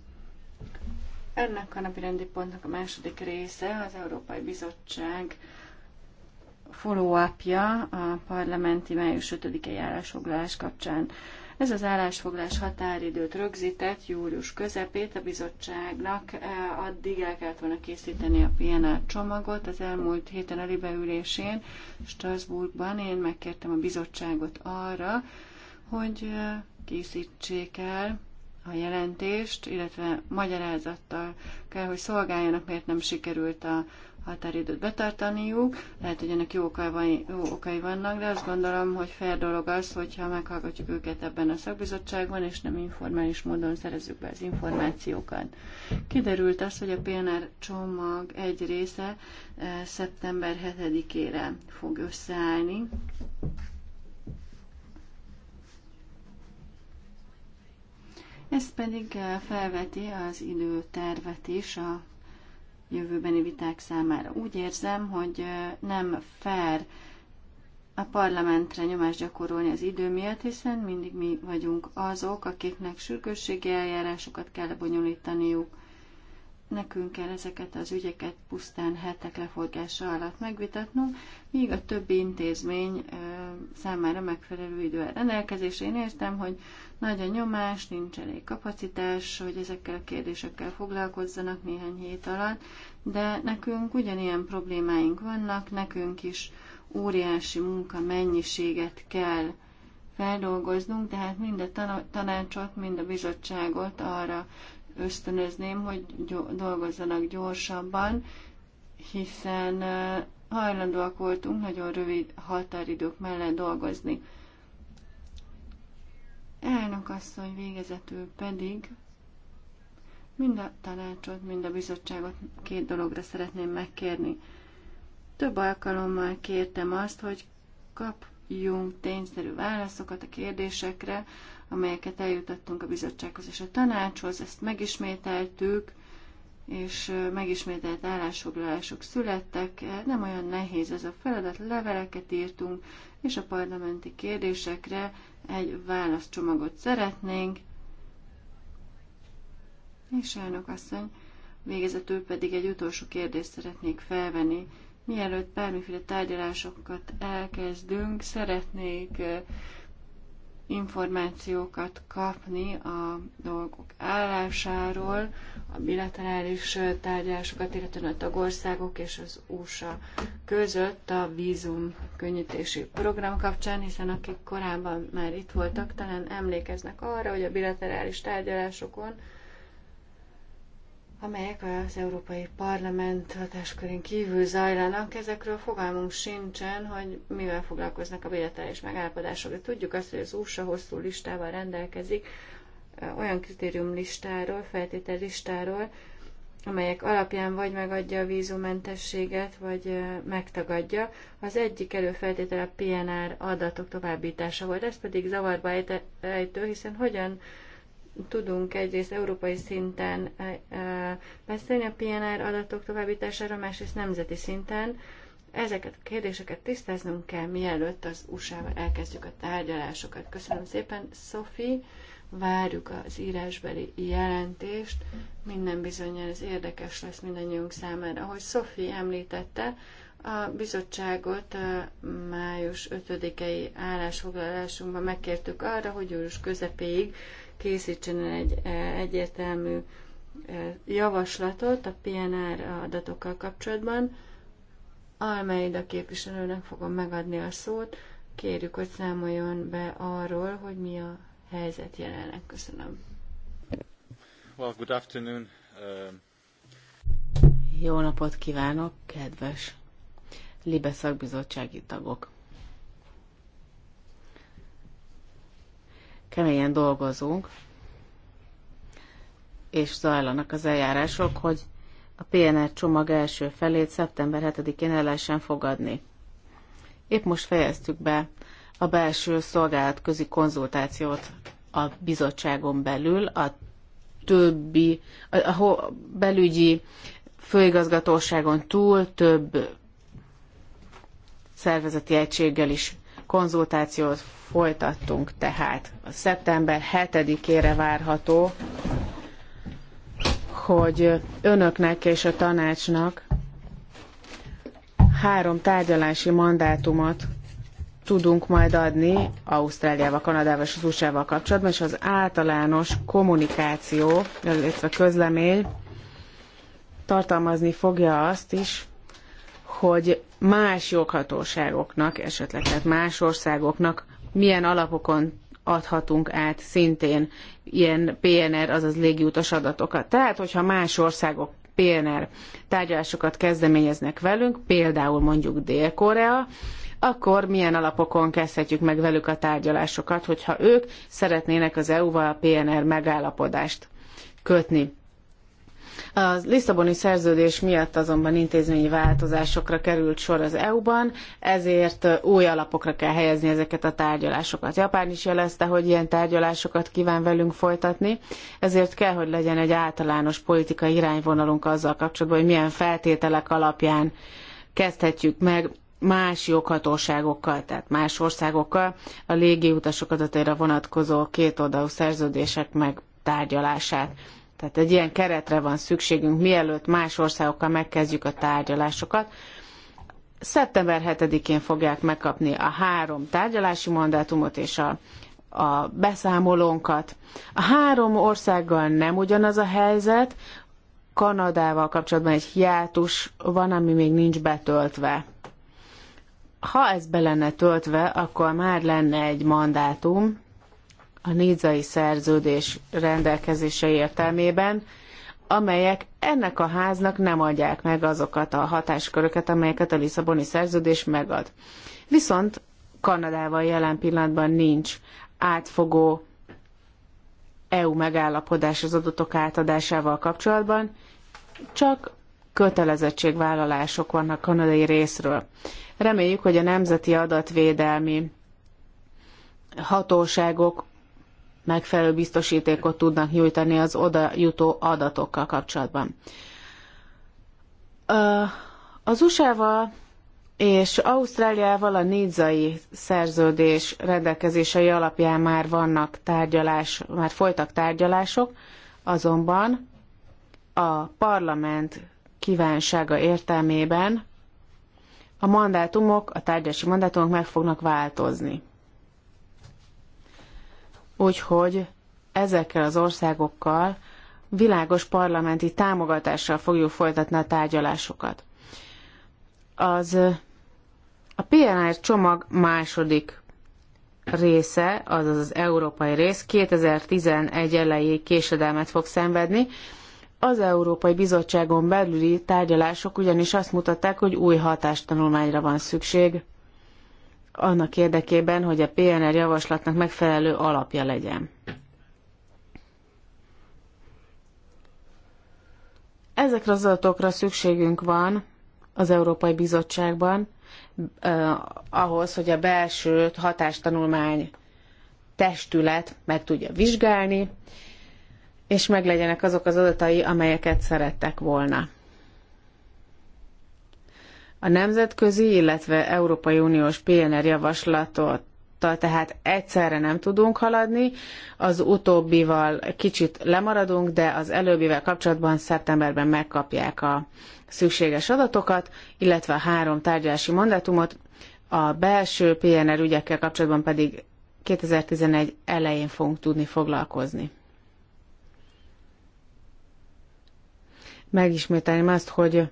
Ennek a napirendi pontnak a második része az Európai Bizottság follow a parlamenti május 5-i állásfoglalás kapcsán. Ez az állásfoglalás határidőt rögzített július közepét a bizottságnak. Eh, addig el kellett volna készíteni a PNR csomagot az elmúlt héten a Libe ülésén Strasbourgban. Én megkértem a bizottságot arra, hogy eh, készítsék el a jelentést, illetve magyarázattal kell, hogy szolgáljanak, miért nem sikerült a határidőt betartaniuk. Lehet, hogy ennek jó okai, van, jó okai vannak, de azt gondolom, hogy fair dolog az, hogyha meghallgatjuk őket ebben a szakbizottságban, és nem informális módon szerezzük be az információkat. Kiderült az, hogy a PNR csomag egy része eh, szeptember 7-ére fog összeállni. Ez pedig eh, felveti az időtervet is a jövőbeni viták számára. Úgy érzem, hogy eh, nem fair a parlamentre nyomást gyakorolni az idő miatt, hiszen mindig mi vagyunk azok, akiknek sürgősségi eljárásokat kell bonyolítaniuk. Nekünk kell ezeket az ügyeket pusztán hetek leforgása alatt megvitatnunk, míg a többi intézmény számára megfelelő idő a rendelkezésre. Én értem, hogy nagy a nyomás, nincs elég kapacitás, hogy ezekkel a kérdésekkel foglalkozzanak néhány hét alatt, de nekünk ugyanilyen problémáink vannak, nekünk is óriási munka mennyiséget kell feldolgoznunk, tehát mind a tanácsot, mind a bizottságot arra ösztönözném, hogy dolgozzanak gyorsabban, hiszen hajlandóak voltunk nagyon rövid határidők mellett dolgozni. Elnök asszony végezetül pedig mind a tanácsot, mind a bizottságot két dologra szeretném megkérni. Több alkalommal kértem azt, hogy kapjunk tényszerű válaszokat a kérdésekre, amelyeket eljutottunk a bizottsághoz és a tanácshoz. Ezt megismételtük, és megismételt állásfoglalások születtek. Nem olyan nehéz ez a feladat, leveleket írtunk, és a parlamenti kérdésekre egy válaszcsomagot szeretnénk. És elnök asszony, végezetül pedig egy utolsó kérdést szeretnék felvenni. Mielőtt bármiféle tárgyalásokat elkezdünk, szeretnék információkat kapni a dolgok állásáról, a bilaterális tárgyalásokat, illetve a tagországok és az USA között a vízum könnyítési program kapcsán, hiszen akik korábban már itt voltak, talán emlékeznek arra, hogy a bilaterális tárgyalásokon amelyek az Európai Parlament hatáskörén kívül zajlanak. Ezekről fogalmunk sincsen, hogy mivel foglalkoznak a bilaterális megállapodások. De tudjuk azt, hogy az USA hosszú listával rendelkezik, olyan kritérium listáról, feltétel listáról, amelyek alapján vagy megadja a vízumentességet, vagy megtagadja. Az egyik előfeltétel a PNR adatok továbbítása volt, ez pedig zavarba ejtő, hiszen hogyan tudunk egyrészt európai szinten eh, eh, beszélni a PNR adatok továbbítására, másrészt nemzeti szinten. Ezeket a kérdéseket tisztáznunk kell, mielőtt az USA-val elkezdjük a tárgyalásokat. Köszönöm szépen, Sophie, várjuk az írásbeli jelentést, minden bizonyal ez érdekes lesz mindannyiunk számára. Ahogy Sophie említette, a bizottságot a eh, május 5-i állásfoglalásunkban megkértük arra, hogy július közepéig készítsen egy e, egyértelmű e, javaslatot a PNR adatokkal kapcsolatban. Almeida képviselőnek fogom megadni a szót. Kérjük, hogy számoljon be arról, hogy mi a helyzet jelenleg. Köszönöm. Well, good afternoon. Uh... Jó napot kívánok, kedves Libe szakbizottsági tagok! keményen dolgozunk, és zajlanak az eljárások, hogy a PNR csomag első felét szeptember 7-én el lehessen fogadni. Épp most fejeztük be a belső szolgálatközi konzultációt a bizottságon belül, a többi, a, a belügyi főigazgatóságon túl több szervezeti egységgel is konzultációt folytattunk tehát. A szeptember 7-ére várható, hogy önöknek és a tanácsnak három tárgyalási mandátumot tudunk majd adni Ausztráliával, Kanadával és az usa kapcsolatban, és az általános kommunikáció, illetve közlemény tartalmazni fogja azt is, hogy más joghatóságoknak, esetleg tehát más országoknak milyen alapokon adhatunk át szintén ilyen PNR, azaz légiutas adatokat. Tehát, hogyha más országok PNR tárgyalásokat kezdeményeznek velünk, például mondjuk Dél-Korea, akkor milyen alapokon kezdhetjük meg velük a tárgyalásokat, hogyha ők szeretnének az EU-val PNR megállapodást kötni. A Lisszaboni szerződés miatt azonban intézményi változásokra került sor az EU-ban, ezért új alapokra kell helyezni ezeket a tárgyalásokat. Japán is jelezte, hogy ilyen tárgyalásokat kíván velünk folytatni, ezért kell, hogy legyen egy általános politikai irányvonalunk azzal kapcsolatban, hogy milyen feltételek alapján kezdhetjük meg más joghatóságokkal, tehát más országokkal a légi utasok adatára vonatkozó kétoldalú szerződések megtárgyalását. Tehát egy ilyen keretre van szükségünk, mielőtt más országokkal megkezdjük a tárgyalásokat. Szeptember 7-én fogják megkapni a három tárgyalási mandátumot és a, a beszámolónkat. A három országgal nem ugyanaz a helyzet, Kanadával kapcsolatban egy hiátus van, ami még nincs betöltve. Ha ez be lenne töltve, akkor már lenne egy mandátum, a Nízai szerződés rendelkezése értelmében, amelyek ennek a háznak nem adják meg azokat a hatásköröket, amelyeket a Lisszaboni szerződés megad. Viszont Kanadával jelen pillanatban nincs átfogó EU megállapodás az adatok átadásával kapcsolatban, csak kötelezettségvállalások vannak kanadai részről. Reméljük, hogy a nemzeti adatvédelmi hatóságok megfelelő biztosítékot tudnak nyújtani az oda jutó adatokkal kapcsolatban. Az USA-val és Ausztráliával a négyzai szerződés rendelkezései alapján már vannak tárgyalás, már folytak tárgyalások, azonban a parlament kívánsága értelmében a mandátumok, a tárgyalási mandátumok meg fognak változni. Úgyhogy ezekkel az országokkal világos parlamenti támogatással fogjuk folytatni a tárgyalásokat. Az a PNR csomag második része, azaz az európai rész 2011 elejéig késedelmet fog szenvedni. Az Európai Bizottságon belüli tárgyalások ugyanis azt mutatták, hogy új hatástanulmányra van szükség annak érdekében, hogy a PNR javaslatnak megfelelő alapja legyen. Ezekre az adatokra szükségünk van az Európai Bizottságban eh, ahhoz, hogy a belső hatástanulmány testület meg tudja vizsgálni, és meglegyenek azok az adatai, amelyeket szerettek volna. A nemzetközi, illetve Európai Uniós PNR javaslatot tehát egyszerre nem tudunk haladni, az utóbbival kicsit lemaradunk, de az előbbivel kapcsolatban szeptemberben megkapják a szükséges adatokat, illetve a három tárgyalási mandátumot, a belső PNR ügyekkel kapcsolatban pedig 2011 elején fogunk tudni foglalkozni. Megismételném azt, hogy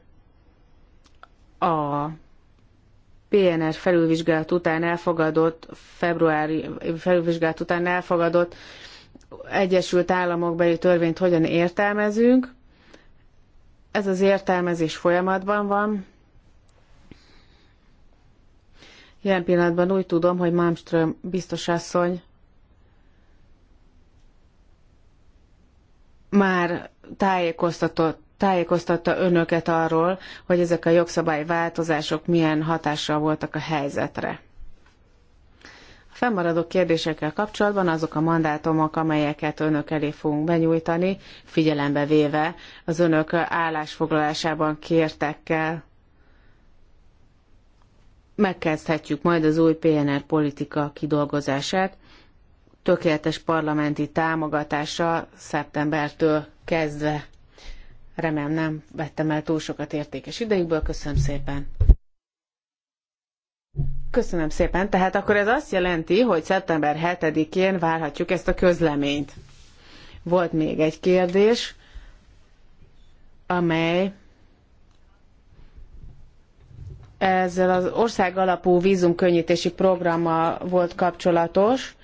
a PNR felülvizsgálat után elfogadott, februári felülvizsgálat után elfogadott Egyesült Államokbeli törvényt hogyan értelmezünk. Ez az értelmezés folyamatban van. Jelen pillanatban úgy tudom, hogy Malmström biztos asszony már tájékoztatott tájékoztatta önöket arról, hogy ezek a jogszabály változások milyen hatással voltak a helyzetre. A fennmaradó kérdésekkel kapcsolatban azok a mandátumok, amelyeket önök elé fogunk benyújtani, figyelembe véve az önök állásfoglalásában kértekkel, megkezdhetjük majd az új PNR politika kidolgozását, tökéletes parlamenti támogatása szeptembertől kezdve Remélem nem vettem el túl sokat értékes idejükből. Köszönöm szépen. Köszönöm szépen. Tehát akkor ez azt jelenti, hogy szeptember 7-én várhatjuk ezt a közleményt. Volt még egy kérdés, amely ezzel az ország alapú vízumkönnyítési programmal volt kapcsolatos,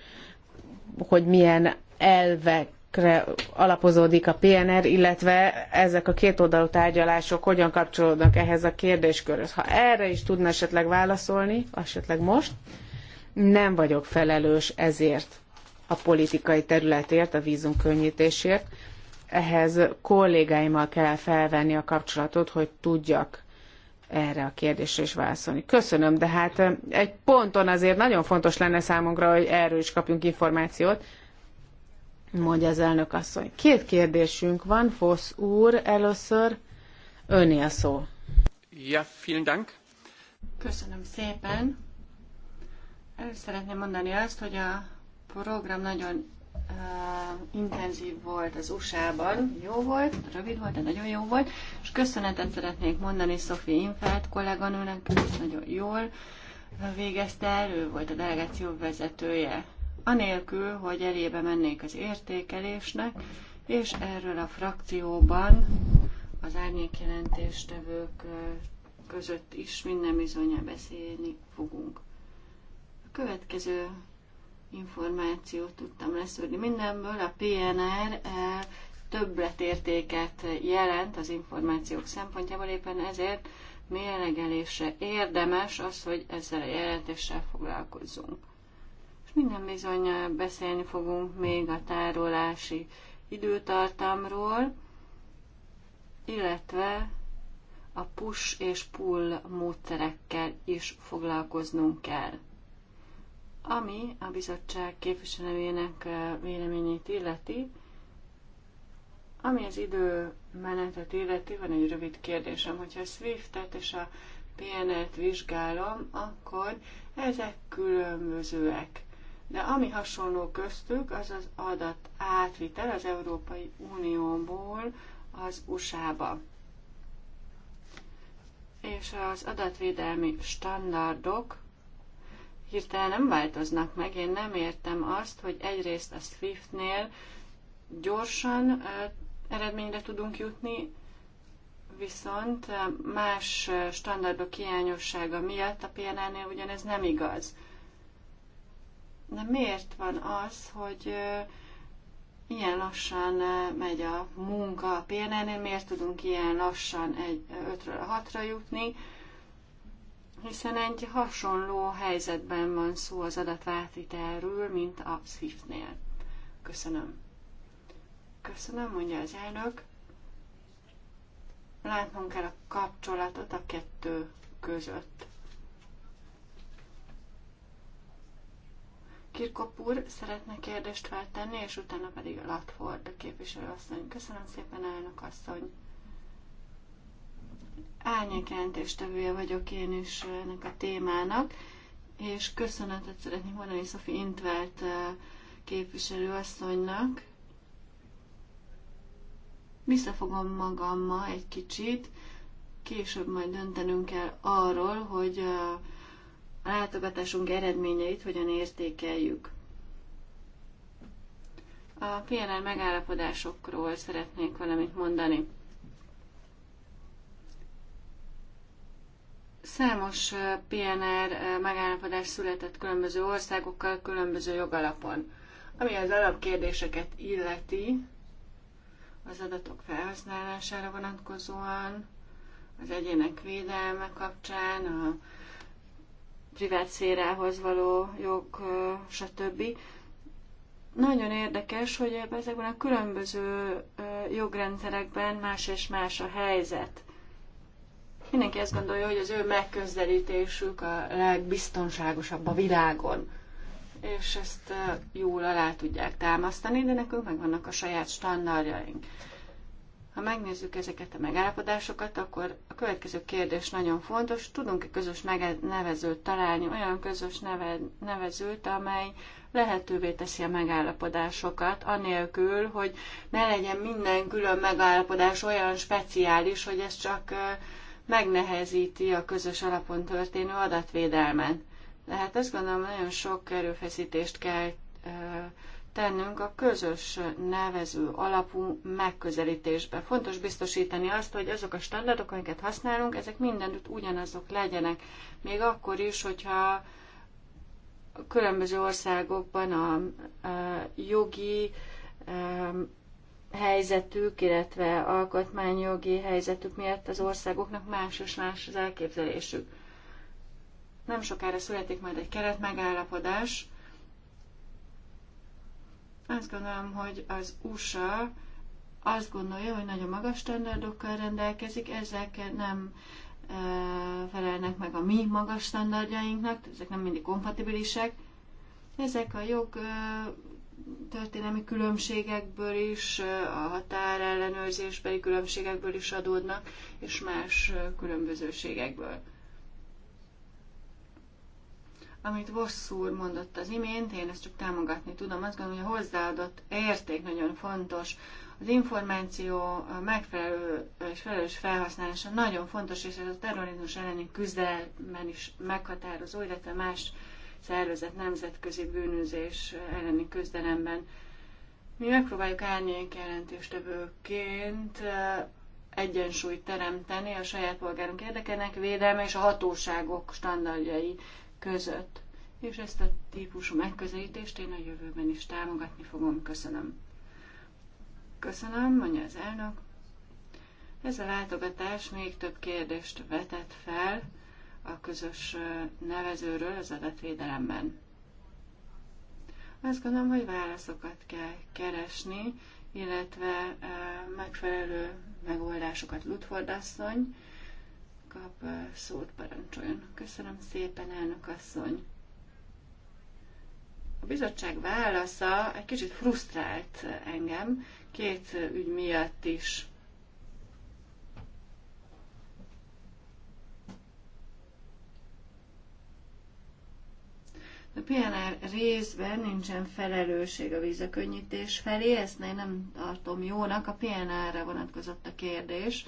hogy milyen elvek elvekre alapozódik a PNR, illetve ezek a kétoldalú tárgyalások hogyan kapcsolódnak ehhez a kérdéskörhöz. Ha erre is tudna esetleg válaszolni, esetleg most, nem vagyok felelős ezért a politikai területért, a vízum könnyítésért. Ehhez kollégáimmal kell felvenni a kapcsolatot, hogy tudjak erre a kérdésre is válaszolni. Köszönöm, de hát egy ponton azért nagyon fontos lenne számunkra, hogy erről is kapjunk információt, mondja az elnök asszony. Két kérdésünk van, Fosz úr, először öné a szó. Ja, vielen Dank. Köszönöm szépen. Először szeretném mondani azt, hogy a program nagyon uh, intenzív volt az USA-ban, jó volt, rövid volt, de nagyon jó volt, és köszönetet szeretnék mondani Sophie Infelt kolléganőnek, nagyon jól végezte el, ő volt a delegáció vezetője anélkül, hogy elébe mennék az értékelésnek, és erről a frakcióban az árnyékjelentéstevők között is minden bizonyal beszélni fogunk. A következő információt tudtam leszűrni mindenből. A PNR többletértéket jelent az információk szempontjából, éppen ezért mérlegelésre érdemes az, hogy ezzel a jelentéssel foglalkozzunk minden bizony beszélni fogunk még a tárolási időtartamról, illetve a push és pull módszerekkel is foglalkoznunk kell. Ami a bizottság képviselőjének véleményét illeti, ami az idő menetet illeti, van egy rövid kérdésem, hogyha a Swift-et és a PNL-t vizsgálom, akkor ezek különbözőek. De ami hasonló köztük, az az adat átvitel az Európai Unióból az USA-ba. És az adatvédelmi standardok hirtelen nem változnak meg. Én nem értem azt, hogy egyrészt a Swift-nél gyorsan eredményre tudunk jutni, viszont más standardok hiányossága miatt a PNL-nél ugyanez nem igaz. De miért van az, hogy ilyen lassan megy a munka a PNN-nél, miért tudunk ilyen lassan egy 5-ről 6-ra jutni, hiszen egy hasonló helyzetben van szó az adatváltitelről, mint a SWIFT-nél. Köszönöm. Köszönöm, mondja az elnök. Látnunk kell a kapcsolatot a kettő között. Kirkopúr szeretne kérdést feltenni, és utána pedig Latford képviselőasszony. Köszönöm szépen, elnök asszony. Árnyék jelentéstevője vagyok én is ennek a témának, és köszönetet szeretnék mondani Szofi Intvelt eh, képviselőasszonynak. Visszafogom magam ma egy kicsit, később majd döntenünk kell arról, hogy uh, a látogatásunk eredményeit hogyan értékeljük. A PNR megállapodásokról szeretnék valamit mondani. Számos PNR megállapodás született különböző országokkal, különböző jogalapon. Ami az alapkérdéseket illeti, az adatok felhasználására vonatkozóan, az egyének védelme kapcsán, a privát szférához való jog, stb. Nagyon érdekes, hogy ezekben a különböző jogrendszerekben más és más a helyzet. Mindenki azt gondolja, hogy az ő megközelítésük a legbiztonságosabb a világon. És ezt jól alá tudják támasztani, de nekünk megvannak a saját standardjaink. Ha megnézzük ezeket a megállapodásokat, akkor a következő kérdés nagyon fontos. Tudunk-e közös nevezőt találni, olyan közös neve, nevezőt, amely lehetővé teszi a megállapodásokat, anélkül, hogy ne legyen minden külön megállapodás olyan speciális, hogy ez csak megnehezíti a közös alapon történő adatvédelmet. Tehát azt gondolom, nagyon sok erőfeszítést kell tennünk a közös nevező alapú megközelítésbe. Fontos biztosítani azt, hogy azok a standardok, amiket használunk, ezek mindenütt ugyanazok legyenek. Még akkor is, hogyha különböző országokban a, jogi helyzetük, illetve alkotmányjogi helyzetük miatt az országoknak más és más az elképzelésük. Nem sokára születik majd egy keretmegállapodás, azt gondolom, hogy az USA azt gondolja, hogy nagyon magas standardokkal rendelkezik, ezek nem e, felelnek meg a mi magas standardjainknak, ezek nem mindig kompatibilisek. Ezek a jog e, történelmi különbségekből is, e, a határellenőrzésbeli különbségekből is adódnak, és más e, különbözőségekből. Amit Vossz úr mondott az imént, én ezt csak támogatni tudom. Azt gondolom, hogy a hozzáadott érték nagyon fontos. Az információ megfelelő és felelős felhasználása nagyon fontos, és ez a terrorizmus elleni küzdelemben is meghatározó, illetve más szervezet nemzetközi bűnözés elleni küzdelemben. Mi megpróbáljuk árnyék jelentéstevőként egyensúlyt teremteni a saját polgárunk érdekének védelme és a hatóságok standardjai között. És ezt a típusú megközelítést én a jövőben is támogatni fogom. Köszönöm. Köszönöm, mondja az elnök. Ez a látogatás még több kérdést vetett fel a közös nevezőről az adatvédelemben. Azt gondolom, hogy válaszokat kell keresni, illetve megfelelő megoldásokat Ludford asszony kap szót, parancsoljon. Köszönöm szépen, elnök asszony. A bizottság válasza egy kicsit frusztrált engem, két ügy miatt is. A PNR részben nincsen felelősség a vízakönnyítés felé, ezt én nem tartom jónak. A PNR-re vonatkozott a kérdés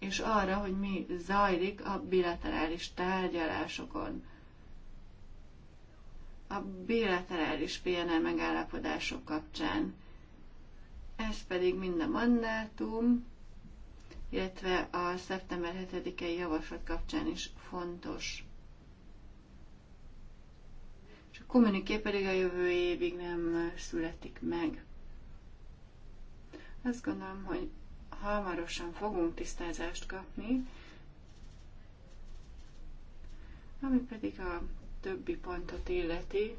és arra, hogy mi zajlik a bilaterális tárgyalásokon. A bilaterális PNL megállapodások kapcsán. Ez pedig mind a mandátum, illetve a szeptember 7-i javaslat kapcsán is fontos. És a kommuniké pedig a jövő évig nem születik meg. Azt gondolom, hogy hamarosan fogunk tisztázást kapni, ami pedig a többi pontot illeti.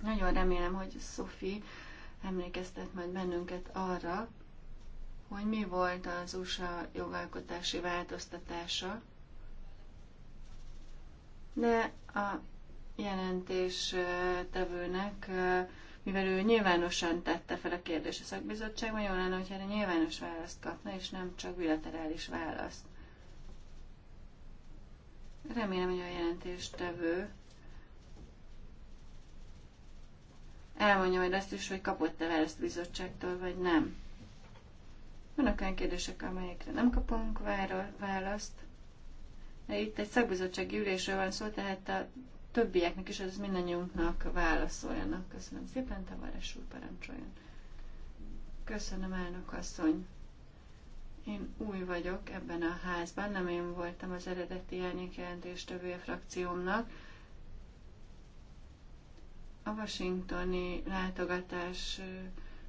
Nagyon remélem, hogy Szofi emlékeztet majd bennünket arra, hogy mi volt az USA jogalkotási változtatása, de a tevőnek mivel ő nyilvánosan tette fel a kérdést a szakbizottságban, jó lenne, hogyha erre nyilvános választ kapna, és nem csak bilaterális választ. Remélem, hogy a jelentéstevő elmondja majd azt is, hogy kapott-e választ bizottságtól, vagy nem. Vannak olyan kérdések, amelyekre nem kapunk választ, de itt egy szakbizottsági ülésről van szó, tehát a többieknek is, az mindannyiunknak válaszoljanak. Köszönöm szépen, te úr parancsoljon. Köszönöm, elnök asszony. Én új vagyok ebben a házban, nem én voltam az eredeti elnyékjelentés a frakciómnak. A washingtoni látogatás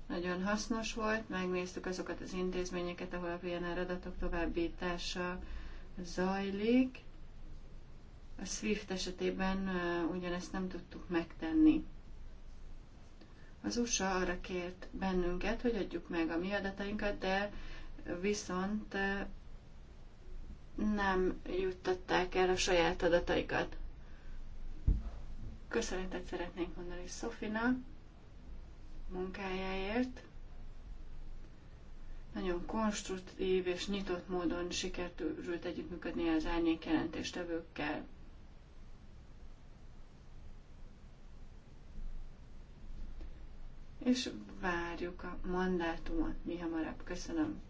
nagyon hasznos volt, megnéztük azokat az intézményeket, ahol a PNR adatok továbbítása zajlik a SWIFT esetében ugyanezt nem tudtuk megtenni. Az USA arra kért bennünket, hogy adjuk meg a mi adatainkat, de viszont nem juttatták el a saját adataikat. Köszönetet szeretnénk mondani Szofinak munkájáért. Nagyon konstruktív és nyitott módon sikerült együttműködni az árnyék jelentéstevőkkel. és várjuk a mandátumot mi hamarabb. Köszönöm.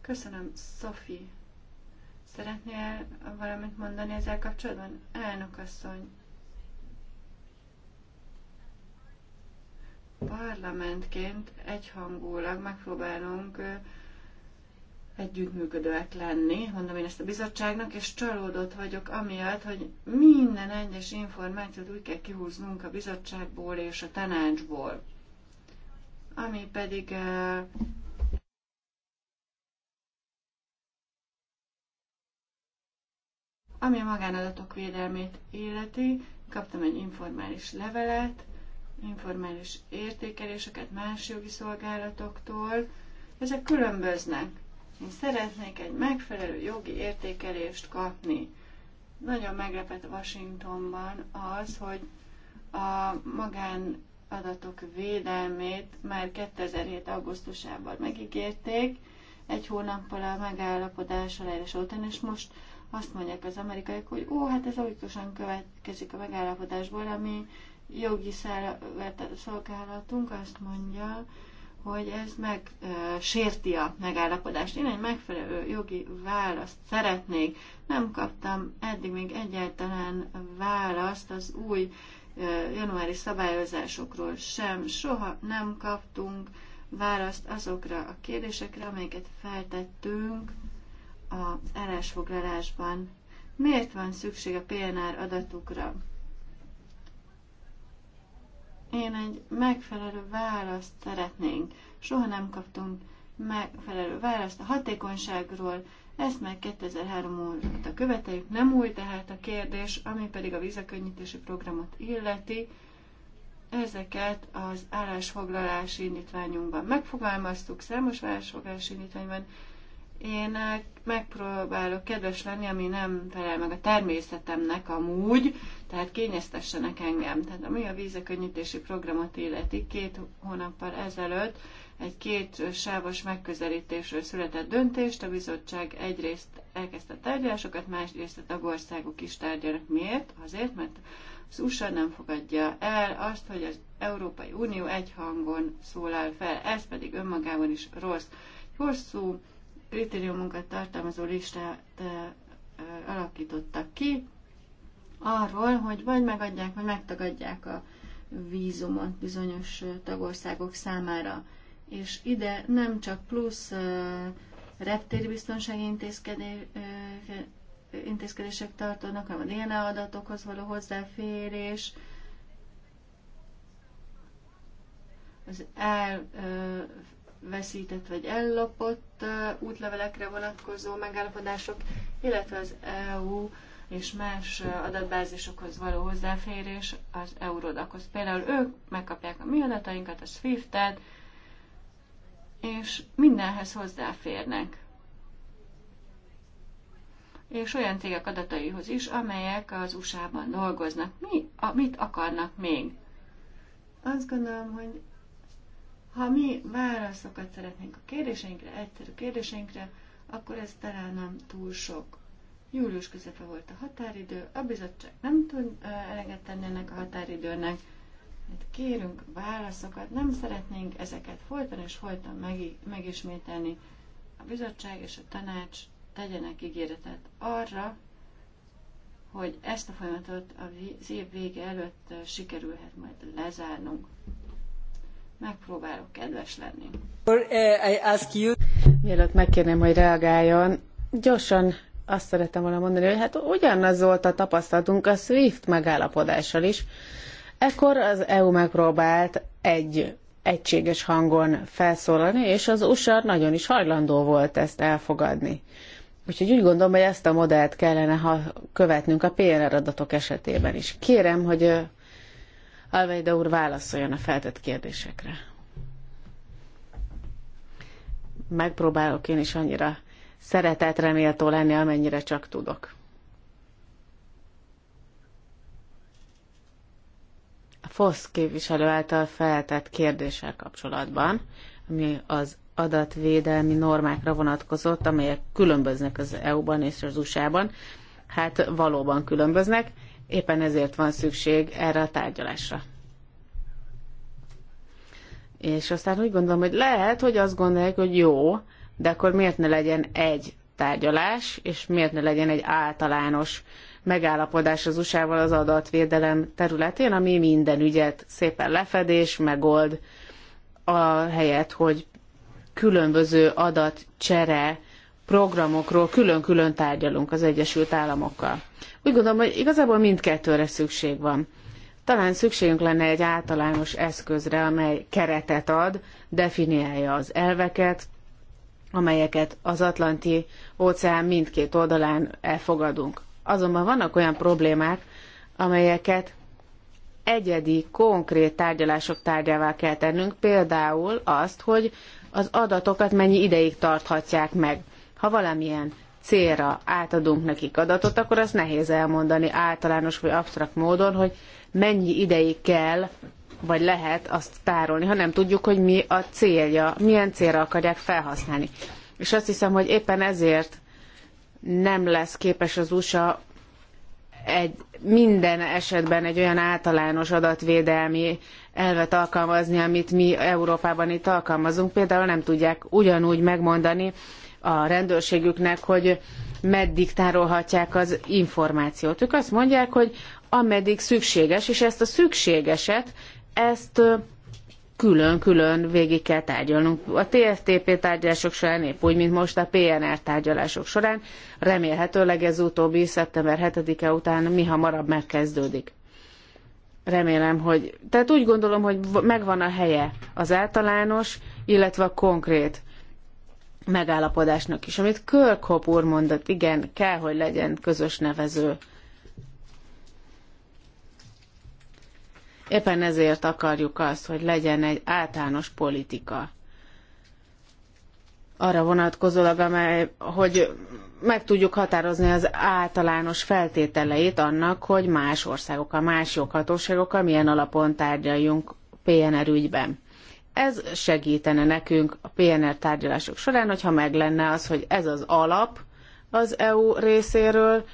Köszönöm, Szofi. Szeretnél valamit mondani ezzel kapcsolatban? Elnök asszony. Parlamentként egyhangulag megpróbálunk együttműködőek lenni, mondom én ezt a bizottságnak, és csalódott vagyok amiatt, hogy minden egyes információt úgy kell kihúznunk a bizottságból és a tanácsból ami pedig eh, ami a magánadatok védelmét illeti, kaptam egy informális levelet, informális értékeléseket más jogi szolgálatoktól. Ezek különböznek. Én szeretnék egy megfelelő jogi értékelést kapni. Nagyon meglepett Washingtonban az, hogy a magán adatok védelmét már 2007. augusztusában megígérték, egy hónappal a megállapodás aláírás után, és most azt mondják az amerikaiak, hogy ó, hát ez autosan következik a megállapodásból, ami jogi szolgálatunk azt mondja, hogy ez meg sérti a megállapodást. Én egy megfelelő jogi választ szeretnék. Nem kaptam eddig még egyáltalán választ az új januári szabályozásokról sem soha nem kaptunk választ azokra a kérdésekre, amelyeket feltettünk az állásfoglalásban. Miért van szükség a PNR adatukra? Én egy megfelelő választ szeretnénk. Soha nem kaptunk megfelelő választ a hatékonyságról, ezt már 2003 óta követeljük, nem új tehát a kérdés, ami pedig a vízakönnyítési programot illeti. Ezeket az állásfoglalási indítványunkban megfogalmaztuk, számos állásfoglalási indítványban. Én megpróbálok kedves lenni, ami nem felel meg a természetemnek amúgy, tehát kényeztessenek engem. Tehát ami a vízekönnyítési programot illeti, két hónappal ezelőtt egy két sávos megközelítésről született döntést, a bizottság egyrészt elkezdte tárgyalásokat, másrészt a tagországok is tárgyalnak. Miért? Azért, mert az USA nem fogadja el azt, hogy az Európai Unió egy hangon szólal fel, ez pedig önmagában is rossz. Hosszú kritériumunkat tartalmazó listát alakítottak ki, arról, hogy vagy megadják, vagy megtagadják a vízumot bizonyos tagországok számára. És ide nem csak plusz reptéri biztonsági intézkedések tartoznak, hanem a DNA adatokhoz való hozzáférés, az elveszített vagy ellopott útlevelekre vonatkozó megállapodások, illetve az EU és más adatbázisokhoz való hozzáférés az Eurodakhoz. Például ők megkapják a mi adatainkat, a SWIFT-et, és mindenhez hozzáférnek. És olyan cégek adataihoz is, amelyek az USA-ban dolgoznak. Mi, a, mit akarnak még? Azt gondolom, hogy ha mi válaszokat szeretnénk a kérdéseinkre, egyszerű kérdéseinkre, akkor ez talán nem túl sok. Július közepe volt a határidő, a bizottság nem tud eleget tenni ennek a határidőnek, mert hát kérünk válaszokat, nem szeretnénk ezeket folyton és folyton meg, megismételni. A bizottság és a tanács tegyenek ígéretet arra, hogy ezt a folyamatot az év vége előtt sikerülhet majd lezárnunk. Megpróbálok kedves lenni. Eh, Mielőtt megkérném, hogy reagáljon, gyorsan azt szerettem volna mondani, hogy hát ugyanaz volt a tapasztalatunk a SWIFT megállapodással is. Ekkor az EU megpróbált egy egységes hangon felszólalni, és az USA nagyon is hajlandó volt ezt elfogadni. Úgyhogy úgy gondolom, hogy ezt a modellt kellene ha követnünk a PNR adatok esetében is. Kérem, hogy Alveida úr válaszoljon a feltett kérdésekre. Megpróbálok én is annyira szeretetre méltó lenni, amennyire csak tudok. A FOSZ képviselő által feltett kérdéssel kapcsolatban, ami az adatvédelmi normákra vonatkozott, amelyek különböznek az EU-ban és az USA-ban, hát valóban különböznek, éppen ezért van szükség erre a tárgyalásra. És aztán úgy gondolom, hogy lehet, hogy azt gondolják, hogy jó, de akkor miért ne legyen egy tárgyalás, és miért ne legyen egy általános megállapodás az USA-val az adatvédelem területén, ami minden ügyet szépen lefedés, megold, a helyet, hogy különböző adatcsere programokról külön-külön tárgyalunk az Egyesült Államokkal. Úgy gondolom, hogy igazából mindkettőre szükség van. Talán szükségünk lenne egy általános eszközre, amely keretet ad, definiálja az elveket, amelyeket az Atlanti óceán mindkét oldalán elfogadunk. Azonban vannak olyan problémák, amelyeket egyedi, konkrét tárgyalások tárgyává kell tennünk, például azt, hogy az adatokat mennyi ideig tarthatják meg. Ha valamilyen célra átadunk nekik adatot, akkor azt nehéz elmondani általános vagy absztrakt módon, hogy mennyi ideig kell vagy lehet azt tárolni, ha nem tudjuk, hogy mi a célja, milyen célra akarják felhasználni. És azt hiszem, hogy éppen ezért nem lesz képes az USA egy, minden esetben egy olyan általános adatvédelmi elvet alkalmazni, amit mi Európában itt alkalmazunk. Például nem tudják ugyanúgy megmondani a rendőrségüknek, hogy meddig tárolhatják az információt. Ők azt mondják, hogy ameddig szükséges, és ezt a szükségeset ezt külön-külön végig kell tárgyalnunk. A TFTP tárgyalások során, épp úgy, mint most a PNR tárgyalások során, remélhetőleg ez utóbbi szeptember 7-e után mi hamarabb megkezdődik. Remélem, hogy... Tehát úgy gondolom, hogy megvan a helye az általános, illetve a konkrét megállapodásnak is. Amit Körkhop úr mondott, igen, kell, hogy legyen közös nevező Éppen ezért akarjuk azt, hogy legyen egy általános politika arra vonatkozólag, amely, hogy meg tudjuk határozni az általános feltételeit annak, hogy más országok a más joghatóságokkal milyen alapon tárgyaljunk PNR ügyben. Ez segítene nekünk a PNR tárgyalások során, hogyha meg lenne az, hogy ez az alap az EU részéről,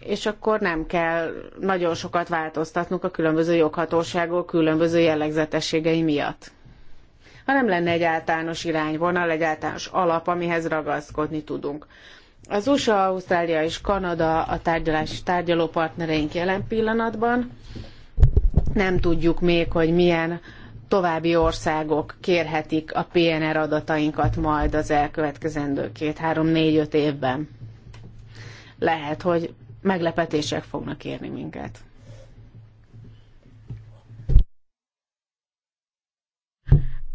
és akkor nem kell nagyon sokat változtatnunk a különböző joghatóságok különböző jellegzetességei miatt. hanem lenne egy általános irányvonal, egy általános alap, amihez ragaszkodni tudunk. Az USA, Ausztrália és Kanada a tárgyalási tárgyaló partnereink jelen pillanatban. Nem tudjuk még, hogy milyen további országok kérhetik a PNR adatainkat majd az elkövetkezendő két, három, négy, öt évben. Lehet, hogy meglepetések fognak érni minket.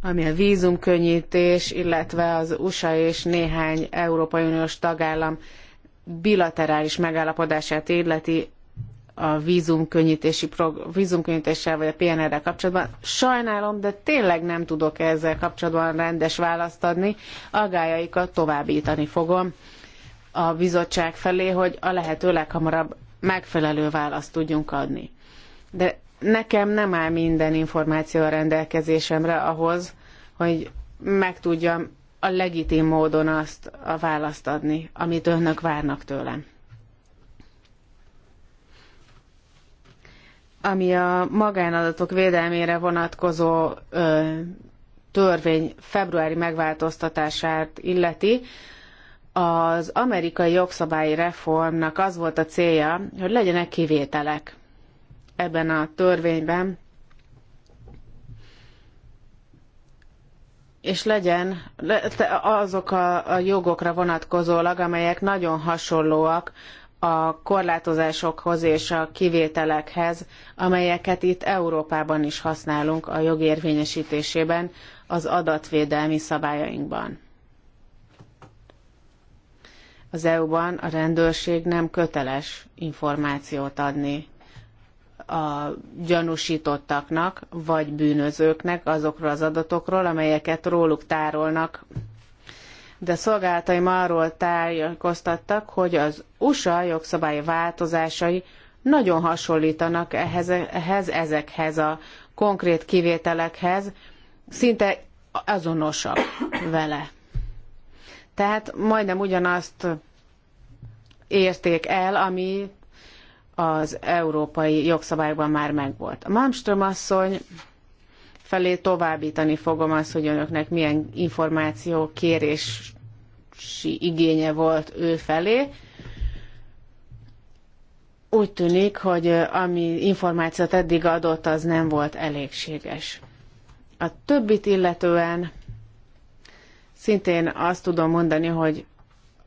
ami a vízumkönnyítés, illetve az USA és néhány Európai Uniós tagállam bilaterális megállapodását illeti a vízumkönnyítési prog- vízumkönnyítéssel vagy a PNR-rel kapcsolatban. Sajnálom, de tényleg nem tudok ezzel kapcsolatban rendes választ adni. Agályaikat továbbítani fogom a bizottság felé, hogy a lehető leghamarabb megfelelő választ tudjunk adni. De nekem nem áll minden információ a rendelkezésemre ahhoz, hogy meg tudjam a legitim módon azt a választ adni, amit önök várnak tőlem. Ami a magánadatok védelmére vonatkozó ö, törvény februári megváltoztatását illeti, az amerikai jogszabályi reformnak az volt a célja, hogy legyenek kivételek ebben a törvényben, és legyen azok a, a jogokra vonatkozólag, amelyek nagyon hasonlóak a korlátozásokhoz és a kivételekhez, amelyeket itt Európában is használunk a jogérvényesítésében, az adatvédelmi szabályainkban. Az EU-ban a rendőrség nem köteles információt adni a gyanúsítottaknak vagy bűnözőknek azokról az adatokról, amelyeket róluk tárolnak. De szolgálataim arról tájékoztattak, hogy az USA jogszabály változásai nagyon hasonlítanak ehhez, ehhez ezekhez a konkrét kivételekhez, szinte azonosak vele. Tehát majdnem ugyanazt érték el, ami az európai jogszabályokban már megvolt. A Malmström asszony felé továbbítani fogom azt, hogy önöknek milyen információ kérési igénye volt ő felé. Úgy tűnik, hogy ami információt eddig adott, az nem volt elégséges. A többit illetően Szintén azt tudom mondani, hogy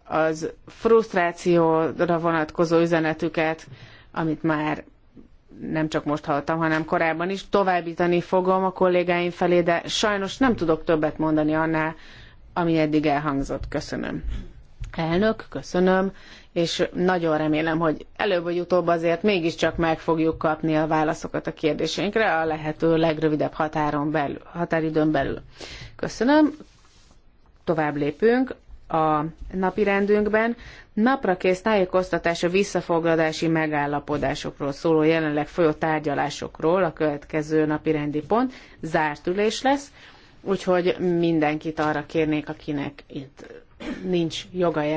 az frusztrációra vonatkozó üzenetüket, amit már nem csak most hallottam, hanem korábban is, továbbítani fogom a kollégáim felé, de sajnos nem tudok többet mondani annál, ami eddig elhangzott. Köszönöm. Elnök, köszönöm, és nagyon remélem, hogy előbb vagy utóbb azért mégiscsak meg fogjuk kapni a válaszokat a kérdéseinkre a lehető legrövidebb határon belül, határidőn belül. Köszönöm tovább lépünk a napi rendünkben. kész tájékoztatás a visszafogladási megállapodásokról szóló jelenleg folyó tárgyalásokról a következő napi rendi pont. Zárt ülés lesz, úgyhogy mindenkit arra kérnék, akinek itt nincs joga jelen.